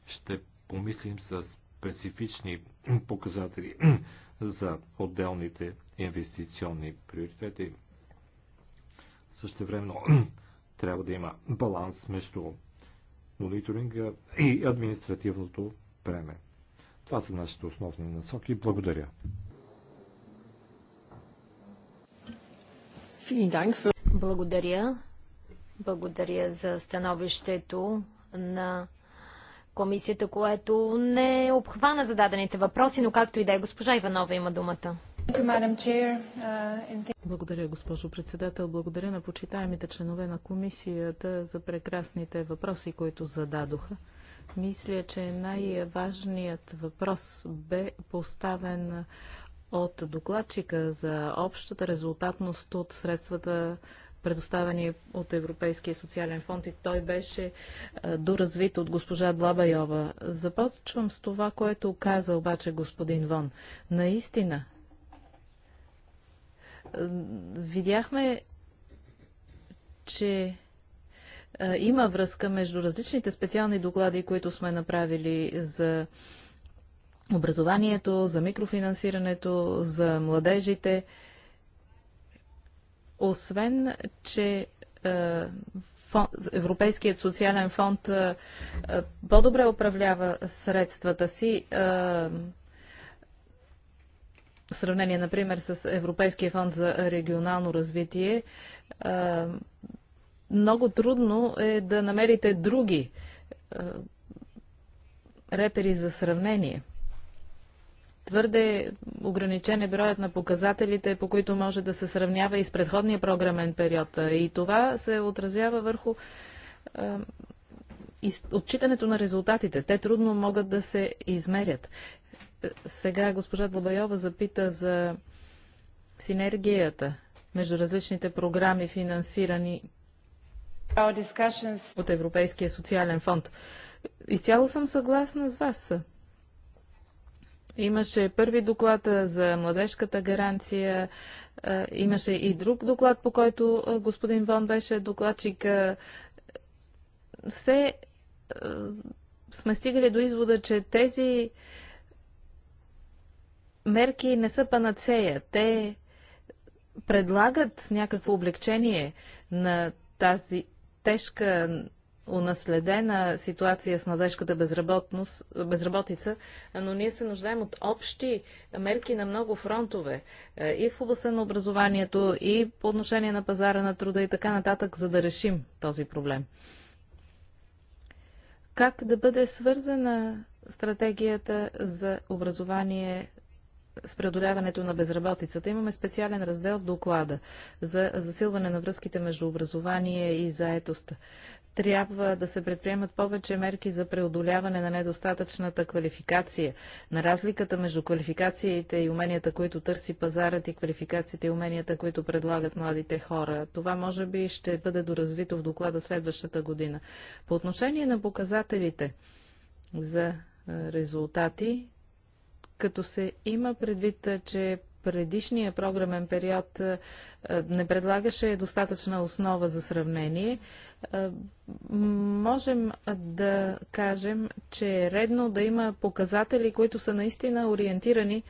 Ще помислим с специфични показатели за отделните инвестиционни приоритети. Същевременно трябва да има баланс между мониторинга и административното преме. Това са нашите основни насоки. Благодаря. Благодаря. Благодаря за становището на комисията, което не е обхвана зададените въпроси, но както и да е, госпожа Иванова има думата. Благодаря, госпожо председател. Благодаря на почитаемите членове на комисията за прекрасните въпроси, които зададоха. Мисля, че най-важният въпрос бе поставен от докладчика за общата резултатност от средствата предоставени от Европейския социален фонд и той беше доразвит от госпожа Длабайова. Започвам с това, което каза обаче господин Вон. Наистина, видяхме, че има връзка между различните специални доклади, които сме направили за образованието, за микрофинансирането, за младежите – освен, че е, фонд, Европейският социален фонд е, е, по-добре управлява средствата си, в сравнение, например, с Европейския фонд за регионално развитие, много трудно е да намерите други репери за сравнение. Твърде ограничен е броят на показателите, по които може да се сравнява и с предходния програмен период. И това се отразява върху е, отчитането на резултатите. Те трудно могат да се измерят. Сега госпожа Длобайова запита за синергията между различните програми, финансирани от Европейския социален фонд. Изцяло съм съгласна с вас. Имаше първи доклад за младежката гаранция, имаше и друг доклад, по който господин Вон беше докладчик. Все сме стигали до извода, че тези мерки не са панацея. Те предлагат някакво облегчение на тази тежка унаследена ситуация с младежката безработица, но ние се нуждаем от общи мерки на много фронтове е, и в областта на образованието, и по отношение на пазара на труда и така нататък, за да решим този проблем. Как да бъде свързана стратегията за образование с преодоляването на безработицата. Имаме специален раздел в доклада за засилване на връзките между образование и заетост трябва да се предприемат повече мерки за преодоляване на недостатъчната квалификация, на разликата между квалификациите и уменията, които търси пазарът и квалификациите и уменията, които предлагат младите хора. Това може би ще бъде доразвито в доклада следващата година. По отношение на показателите за резултати, като се има предвид, че предишния програмен период е, е, не предлагаше достатъчна основа за сравнение, е, можем да кажем, че е редно да има показатели, които са наистина ориентирани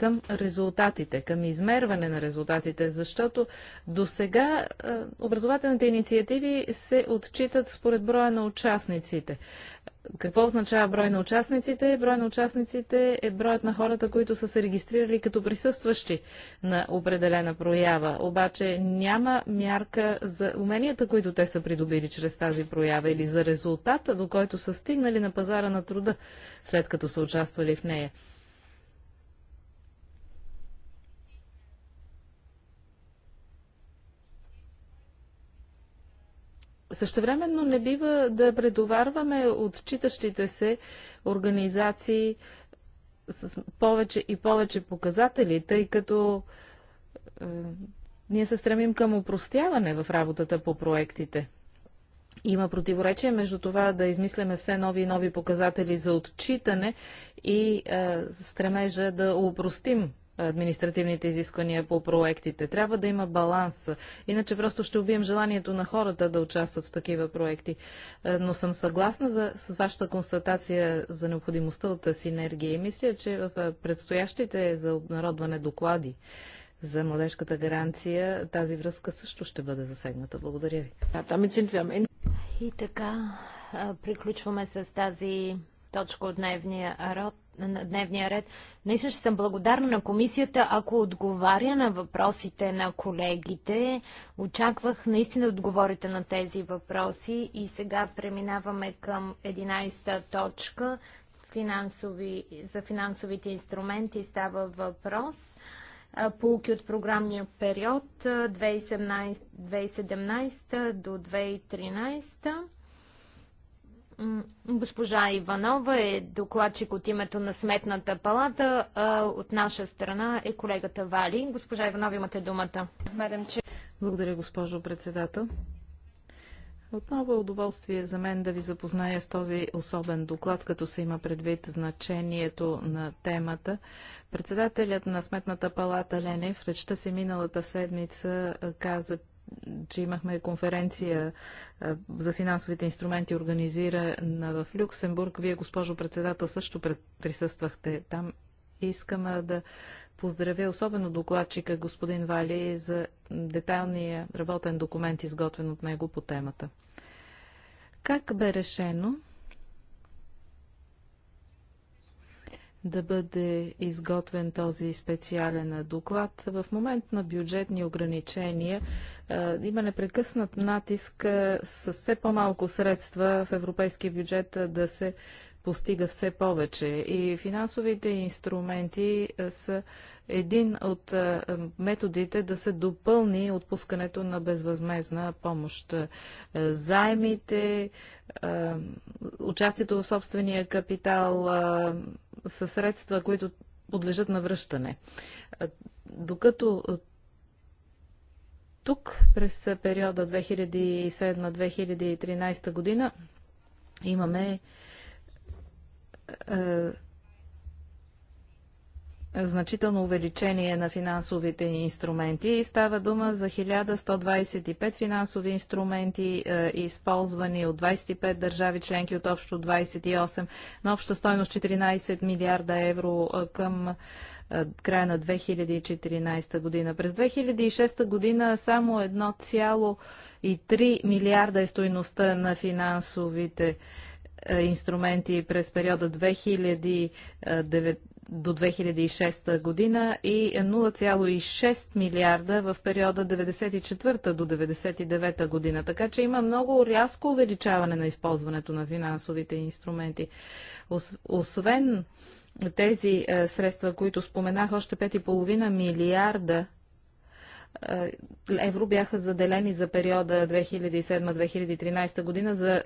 към резултатите, към измерване на резултатите, защото до сега е, образователните инициативи се отчитат според броя на участниците. Какво означава брой на участниците? Брой на участниците е броят на хората, които са се регистрирали като присъстващи на определена проява. Обаче няма мярка за уменията, които те са придобили чрез тази проява или за резултата, до който са стигнали на пазара на труда, след като са участвали в нея. Същевременно не бива да предоварваме отчитащите се организации с повече и повече показатели, тъй като е, ние се стремим към упростяване в работата по проектите. Има противоречие между това да измисляме все нови и нови показатели за отчитане и е, стремежа да упростим административните изисквания по проектите. Трябва да има баланс, иначе просто ще убием желанието на хората да участват в такива проекти. Е, но съм съгласна за, с вашата констатация за необходимостта от синергия и мисля, че в е, предстоящите за обнародване доклади за младежката гаранция тази връзка също ще бъде засегната. Благодаря ви. И така, приключваме с тази точка от дневния, род, на дневния ред. Наистина ще съм благодарна на комисията, ако отговаря на въпросите на колегите. Очаквах наистина да отговорите на тези въпроси и сега преминаваме към 11-та точка финансови, за финансовите инструменти става въпрос. Полки от програмния период 2017 до 2013. Госпожа Иванова е докладчик от името на Сметната палата. От наша страна е колегата Вали. Госпожа Иванова, имате думата. Благодаря, госпожо председател. Отново е удоволствие за мен да ви запозная с този особен доклад, като се има предвид значението на темата. Председателят на Сметната палата Ленев речта се миналата седмица каза, че имахме конференция за финансовите инструменти, организирана в Люксембург. Вие, госпожо председател, също присъствахте там. Искам да поздравя особено докладчика господин Вали за детайлния работен документ, изготвен от него по темата. Как бе решено да бъде изготвен този специален доклад. В момент на бюджетни ограничения е, има непрекъснат натиск е, с все по-малко средства в европейския бюджет е, да се постига все повече и финансовите инструменти е, са един от е, методите да се допълни отпускането на безвъзмезна помощ. Е, Займите, участието в собствения капитал са средства, които подлежат на връщане. Докато тук през периода 2007-2013 година имаме е, значително увеличение на финансовите инструменти и става дума за 1125 финансови инструменти, е, използвани от 25 държави членки от общо 28, на обща стойност 14 милиарда евро е, към е, края на 2014 година. През 2006 година само 1,3 милиарда е стойността на финансовите инструменти е, инструменти през периода 2009 е, до 2006 година и 0,6 милиарда в периода 1994 до 1999 година. Така че има много рязко увеличаване на използването на финансовите инструменти. Освен тези е, средства, които споменах, още 5,5 милиарда е, евро бяха заделени за периода 2007-2013 година за е,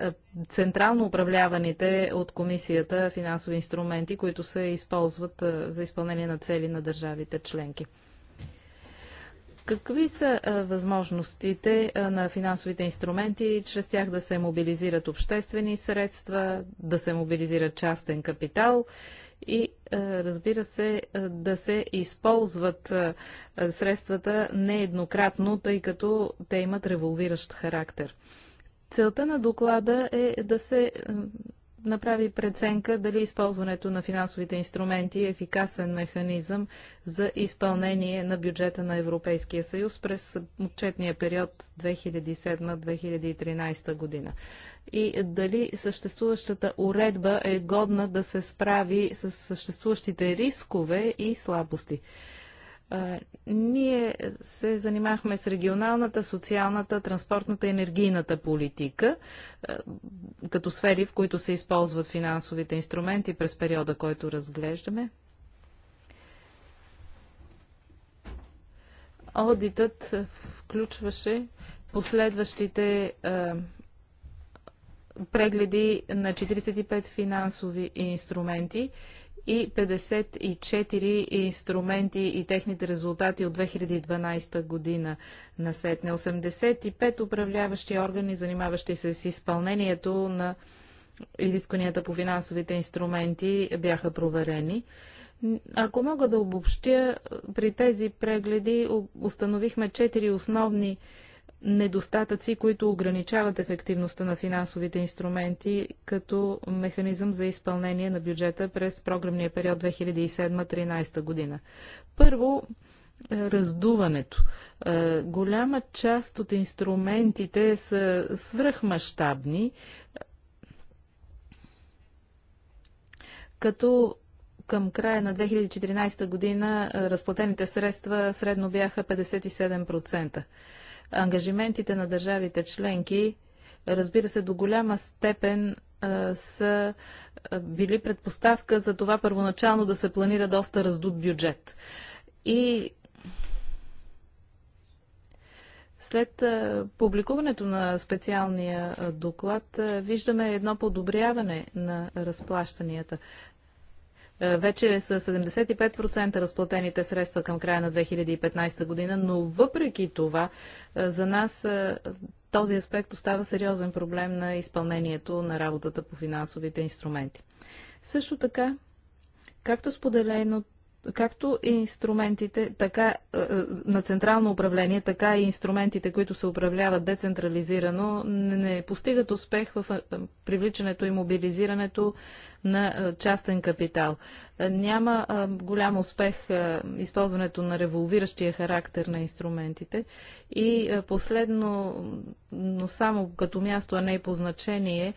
централно управляваните от комисията финансови инструменти, които се използват е, за изпълнение на цели на държавите членки. Какви са възможностите на финансовите инструменти, чрез тях да се мобилизират обществени средства, да се мобилизира частен капитал? и е, разбира се е, да се използват е, средствата нееднократно, тъй като те имат револвиращ характер. Целта на доклада е да се направи преценка дали използването на финансовите инструменти е ефикасен механизъм за изпълнение на бюджета на Европейския съюз през отчетния период 2007-2013 година и дали съществуващата уредба е годна да се справи с съществуващите рискове и слабости. А, ние се занимахме с регионалната, социалната, транспортната, енергийната политика, а, като сфери, в които се използват финансовите инструменти през периода, който разглеждаме. Одитът включваше последващите а, прегледи на 45 финансови инструменти и 54 инструменти и техните резултати от 2012 година на сетне. 85 управляващи органи, занимаващи се с изпълнението на изискванията по финансовите инструменти, бяха проверени. Ако мога да обобщя, при тези прегледи установихме 4 основни недостатъци, които ограничават ефективността на финансовите инструменти като механизъм за изпълнение на бюджета през програмния период 2007-2013 година. Първо, е, раздуването. Е, голяма част от инструментите са свръхмащабни, е, като към края на 2014 година разплатените средства средно бяха 57% ангажиментите на държавите членки, разбира се, до голяма степен са били предпоставка за това първоначално да се планира доста раздут бюджет. И след публикуването на специалния доклад виждаме едно подобряване на разплащанията. Е, вече са 75% разплатените средства към края на 2015 година, но въпреки това е, за нас е, този аспект остава сериозен проблем на изпълнението на работата по финансовите инструменти. Също така, както споделено както и инструментите, така е, е, на централно управление, така и инструментите, които се управляват децентрализирано, не постигат успех в е, привличането и мобилизирането на частен капитал. Няма голям успех използването на револвиращия характер на инструментите. И последно, но само като място, а не и по значение,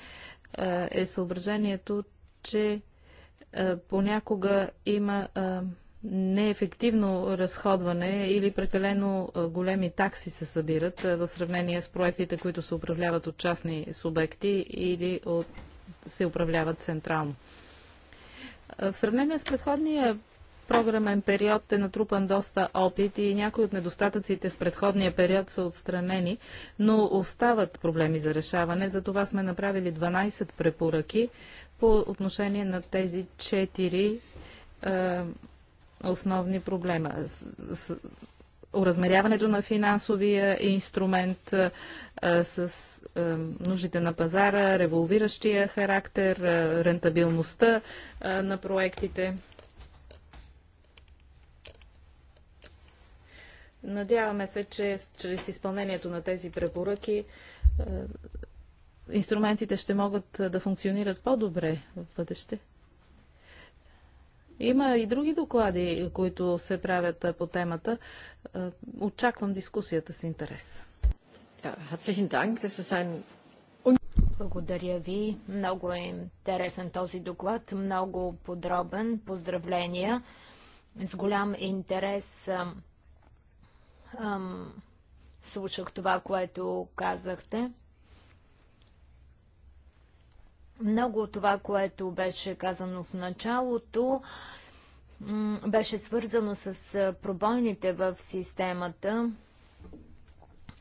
е съображението, че е, понякога има е, неефективно разходване или прекалено е, големи такси се събират в сравнение с проектите, които се управляват от частни субекти или от, се управляват централно. В сравнение с предходния програмен период е натрупан доста опит и някои от недостатъците в предходния период са отстранени, но остават проблеми за решаване. Затова сме направили 12 препоръки, по отношение на тези четири е, основни проблема. С, с, уразмеряването на финансовия инструмент е, е, с е, нуждите на пазара, револвиращия характер, е, рентабилността е, на проектите. Надяваме се, че чрез изпълнението на тези препоръки е, инструментите ще могат да функционират по-добре в бъдеще. Има и други доклади, които се правят по темата. Очаквам дискусията с интерес. Благодаря ви. Много е интересен този доклад, много подробен. Поздравления. С голям интерес ам, слушах това, което казахте. Много от това, което беше казано в началото, беше свързано с пробойните в системата.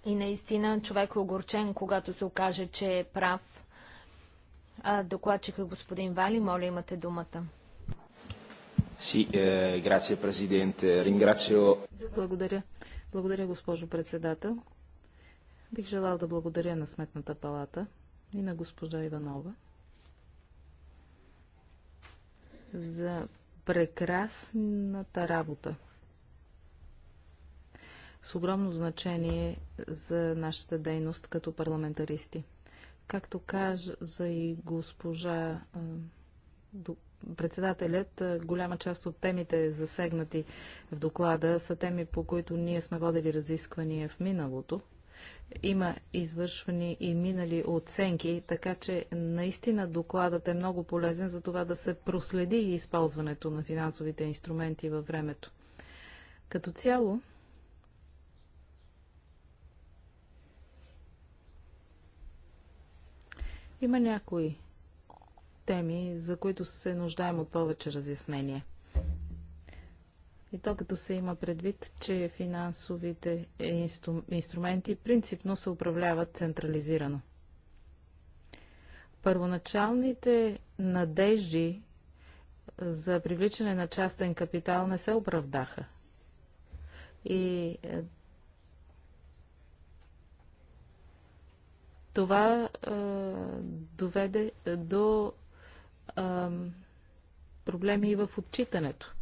И наистина човек е огорчен, когато се окаже, че е прав. Докладчика господин Вали, моля имате думата. Си, е, грация, президент. Ринграцио. Благодаря. Благодаря, госпожо председател. Бих желал да благодаря на Сметната палата и на госпожа Иванова за прекрасната работа с огромно значение за нашата дейност като парламентаристи. Както каза и госпожа председателят, голяма част от темите засегнати в доклада са теми, по които ние сме водили разисквания в миналото. Има извършвани и минали оценки, така че наистина докладът е много полезен за това да се проследи използването на финансовите инструменти във времето. Като цяло, има някои теми, за които се нуждаем от повече разяснение – и то като се има предвид, че финансовите инструменти принципно се управляват централизирано. Първоначалните надежди за привличане на частен капитал не се оправдаха. И е, това е, доведе до е, проблеми и в отчитането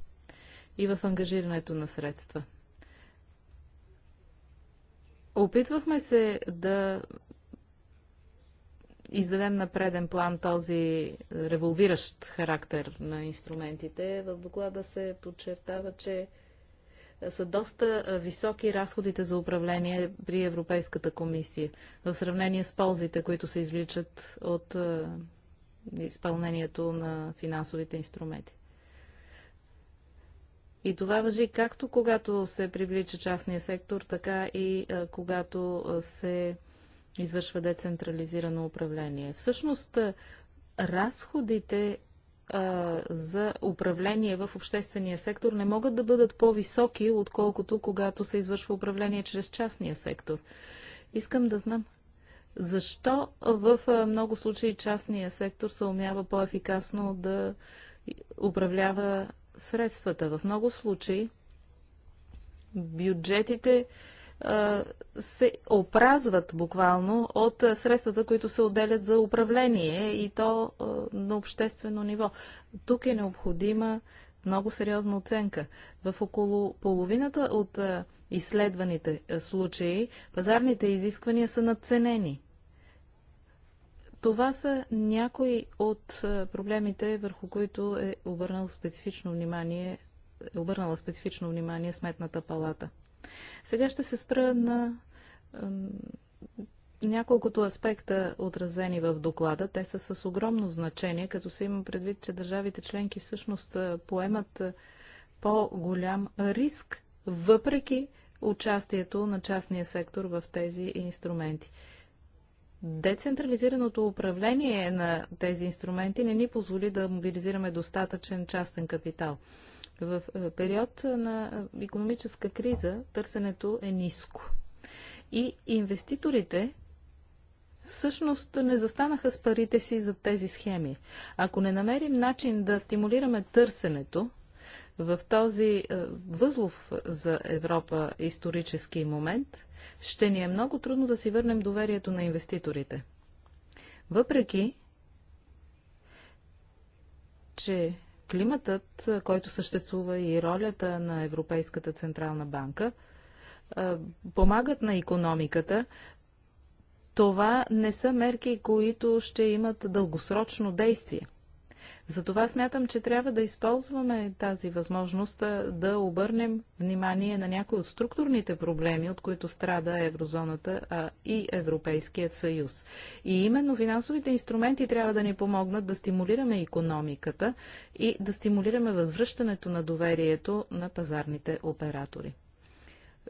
и в ангажирането на средства. Опитвахме се да изведем на преден план този револвиращ характер на инструментите. В доклада се подчертава, че са доста високи разходите за управление при Европейската комисия в сравнение с ползите, които се извличат от изпълнението на финансовите инструменти. И това въжи както когато се привлича частния сектор, така и а, когато се извършва децентрализирано управление. Всъщност, разходите а, за управление в обществения сектор не могат да бъдат по-високи, отколкото когато се извършва управление чрез частния сектор. Искам да знам защо в много случаи частния сектор се умява по-ефикасно да управлява средствата. В много случаи бюджетите се опразват буквално от средствата, които се отделят за управление и то на обществено ниво. Тук е необходима много сериозна оценка. В около половината от изследваните случаи пазарните изисквания са надценени. Това са някои от е, проблемите, върху които е обърнал специфично внимание, е обърнала специфично внимание Сметната палата. Сега ще се спра на няколкото аспекта, отразени в доклада, те са с огромно значение, като се има предвид, че държавите членки всъщност е, поемат е, по-голям риск, въпреки участието на частния сектор в тези инструменти. Децентрализираното управление на тези инструменти не ни позволи да мобилизираме достатъчен частен капитал. В е, период на економическа криза търсенето е ниско. И инвеститорите всъщност не застанаха с парите си за тези схеми. Ако не намерим начин да стимулираме търсенето в този е, възлов за Европа исторически момент, ще ни е много трудно да си върнем доверието на инвеститорите. Въпреки, че климатът, който съществува и ролята на Европейската Централна банка, помагат на економиката, това не са мерки, които ще имат дългосрочно действие. Затова смятам, че трябва да използваме тази възможност да обърнем внимание на някои от структурните проблеми, от които страда еврозоната а и Европейският съюз. И именно финансовите инструменти трябва да ни помогнат да стимулираме економиката и да стимулираме възвръщането на доверието на пазарните оператори.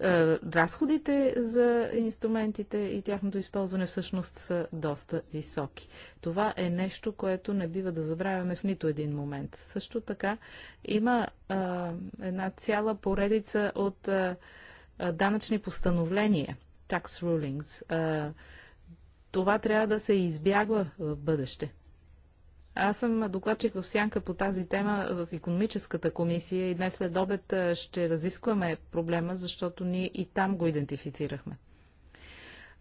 Е, разходите за инструментите и тяхното използване всъщност са доста високи. Това е нещо, което не бива да забравяме в нито един момент. Също така има а, една цяла поредица от а, данъчни постановления, tax rulings. А, това трябва да се избягва в бъдеще. Аз съм докладчик в сянка по тази тема в економическата комисия и днес след обед ще разискваме проблема, защото ние и там го идентифицирахме.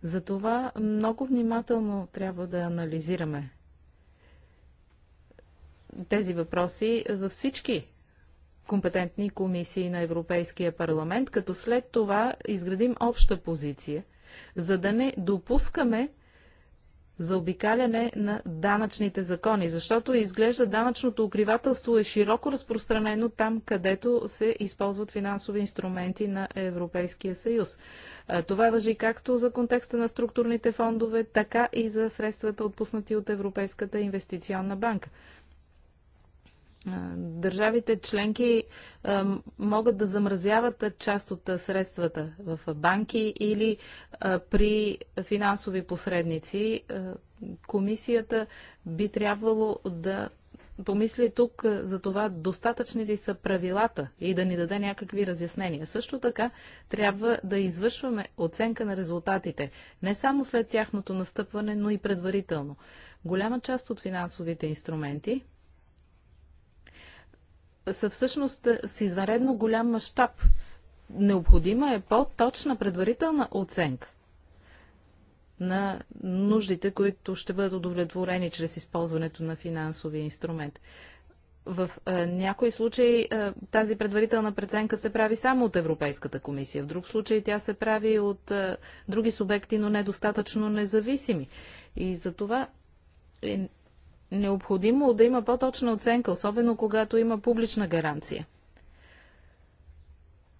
Затова много внимателно трябва да анализираме тези въпроси във всички компетентни комисии на Европейския парламент, като след това изградим обща позиция, за да не допускаме за обикаляне на данъчните закони, защото изглежда данъчното укривателство е широко разпространено там, където се използват финансови инструменти на Европейския съюз. Това въжи както за контекста на структурните фондове, така и за средствата отпуснати от Европейската инвестиционна банка. Е, държавите членки е, могат да замразяват част от е, средствата в банки или при финансови посредници. Комисията би трябвало да помисли тук за това достатъчни ли са правилата и да ни даде някакви разяснения. Също така трябва да извършваме оценка на резултатите, не само след тяхното настъпване, но и предварително. Голяма част от финансовите инструменти са всъщност е, с изваредно голям мащаб. Необходима е по-точна предварителна оценка на нуждите, които ще бъдат удовлетворени чрез използването на финансовия инструмент. В е, някои случаи е, тази предварителна преценка се прави само от Европейската комисия, в друг случай тя се прави от е, други субекти, но недостатъчно независими. И за това е необходимо да има по-точна оценка, особено когато има публична гаранция.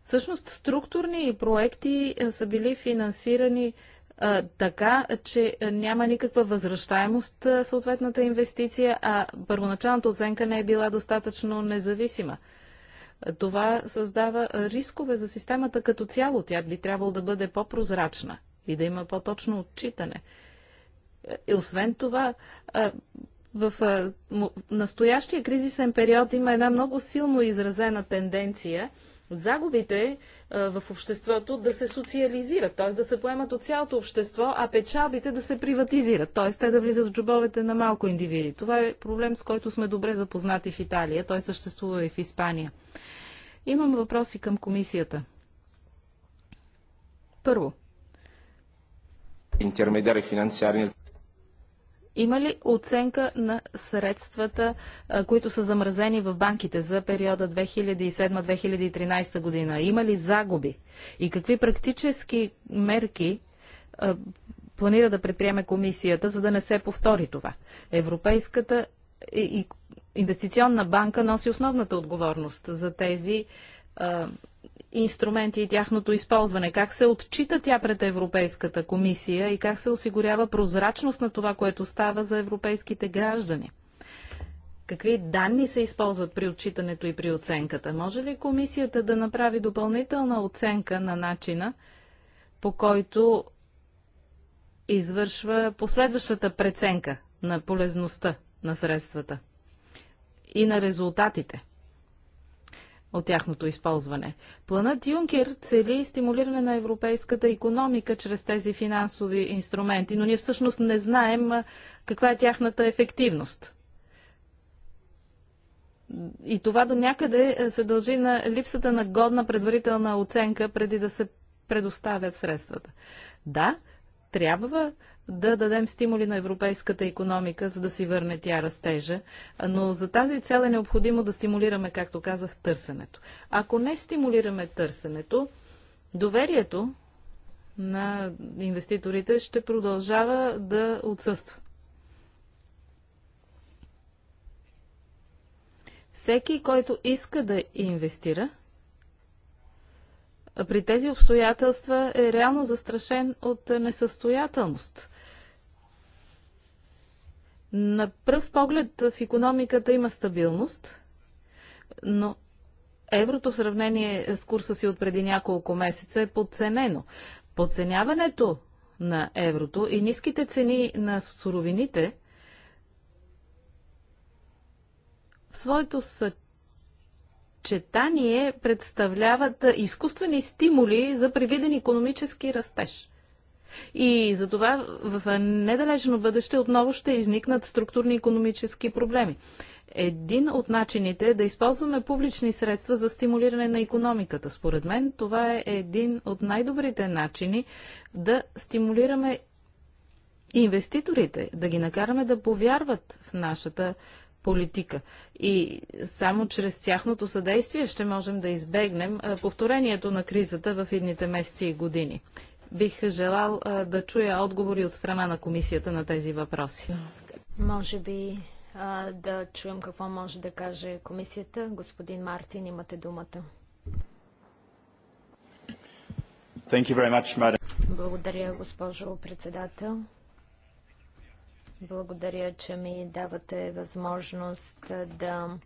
Всъщност структурни проекти е, са били финансирани а, е, така, че е, няма никаква възвръщаемост съответната инвестиция, а първоначалната оценка не е била достатъчно независима. Това създава рискове за системата като цяло. Тя би трябвало да бъде по-прозрачна и да има по-точно отчитане. И освен това, в настоящия кризисен период има една много силно изразена тенденция загубите в обществото да се социализират, т.е. да се поемат от цялото общество, а печалбите да се приватизират, т.е. те да влизат в джобовете на малко индивиди. Това е проблем, с който сме добре запознати в Италия, той съществува и в Испания. Имам въпроси към комисията. Първо. Интермедиари финансиарни. Има ли оценка на средствата, които са замразени в банките за периода 2007-2013 година? Има ли загуби? И какви практически мерки планира да предприеме комисията, за да не се повтори това? Европейската и инвестиционна банка носи основната отговорност за тези инструменти и тяхното използване? Как се отчита тя пред Европейската комисия и как се осигурява прозрачност на това, което става за европейските граждани? Какви данни се използват при отчитането и при оценката? Може ли комисията да направи допълнителна оценка на начина, по който извършва последващата преценка на полезността на средствата и на резултатите? от тяхното използване. Планът Юнкер цели стимулиране на европейската економика чрез тези финансови инструменти, но ние всъщност не знаем каква е тяхната ефективност. И това до някъде е, се дължи на липсата на годна предварителна оценка преди да се предоставят средствата. Да, трябва да дадем стимули на европейската економика, за да си върне тя растежа. Но за тази цел е необходимо да стимулираме, както казах, търсенето. Ако не стимулираме търсенето, доверието на инвеститорите ще продължава да отсъства. Всеки, който иска да инвестира, при тези обстоятелства е реално застрашен от несъстоятелност. На пръв поглед в економиката има стабилност, но еврото в сравнение с курса си от преди няколко месеца е подценено. Подценяването на еврото и ниските цени на суровините в своето съчетание представляват изкуствени стимули за привиден економически растеж. И за това в недалечно бъдеще отново ще изникнат структурни економически проблеми. Един от начините е да използваме публични средства за стимулиране на економиката. Според мен това е един от най-добрите начини да стимулираме инвеститорите, да ги накараме да повярват в нашата политика. И само чрез тяхното съдействие ще можем да избегнем повторението на кризата в едните месеци и години. Бих желал да чуя отговори от страна на комисията на тези въпроси. Може би да чуем какво може да каже комисията. Господин Мартин, имате думата. Much, Благодаря, госпожо председател. Благодаря, че ми давате възможност да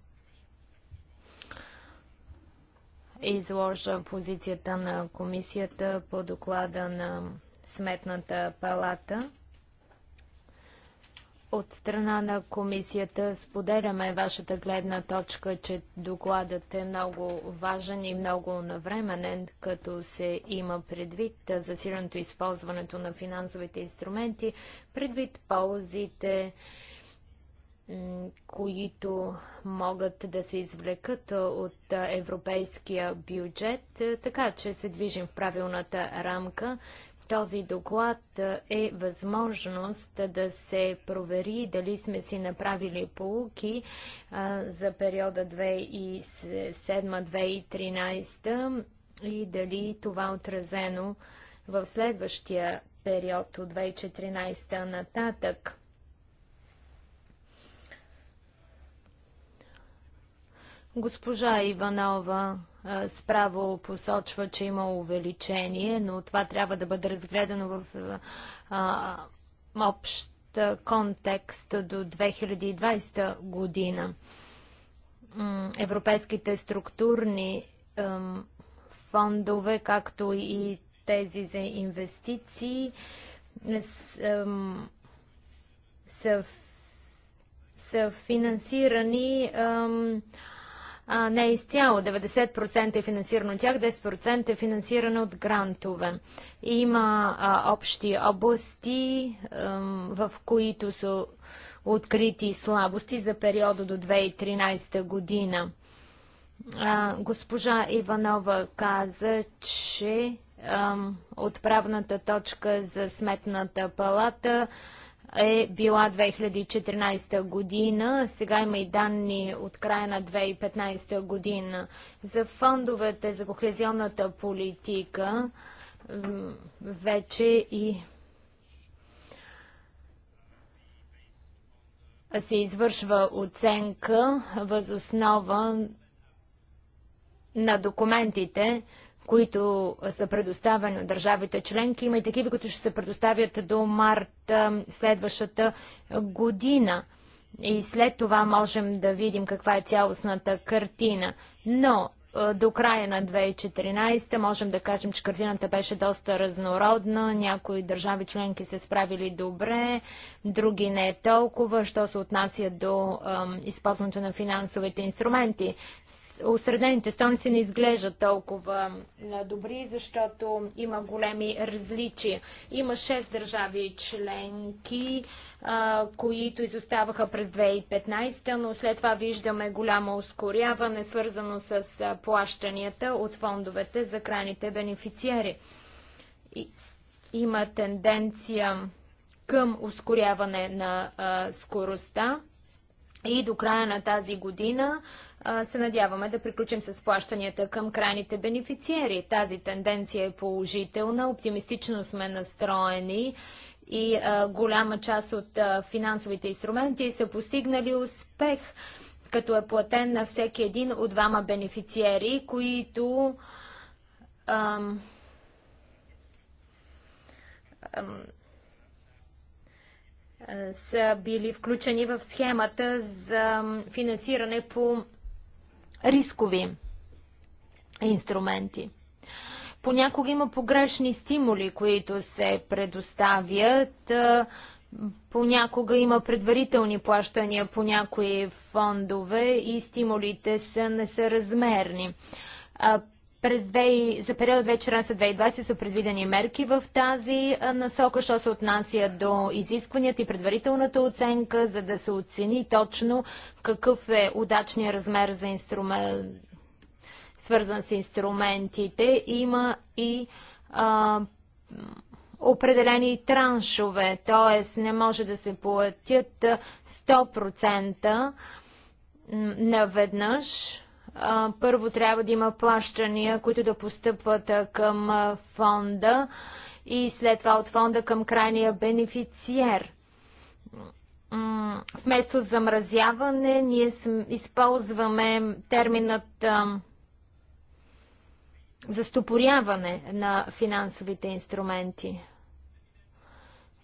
изложа позицията на комисията по доклада на Сметната палата. От страна на комисията споделяме вашата гледна точка, че докладът е много важен и много навременен, като се има предвид засиленото използването на финансовите инструменти, предвид ползите, които могат да се извлекат от европейския бюджет, така че се движим в правилната рамка. Този доклад е възможност да се провери дали сме си направили полуки за периода 2007-2013 и дали това е отразено в следващия период от 2014 нататък. Госпожа Иванова справо посочва, че има увеличение, но това трябва да бъде разгледано в общ контекст до 2020 година. Европейските структурни фондове, както и тези за инвестиции, са, са финансирани ем, а, не е изцяло. 90% е финансирано от тях, 10% е финансирано от грантове. Има а, общи области, а, в които са открити слабости за периода до 2013 година. А, госпожа Иванова каза, че отправната точка за сметната палата е била 2014 година, сега има и данни от края на 2015 година. За фондовете за кохезионната политика вече и се извършва оценка възоснова на документите, които са предоставени от държавите членки. Има и такива, които ще се предоставят до март следващата година. И след това можем да видим каква е цялостната картина. Но до края на 2014 можем да кажем, че картината беше доста разнородна. Някои държави членки се справили добре, други не е толкова, що се отнася до използването на финансовите инструменти осредените столици не изглеждат толкова добри, защото има големи различия. Има 6 държави членки, които изоставаха през 2015, но след това виждаме голямо ускоряване, свързано с плащанията от фондовете за крайните бенефициери. има тенденция към ускоряване на скоростта и до края на тази година се надяваме да приключим с плащанията към крайните бенефициери. Тази тенденция е положителна, оптимистично сме настроени и а, голяма част от а, финансовите инструменти са постигнали успех, като е платен на всеки един от двама бенефициери, които ам, ам, са били включени в схемата за финансиране по рискови инструменти. Понякога има погрешни стимули, които се предоставят. Понякога има предварителни плащания по някои фондове и стимулите са несъразмерни. През 2, за период 2014-2020 са предвидени мерки в тази насока, що се отнася до изискванията и предварителната оценка, за да се оцени точно какъв е удачният размер за инструмент, свързан с инструментите. Има и а, определени траншове, т.е. не може да се платят 100% наведнъж първо трябва да има плащания, които да постъпват към фонда и след това от фонда към крайния бенефициер. Вместо замразяване, ние използваме терминът застопоряване на финансовите инструменти.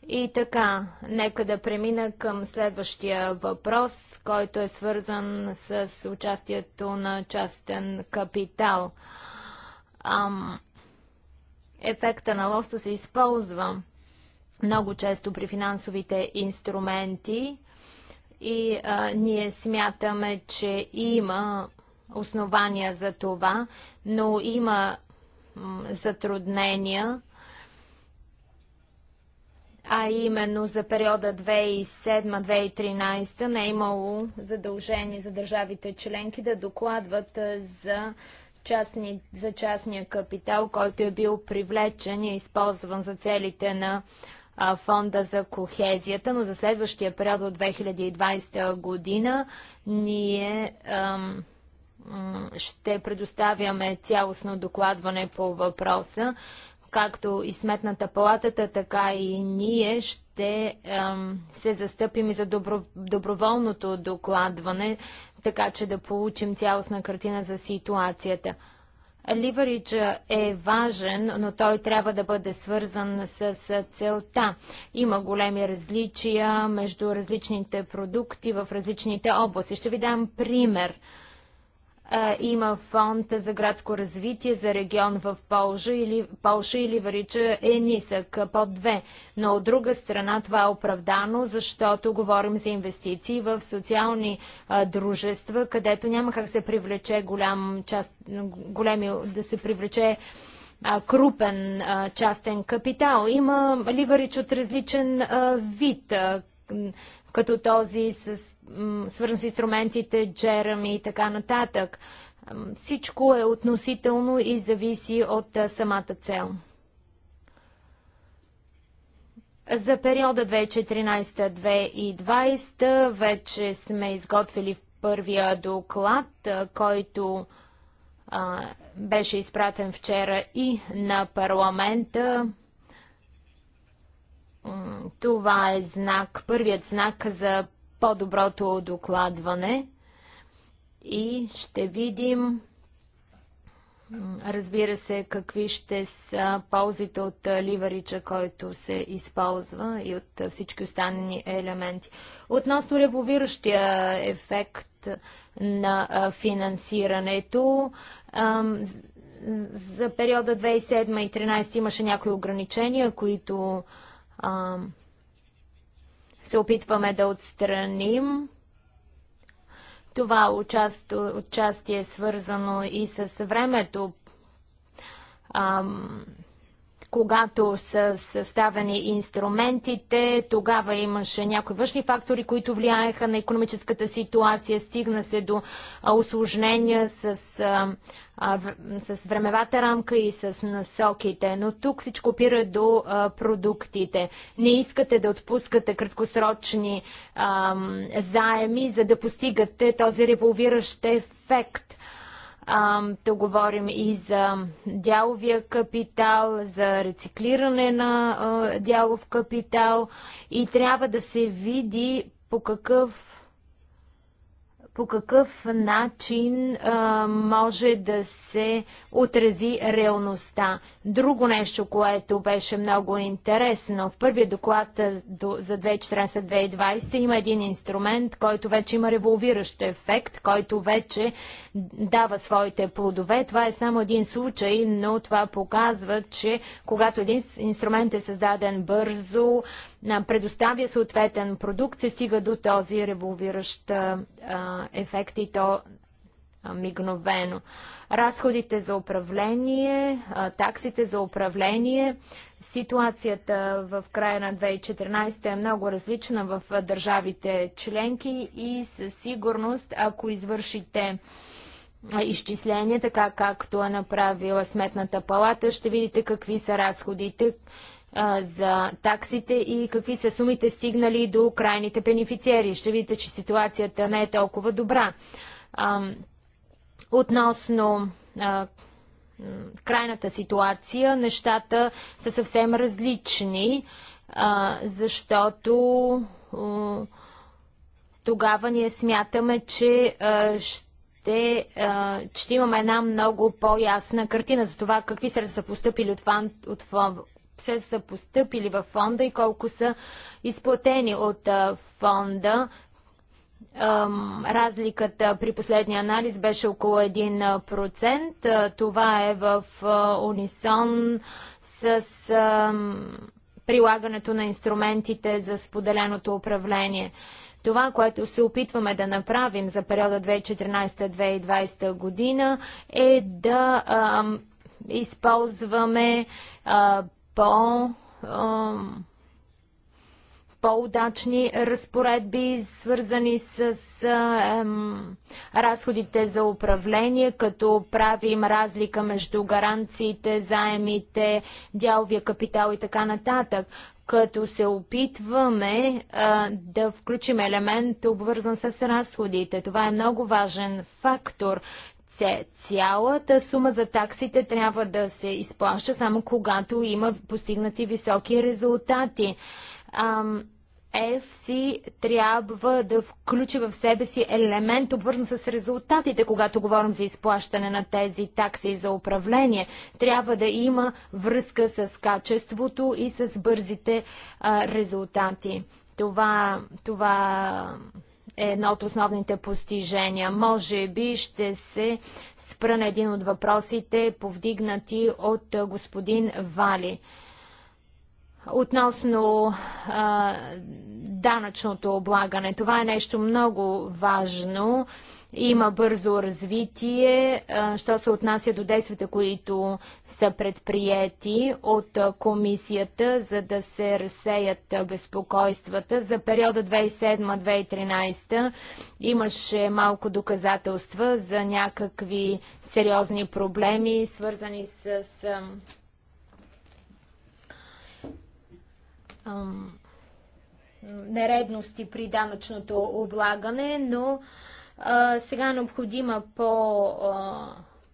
И така, нека да премина към следващия въпрос, който е свързан с участието на частен капитал. Ам, ефекта на лоста се използва много често при финансовите инструменти и а, ние смятаме, че има основания за това, но има затруднения – а именно за периода 2007-2013 не е имало задължение за държавите членки да докладват за, частни, за частния капитал, който е бил привлечен и използван за целите на фонда за кохезията, но за следващия период от 2020 година ние ам, ще предоставяме цялостно докладване по въпроса както и Сметната палатата, така и ние ще се застъпим и за доброволното докладване, така че да получим цялостна картина за ситуацията. Ливарич е важен, но той трябва да бъде свързан с целта. Има големи различия между различните продукти в различните области. Ще ви дам пример – има фонд за градско развитие за регион в Полша или, Полша или Варича е нисък, под две. Но от друга страна това е оправдано, защото говорим за инвестиции в социални а, дружества, където няма как се привлече голям част, големи, да се привлече крупен а, частен капитал. Има ливарич от различен вид, като този с свързан с инструментите, джерами и така нататък. Всичко е относително и зависи от самата цел. За периода 2014-2020 вече сме изготвили първия доклад, който а, беше изпратен вчера и на парламента. Това е знак, първият знак за по-доброто докладване и ще видим, разбира се, какви ще са ползите от ливарича, който се използва и от всички останали елементи. Относно револвиращия ефект на финансирането, за периода 2007 и 2013 имаше някои ограничения, които се опитваме да отстраним. Това участие, е свързано и с времето. Ам, когато са съставени инструментите, тогава имаше някои външни фактори, които влияеха на економическата ситуация. Стигна се до осложнения с, с времевата рамка и с насоките. Но тук всичко опира до продуктите. Не искате да отпускате краткосрочни заеми, за да постигате този револвиращ ефект – то говорим и за дяловия капитал, за рециклиране на дялов капитал и трябва да се види по какъв по какъв начин а, може да се отрази реалността. Друго нещо, което беше много интересно, в първия доклад за 2014-2020 има един инструмент, който вече има револвиращ ефект, който вече дава своите плодове. Това е само един случай, но това показва, че когато един инструмент е създаден бързо, предоставя съответен продукт, се стига до този револвиращ ефект и то мигновено. Разходите за управление, таксите за управление, ситуацията в края на 2014 е много различна в държавите членки и със сигурност, ако извършите изчисление, така както е направила Сметната палата, ще видите какви са разходите, за таксите и какви са сумите стигнали до крайните бенефициери. Ще видите, че ситуацията не е толкова добра. относно крайната ситуация, нещата са съвсем различни, защото тогава ние смятаме, че ще, ще имаме една много по-ясна картина за това какви средства са поступили от, фонд, от се са поступили във фонда и колко са изплатени от фонда. Разликата при последния анализ беше около 1%. Това е в унисон с прилагането на инструментите за споделеното управление. Това, което се опитваме да направим за периода 2014-2020 година е да а, използваме а, по по-удачни разпоредби, свързани с а, разходите за управление, като правим разлика между гаранциите, заемите, дяловия капитал и така нататък, като се опитваме а, да включим елемент, обвързан с разходите. Това е много важен фактор, Цялата сума за таксите трябва да се изплаща само когато има постигнати високи резултати. FC трябва да включи в себе си елемент, обвързан с резултатите, когато говорим за изплащане на тези такси за управление. Трябва да има връзка с качеството и с бързите а, резултати. Това, това е едно от основните постижения. Може би ще се спра на един от въпросите, повдигнати от господин Вали. Относно а, данъчното облагане. Това е нещо много важно. А, има бързо развитие, що се отнася до действията, които са предприяти от комисията, за да се разсеят безпокойствата. За периода 2007-2013 имаше малко доказателства за някакви сериозни проблеми, свързани с нередности при данъчното облагане, но а, сега е необходима по, а,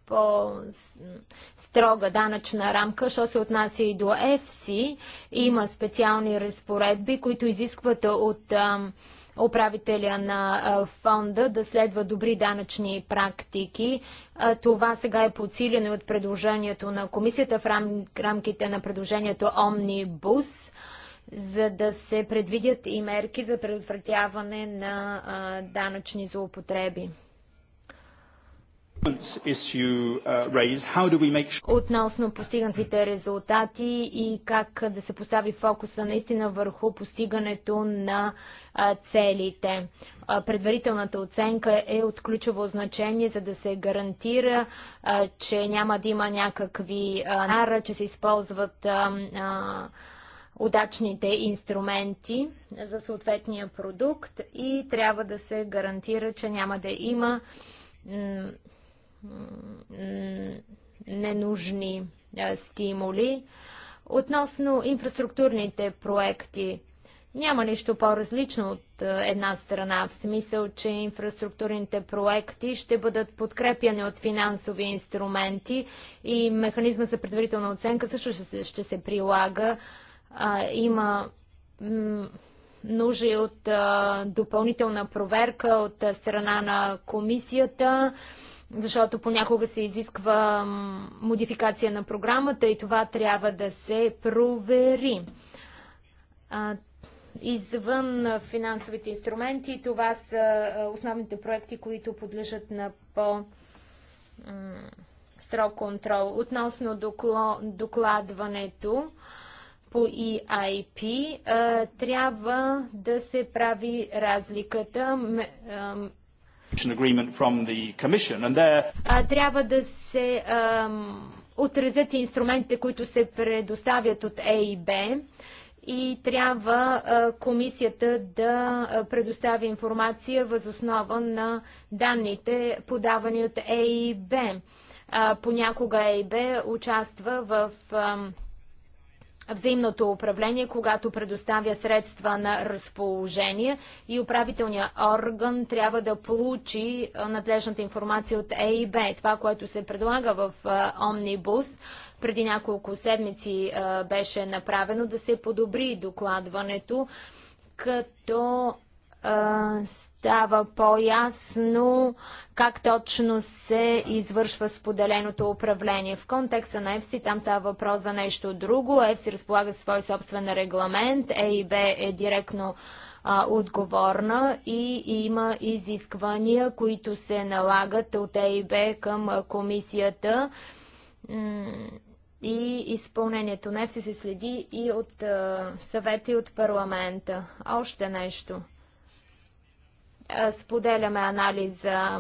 по строга данъчна рамка, що се отнася и до ЕФСИ. Има специални разпоредби, които изискват от управителя на фонда да следва добри данъчни практики. Това сега е подсилено от предложението на комисията в рамките на предложението Омнибус. Бус за да се предвидят и мерки за предотвратяване на а, данъчни злоупотреби. Uh, Относно постигнатите резултати и как да се постави фокуса наистина върху постигането на целите. Предварителната оценка е от ключово значение, за да се гарантира, че няма да има някакви нара, че се използват а, удачните инструменти за съответния продукт и трябва да се гарантира, че няма да има ненужни стимули. Относно инфраструктурните проекти, няма нищо по-различно от една страна, в смисъл, че инфраструктурните проекти ще бъдат подкрепяни от финансови инструменти и механизма за предварителна оценка също ще се, ще се прилага а, има нужда от а, допълнителна проверка от а, страна на комисията, защото понякога се изисква модификация на програмата и това трябва да се провери. А, извън финансовите инструменти, това са основните проекти, които подлежат на по- строг контрол. Относно докладването, по EIP трябва да се прави разликата. трябва да се отразят инструментите, които се предоставят от ЕИБ и трябва комисията да предостави информация възоснова на данните, подавани от ЕИБ. Понякога ЕИБ участва в взаимното управление, когато предоставя средства на разположение и управителният орган трябва да получи надлежната информация от Б. Това, което се предлага в Омнибус, преди няколко седмици беше направено да се подобри докладването, като става по-ясно как точно се извършва споделеното управление. В контекста на ЕФСИ там става въпрос за нещо друго. ЕФСИ разполага свой собствен регламент. ЕИБ е директно а, отговорна и има изисквания, които се налагат от ЕИБ към комисията. И изпълнението на ЕФСИ се следи и от а, съвета и от парламента. Още нещо. Е, споделяме анализа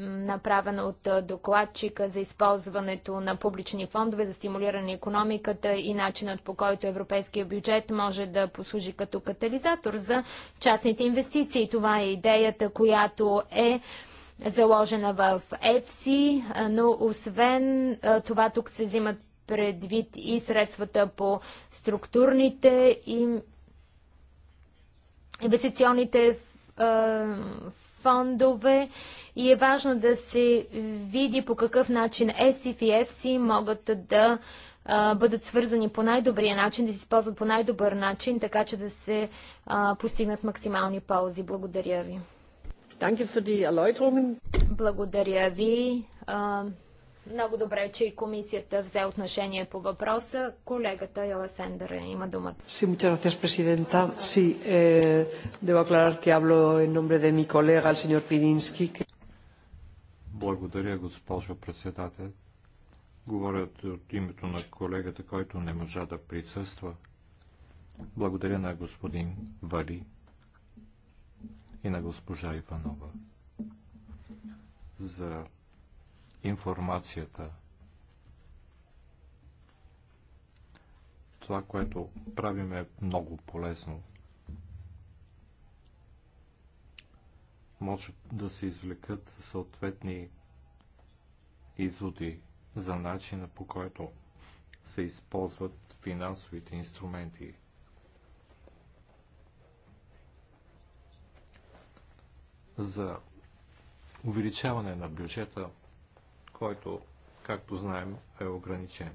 направена от е, докладчика за използването на публични фондове за стимулиране на економиката и начинът по който европейския бюджет може да послужи като катализатор за частните инвестиции. Това е идеята, която е заложена в ЕФСИ, е, но освен това тук се взимат предвид и средствата по структурните и инвестиционните фондове и е важно да се види по какъв начин ЕСИФ и ЕФСИ могат да бъдат свързани по най-добрия начин, да се използват по най-добър начин, така че да се постигнат максимални ползи. Благодаря ви. Благодаря ви. Много добре, че и комисията взе отношение по въпроса. Колегата Елесендър има думата. Си, muchas gracias, президента. Си, eh, debo aclarar que hablo en nombre de mi colega, el señor Благодаря, госпожо председател. Говорят от името на колегата, който не можа да присъства. Благодаря на господин Вали и на госпожа Иванова за информацията. Това, което правим е много полезно. Може да се извлекат съответни изводи за начина по който се използват финансовите инструменти. За увеличаване на бюджета който, както знаем, е ограничен.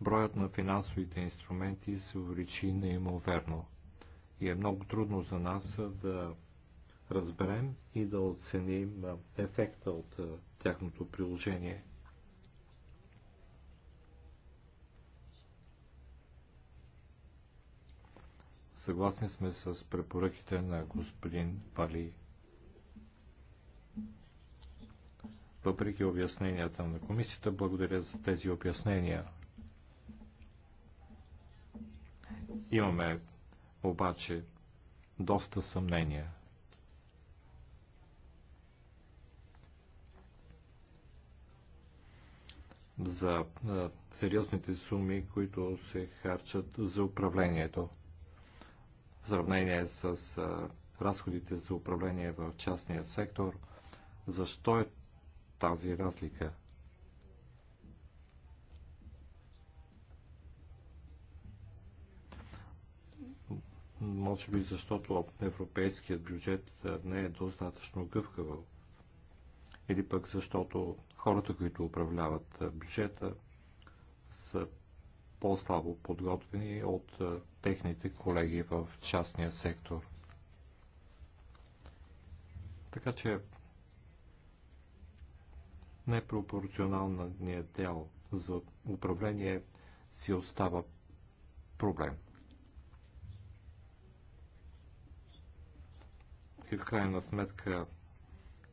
Броят на финансовите инструменти се увеличи неимоверно и е много трудно за нас да разберем и да оценим ефекта от тяхното приложение. Съгласни сме с препоръките на господин Вали въпреки обясненията на комисията. Благодаря за тези обяснения. Имаме обаче доста съмнения. за сериозните суми, които се харчат за управлението. В сравнение с разходите за управление в частния сектор, защо е тази разлика. Може би защото европейският бюджет не е достатъчно гъвкав. Или пък защото хората, които управляват бюджета, са по-слабо подготвени от техните колеги в частния сектор. Така че непропорционалният дял за управление си остава проблем. И в крайна сметка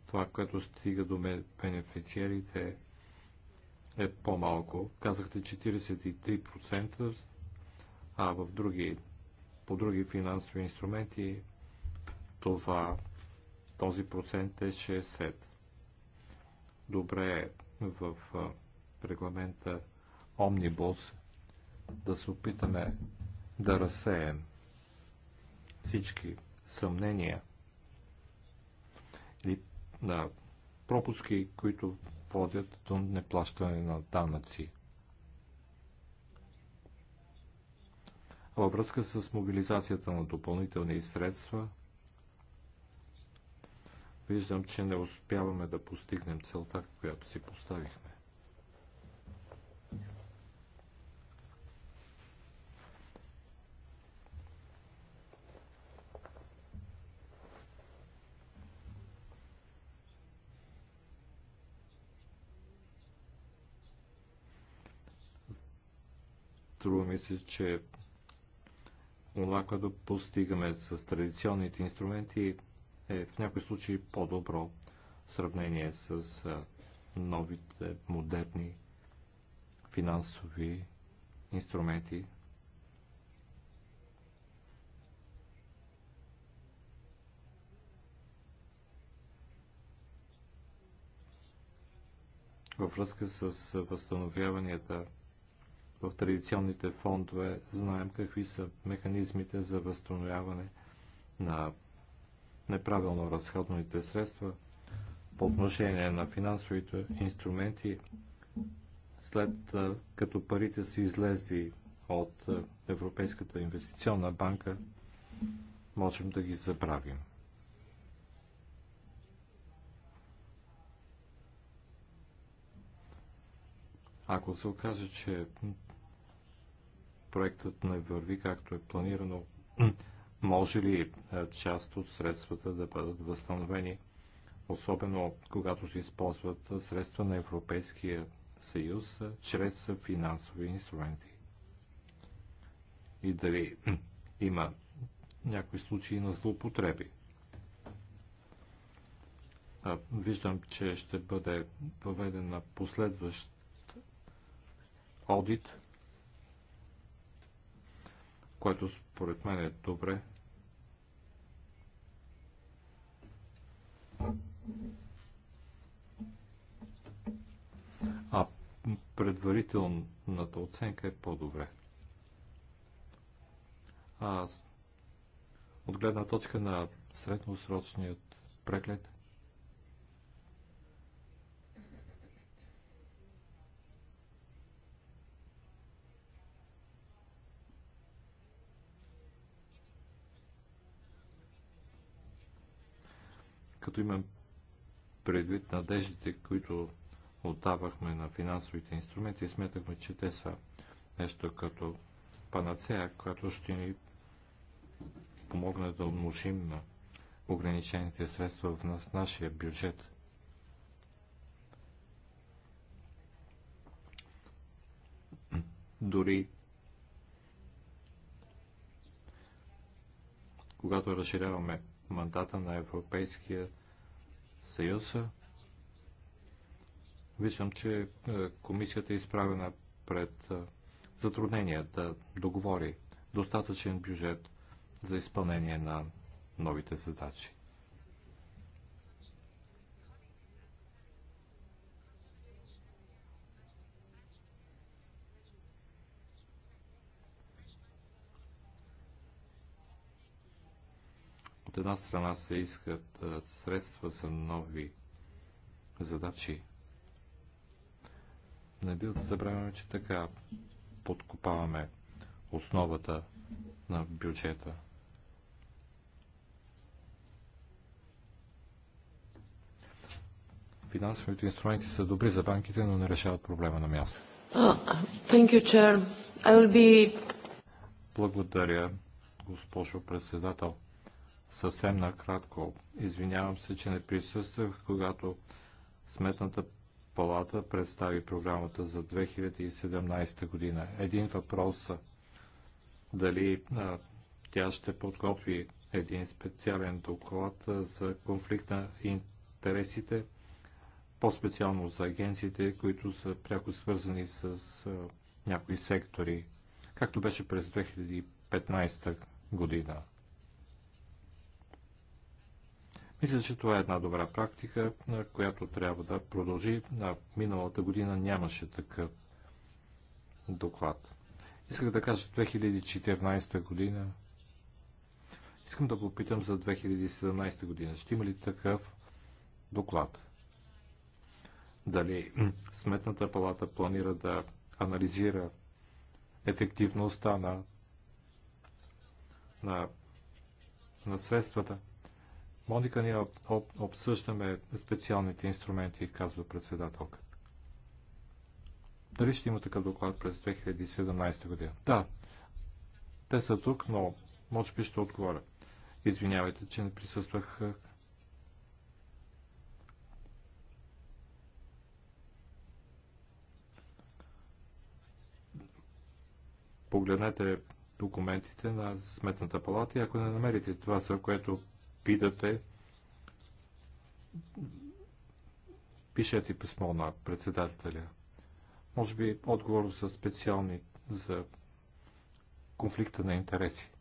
това, което стига до бенефициерите е по-малко. Казахте 43%, а в други, по други финансови инструменти това, този процент е 60% добре е в регламента Омнибус да се опитаме да разсеем всички съмнения или да, пропуски, които водят до неплащане на данъци. Във връзка с мобилизацията на допълнителни средства, Виждам, че не успяваме да постигнем целта, която си поставихме. Струва ми се, че това, което постигаме с традиционните инструменти, е в някои случаи по-добро в сравнение с новите модерни финансови инструменти. Във връзка с възстановяванията в традиционните фондове знаем какви са механизмите за възстановяване на неправилно разходните средства по отношение на финансовите инструменти, след като парите са излезли от Европейската инвестиционна банка, можем да ги забравим. Ако се окаже, че проектът не върви както е планирано, може ли е, част от средствата да бъдат възстановени, особено когато се използват средства на Европейския съюз е, чрез финансови инструменти? И дали <clears throat> има някои случаи на злоупотреби? Виждам, че ще бъде поведена последващ одит което според мен е добре. А предварителната оценка е по-добре. А от гледна точка на средносрочният преглед, като имам предвид надеждите, които отдавахме на финансовите инструменти, сметахме, че те са нещо като панацея, която ще ни помогне да умножим на ограничените средства в нас, нашия бюджет. Дори когато разширяваме мандата на Европейския съюз. Виждам, че е, комисията е изправена пред е, затруднения да договори достатъчен бюджет за изпълнение на новите задачи. една страна се искат средства за нови задачи. Не бил да забравяме, че така подкопаваме основата на бюджета. Финансовите инструменти са добри за банките, но не решават проблема на място. You, be... Благодаря, госпожо председател. Съвсем накратко, извинявам се, че не присъствах, когато Сметната палата представи програмата за 2017 година. Един въпрос е дали а, тя ще подготви един специален доклад за конфликт на интересите, по-специално за агенциите, които са пряко свързани с а, някои сектори, както беше през 2015 година. Мисля, че това е една добра практика, която трябва да продължи. На миналата година нямаше такъв доклад. Исках да кажа 2014 година. Искам да попитам за 2017 година. Ще има ли такъв доклад? Дали <clears throat> Сметната палата планира да анализира ефективността на, на, на средствата? Моника, ние обсъждаме специалните инструменти, казва председателка. Дали ще има такъв доклад през 2017 година? Да, те са тук, но може би ще отговоря. Извинявайте, че не присъствах. Погледнете документите на Сметната палата и ако не намерите това, за което питате, пишете писмо на председателя. Може би отговор са специални за конфликта на интереси.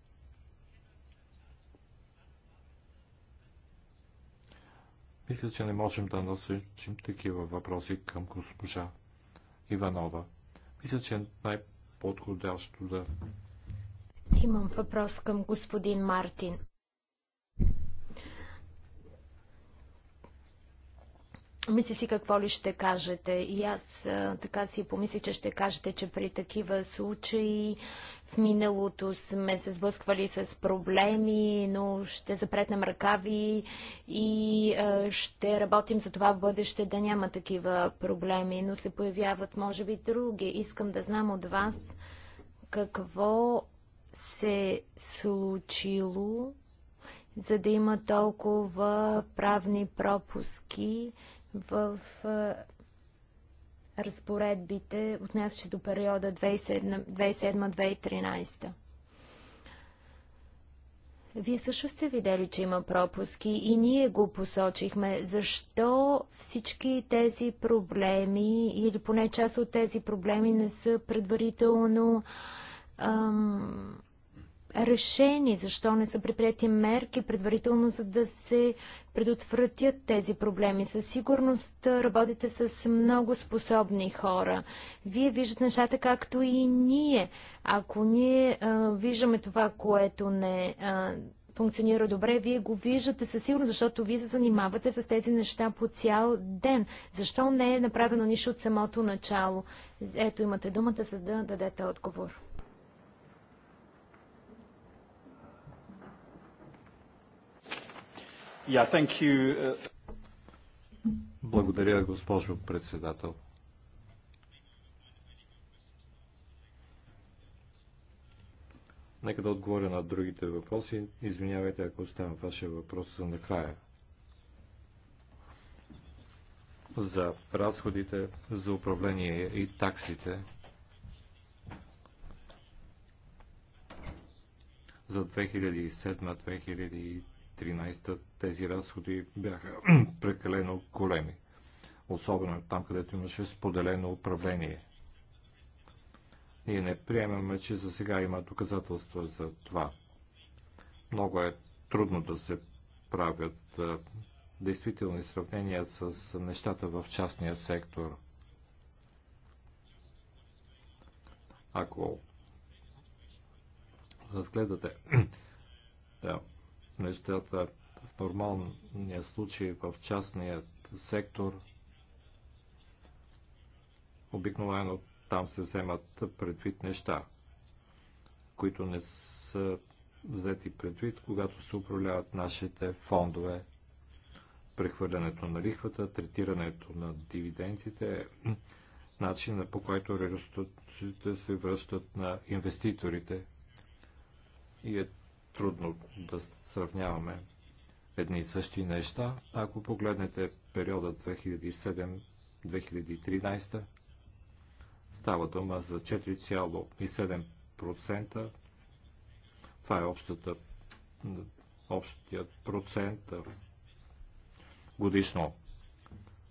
Мисля, че не можем да насъчим такива въпроси към госпожа Иванова. Мисля, че е най-подходящо да. Имам въпрос към господин Мартин. Мисли, си какво ли ще кажете. И аз а, така си помисля, че ще кажете, че при такива случаи в миналото сме се сблъсквали с проблеми, но ще запретнем ръкави и а, ще работим за това в бъдеще да няма такива проблеми, но се появяват може би други. Искам да знам от вас какво се случило, за да има толкова правни пропуски в разпоредбите, отнасящи до периода 2007-2013. Вие също сте видели, че има пропуски и ние го посочихме. Защо всички тези проблеми или поне част от тези проблеми не са предварително ам, решени, защо не са приприяти мерки предварително, за да се предотвратят тези проблеми. Със сигурност работите с много способни хора. Вие виждате нещата както и ние. Ако ние а, виждаме това, което не а, функционира добре, вие го виждате със сигурност, защото вие се занимавате с тези неща по цял ден. Защо не е направено нищо от самото начало? Ето имате думата, за да дадете отговор. Uh, Благодаря, госпожо председател. Нека да отговоря на другите въпроси. Извинявайте, ако оставям вашия въпрос за накрая. За разходите за управление и таксите за 2007-2013 2013 тези разходи бяха <clears throat> прекалено големи. Особено там, където имаше споделено управление. Ние не приемаме, че за сега има доказателства за това. Много е трудно да се правят действителни сравнения с нещата в частния сектор. Ако разгледате <clears throat> да, нещата е в нормалния случай в частният сектор. Обикновено там се вземат предвид неща, които не са взети предвид, когато се управляват нашите фондове. Прехвърлянето на лихвата, третирането на дивидендите, е начина по който реалистите се връщат на инвеститорите. И е трудно да сравняваме едни и същи неща. Ако погледнете периода 2007-2013, става дума за 4,7%. Това е общата, общият процент годишно.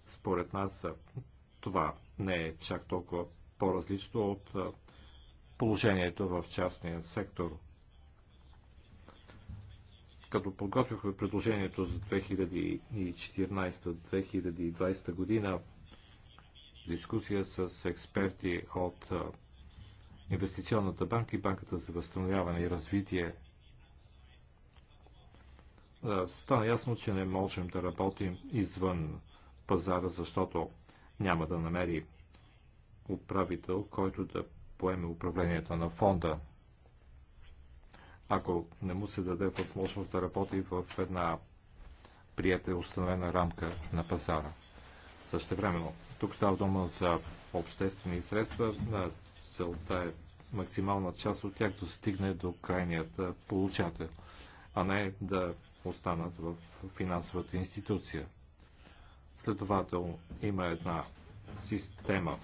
Според нас това не е чак толкова по-различно от положението в частния сектор като подготвихме предложението за 2014-2020 година, дискусия с експерти от Инвестиционната банка и Банката за възстановяване и развитие. Стана ясно, че не можем да работим извън пазара, защото няма да намери управител, който да поеме управлението на фонда ако не му се даде възможност да работи в една прията и установена рамка на пазара. Същевременно, тук става дума за обществени средства, на целта е максимална част от тях да стигне до крайният получател, а не да останат в финансовата институция. Следователно, има една система,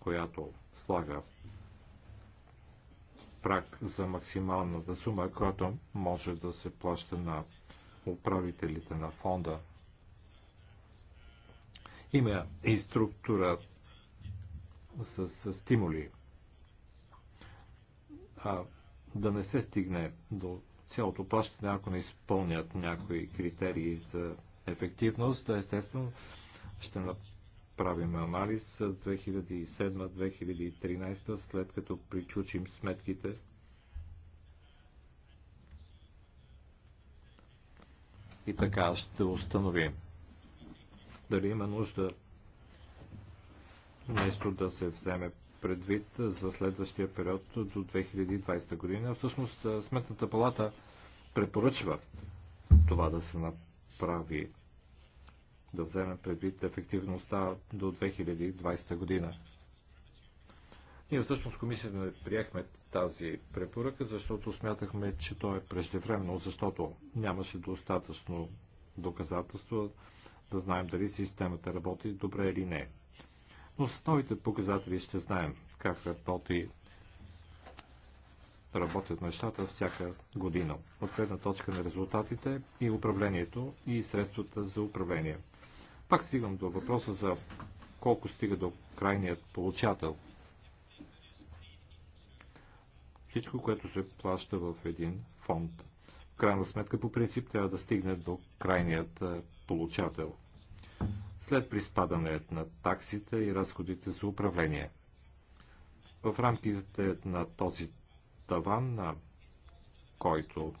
която слага праг за максималната сума, която може да се плаща на управителите на фонда. Има и структура с, с стимули. А, да не се стигне до цялото плащане, ако не изпълнят някои критерии за ефективност, да естествено ще направят правим анализ с 2007-2013, след като приключим сметките. И така ще установим дали има нужда нещо да се вземе предвид за следващия период до 2020 година. Всъщност Сметната палата препоръчва това да се направи да вземем предвид ефективността до 2020 година. Ние всъщност комисията не приехме тази препоръка, защото смятахме, че то е преждевременно, защото нямаше достатъчно доказателство да знаем дали системата работи добре или не. Но с новите показатели ще знаем как работи работят нещата всяка година. От гледна точка на резултатите и управлението и средствата за управление. Пак стигам до въпроса за колко стига до крайният получател. Всичко, което се плаща в един фонд, в крайна сметка по принцип трябва да стигне до крайният е, получател. След приспадане на таксите и разходите за управление. В рамките на този таван, на който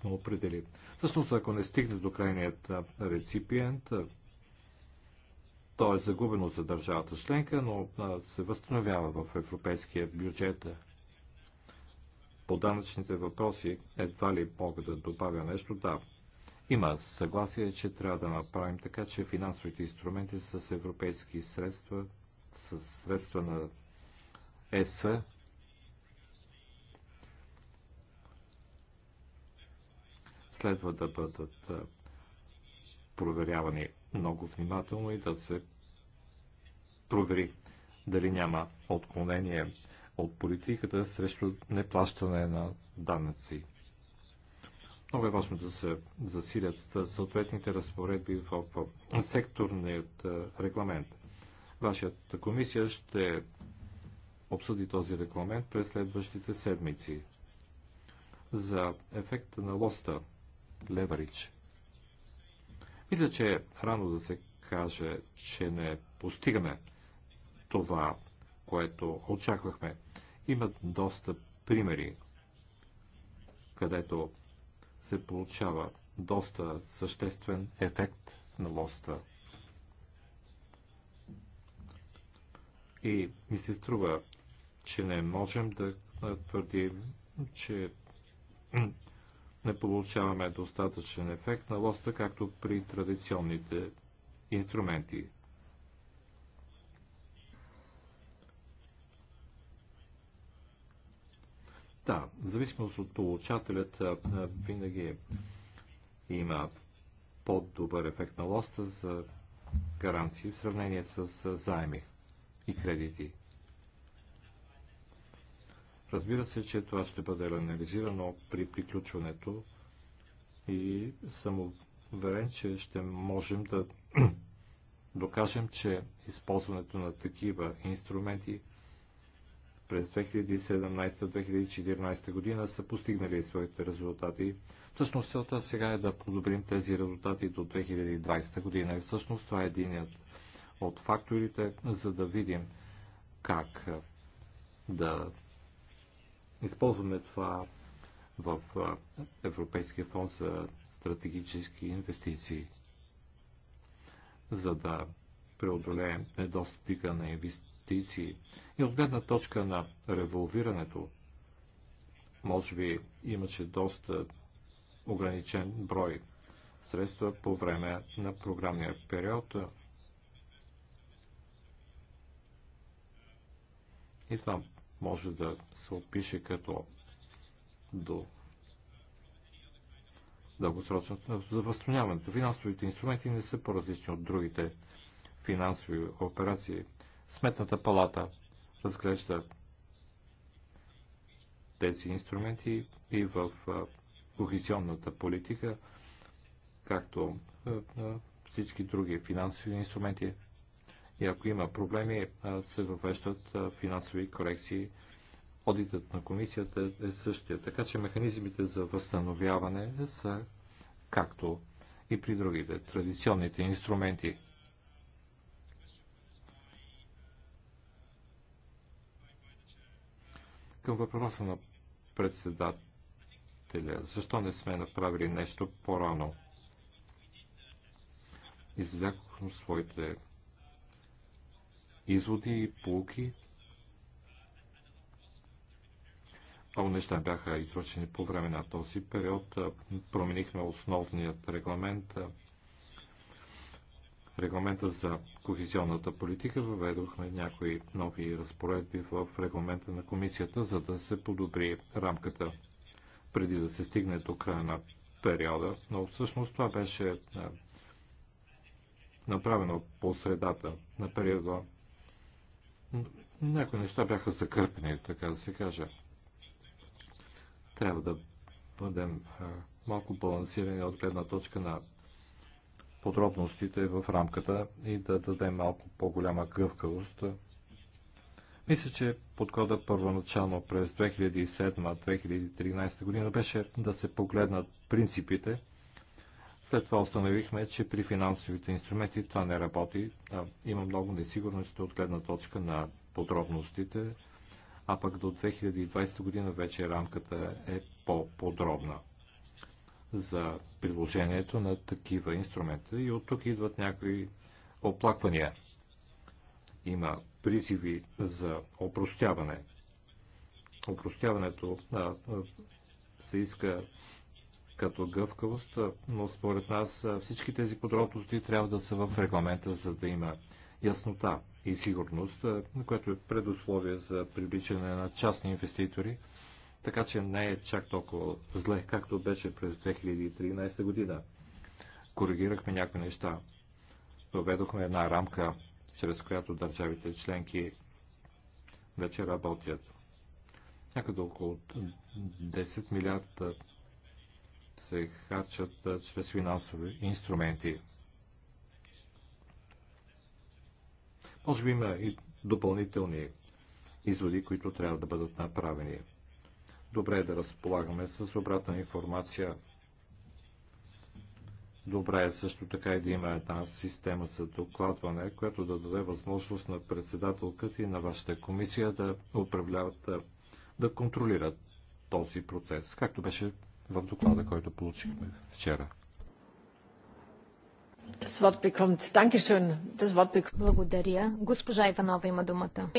сме определи. Всъщност, ако не стигне до крайният реципиент, то е загубено за държавата членка, но се възстановява в европейския бюджет. По данъчните въпроси едва ли мога да добавя нещо. Да, има съгласие, че трябва да направим така, че финансовите инструменти с европейски средства, с средства на ЕС следва да бъдат проверявани много внимателно и да се провери дали няма отклонение от политиката срещу неплащане на данъци. Много е важно да се засилят съответните разпоредби в секторният регламент. Вашата комисия ще обсъди този регламент през следващите седмици. За ефекта на лоста Леварич. Мисля, че е рано да се каже, че не постигаме това, което очаквахме. Имат доста примери, където се получава доста съществен ефект на лоста. И ми се струва, че не можем да твърдим, че не получаваме достатъчен ефект на лоста, както при традиционните инструменти. Да, в зависимост от получателят винаги има по-добър ефект на лоста за гаранции в сравнение с заеми и кредити. Разбира се, че това ще бъде анализирано при приключването и съм уверен, че ще можем да <clears throat> докажем, че използването на такива инструменти през 2017-2014 година са постигнали своите резултати. Всъщност целта сега е да подобрим тези резултати до 2020 година. И всъщност това е един от факторите, за да видим как да Използваме това в Европейския фонд за стратегически инвестиции, за да преодолеем недостига на инвестиции. И от гледна точка на револвирането, може би имаше доста ограничен брой средства по време на програмния период. И това може да се опише като до дългосрочната за възстановяването. Финансовите инструменти не са по-различни от другите финансови операции. Сметната палата разглежда тези инструменти и в кохезионната политика, както всички други финансови инструменти. И ако има проблеми, се въвеждат финансови корекции. Одитът на комисията е същия. Така че механизмите за възстановяване са както и при другите традиционните инструменти. Към въпроса на председателя, защо не сме направили нещо по-рано? Извлякохме своите изводи и полуки. Много неща бяха извършени по време на този период. Променихме основният регламент. Регламента за кохезионната политика въведохме някои нови разпоредби в регламента на комисията, за да се подобри рамката преди да се стигне до края на периода. Но всъщност това беше направено по средата на периода някои неща бяха закърпени, така да се каже. Трябва да бъдем малко балансирани от гледна точка на подробностите в рамката и да дадем малко по-голяма гъвкавост. Мисля, че подхода първоначално през 2007-2013 година беше да се погледнат принципите след това установихме, че при финансовите инструменти това не работи. има много несигурност от гледна точка на подробностите, а пък до 2020 година вече рамката е по-подробна за приложението на такива инструменти. И от тук идват някои оплаквания. Има призиви за опростяване. Опростяването а, се иска като гъвкавост, но според нас всички тези подробности трябва да са в регламента, за да има яснота и сигурност, което е предусловие за привличане на частни инвеститори, така че не е чак толкова зле, както беше през 2013 година. Коригирахме някои неща. Проведохме една рамка, чрез която държавите членки вече работят. Някъде около 10 милиарда се харчат чрез финансови инструменти. Може би има и допълнителни изводи, които трябва да бъдат направени. Добре е да разполагаме с обратна информация. Добре е също така и да има една система за докладване, която да даде възможност на председателката и на вашата комисия да управляват, да контролират този процес, както беше в доклада, който получихме вчера. Благодаря. Госпожа Иванова има думата.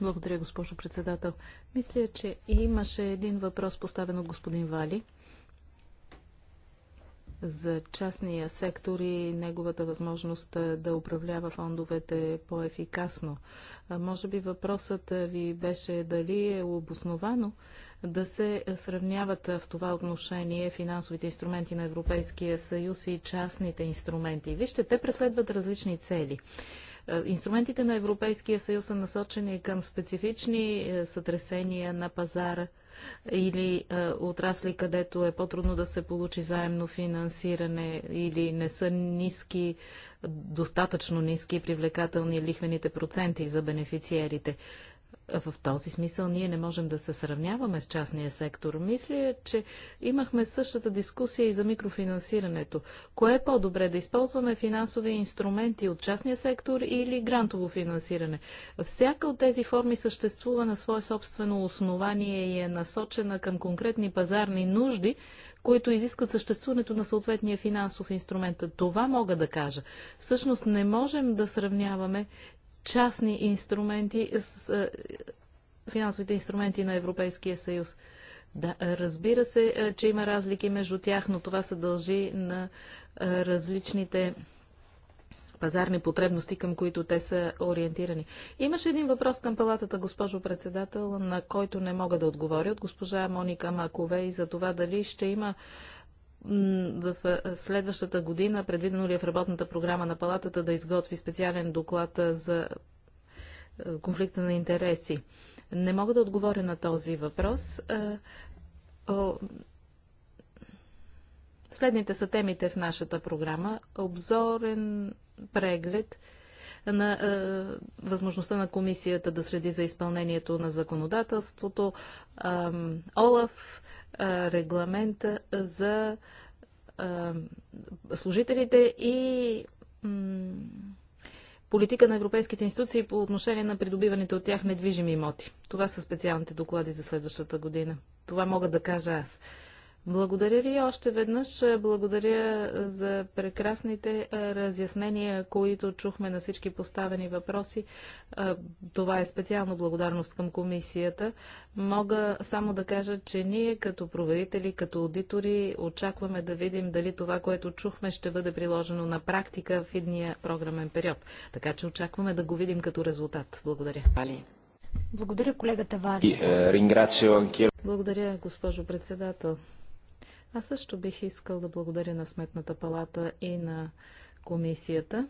Благодаря, госпожо председател. Мисля, че имаше един въпрос поставен от господин Вали за частния сектор и неговата възможност да управлява фондовете по-ефикасно. Може би въпросът ви беше дали е обосновано да се сравняват в това отношение финансовите инструменти на Европейския съюз и частните инструменти. Вижте, те преследват различни цели. Е, инструментите на Европейския съюз са насочени към специфични е, сътресения на пазара или е, отрасли, където е по-трудно да се получи заемно финансиране или не са ниски, достатъчно ниски и привлекателни лихвените проценти за бенефициерите. В този смисъл ние не можем да се сравняваме с частния сектор. Мисля, че имахме същата дискусия и за микрофинансирането. Кое е по-добре да използваме финансови инструменти от частния сектор или грантово финансиране? Всяка от тези форми съществува на свое собствено основание и е насочена към конкретни пазарни нужди, които изискват съществуването на съответния финансов инструмент. Това мога да кажа. Всъщност не можем да сравняваме частни инструменти, с финансовите инструменти на Европейския съюз. Да, разбира се, че има разлики между тях, но това се дължи на различните пазарни потребности, към които те са ориентирани. Имаше един въпрос към палатата, госпожо председател, на който не мога да отговоря от госпожа Моника Макове и за това дали ще има в следващата година, предвидено ли е в работната програма на палатата да изготви специален доклад за конфликта на интереси? Не мога да отговоря на този въпрос. Следните са темите в нашата програма. Обзорен преглед на е, възможността на комисията да следи за изпълнението на законодателството, е, ОЛАФ, регламента за служителите и политика на европейските институции по отношение на придобиването от тях недвижими имоти. Това са специалните доклади за следващата година. Това мога да кажа аз. Благодаря ви още веднъж. Благодаря за прекрасните разяснения, които чухме на всички поставени въпроси. Това е специално благодарност към комисията. Мога само да кажа, че ние като проверители, като аудитори очакваме да видим дали това, което чухме, ще бъде приложено на практика в едния програмен период. Така че очакваме да го видим като резултат. Благодаря. Благодаря, колегата Вали. Е, Благодаря, госпожо председател. Аз също бих искал да благодаря на Сметната палата и на комисията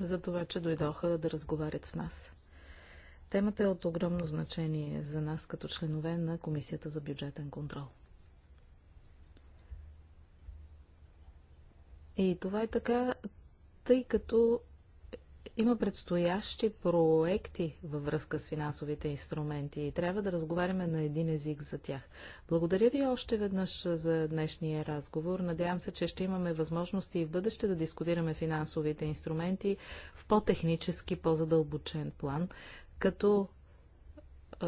за това, че дойдоха да разговарят с нас. Темата е от огромно значение за нас като членове на Комисията за бюджетен контрол. И това е така, тъй като има предстоящи проекти във връзка с финансовите инструменти и трябва да разговаряме на един език за тях. Благодаря ви още веднъж за днешния разговор. Надявам се, че ще имаме възможности и в бъдеще да дискутираме финансовите инструменти в по-технически, по-задълбочен план, като е,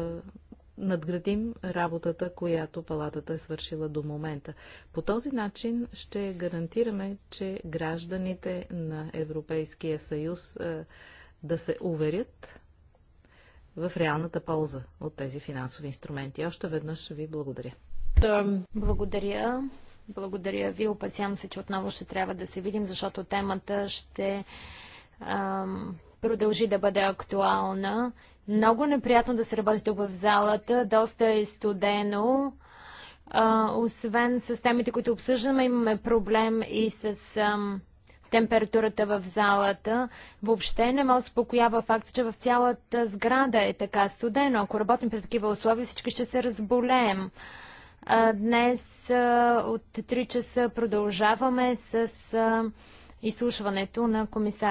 надградим работата, която палатата е свършила до момента. По този начин ще гарантираме, че гражданите на Европейския съюз е, да се уверят в реалната полза от тези финансови инструменти. Още веднъж ви благодаря. Благодаря. Благодаря ви. Опасявам се, че отново ще трябва да се видим, защото темата ще ам, продължи да бъде актуална много неприятно да се работи тук в залата, доста е студено. А, освен с темите, които обсъждаме, имаме проблем и с ам, температурата в залата. Въобще не ме успокоява факта, че в цялата сграда е така студено. Ако работим при такива условия, всички ще се разболеем. А, днес а, от 3 часа продължаваме с а, изслушването на комисар.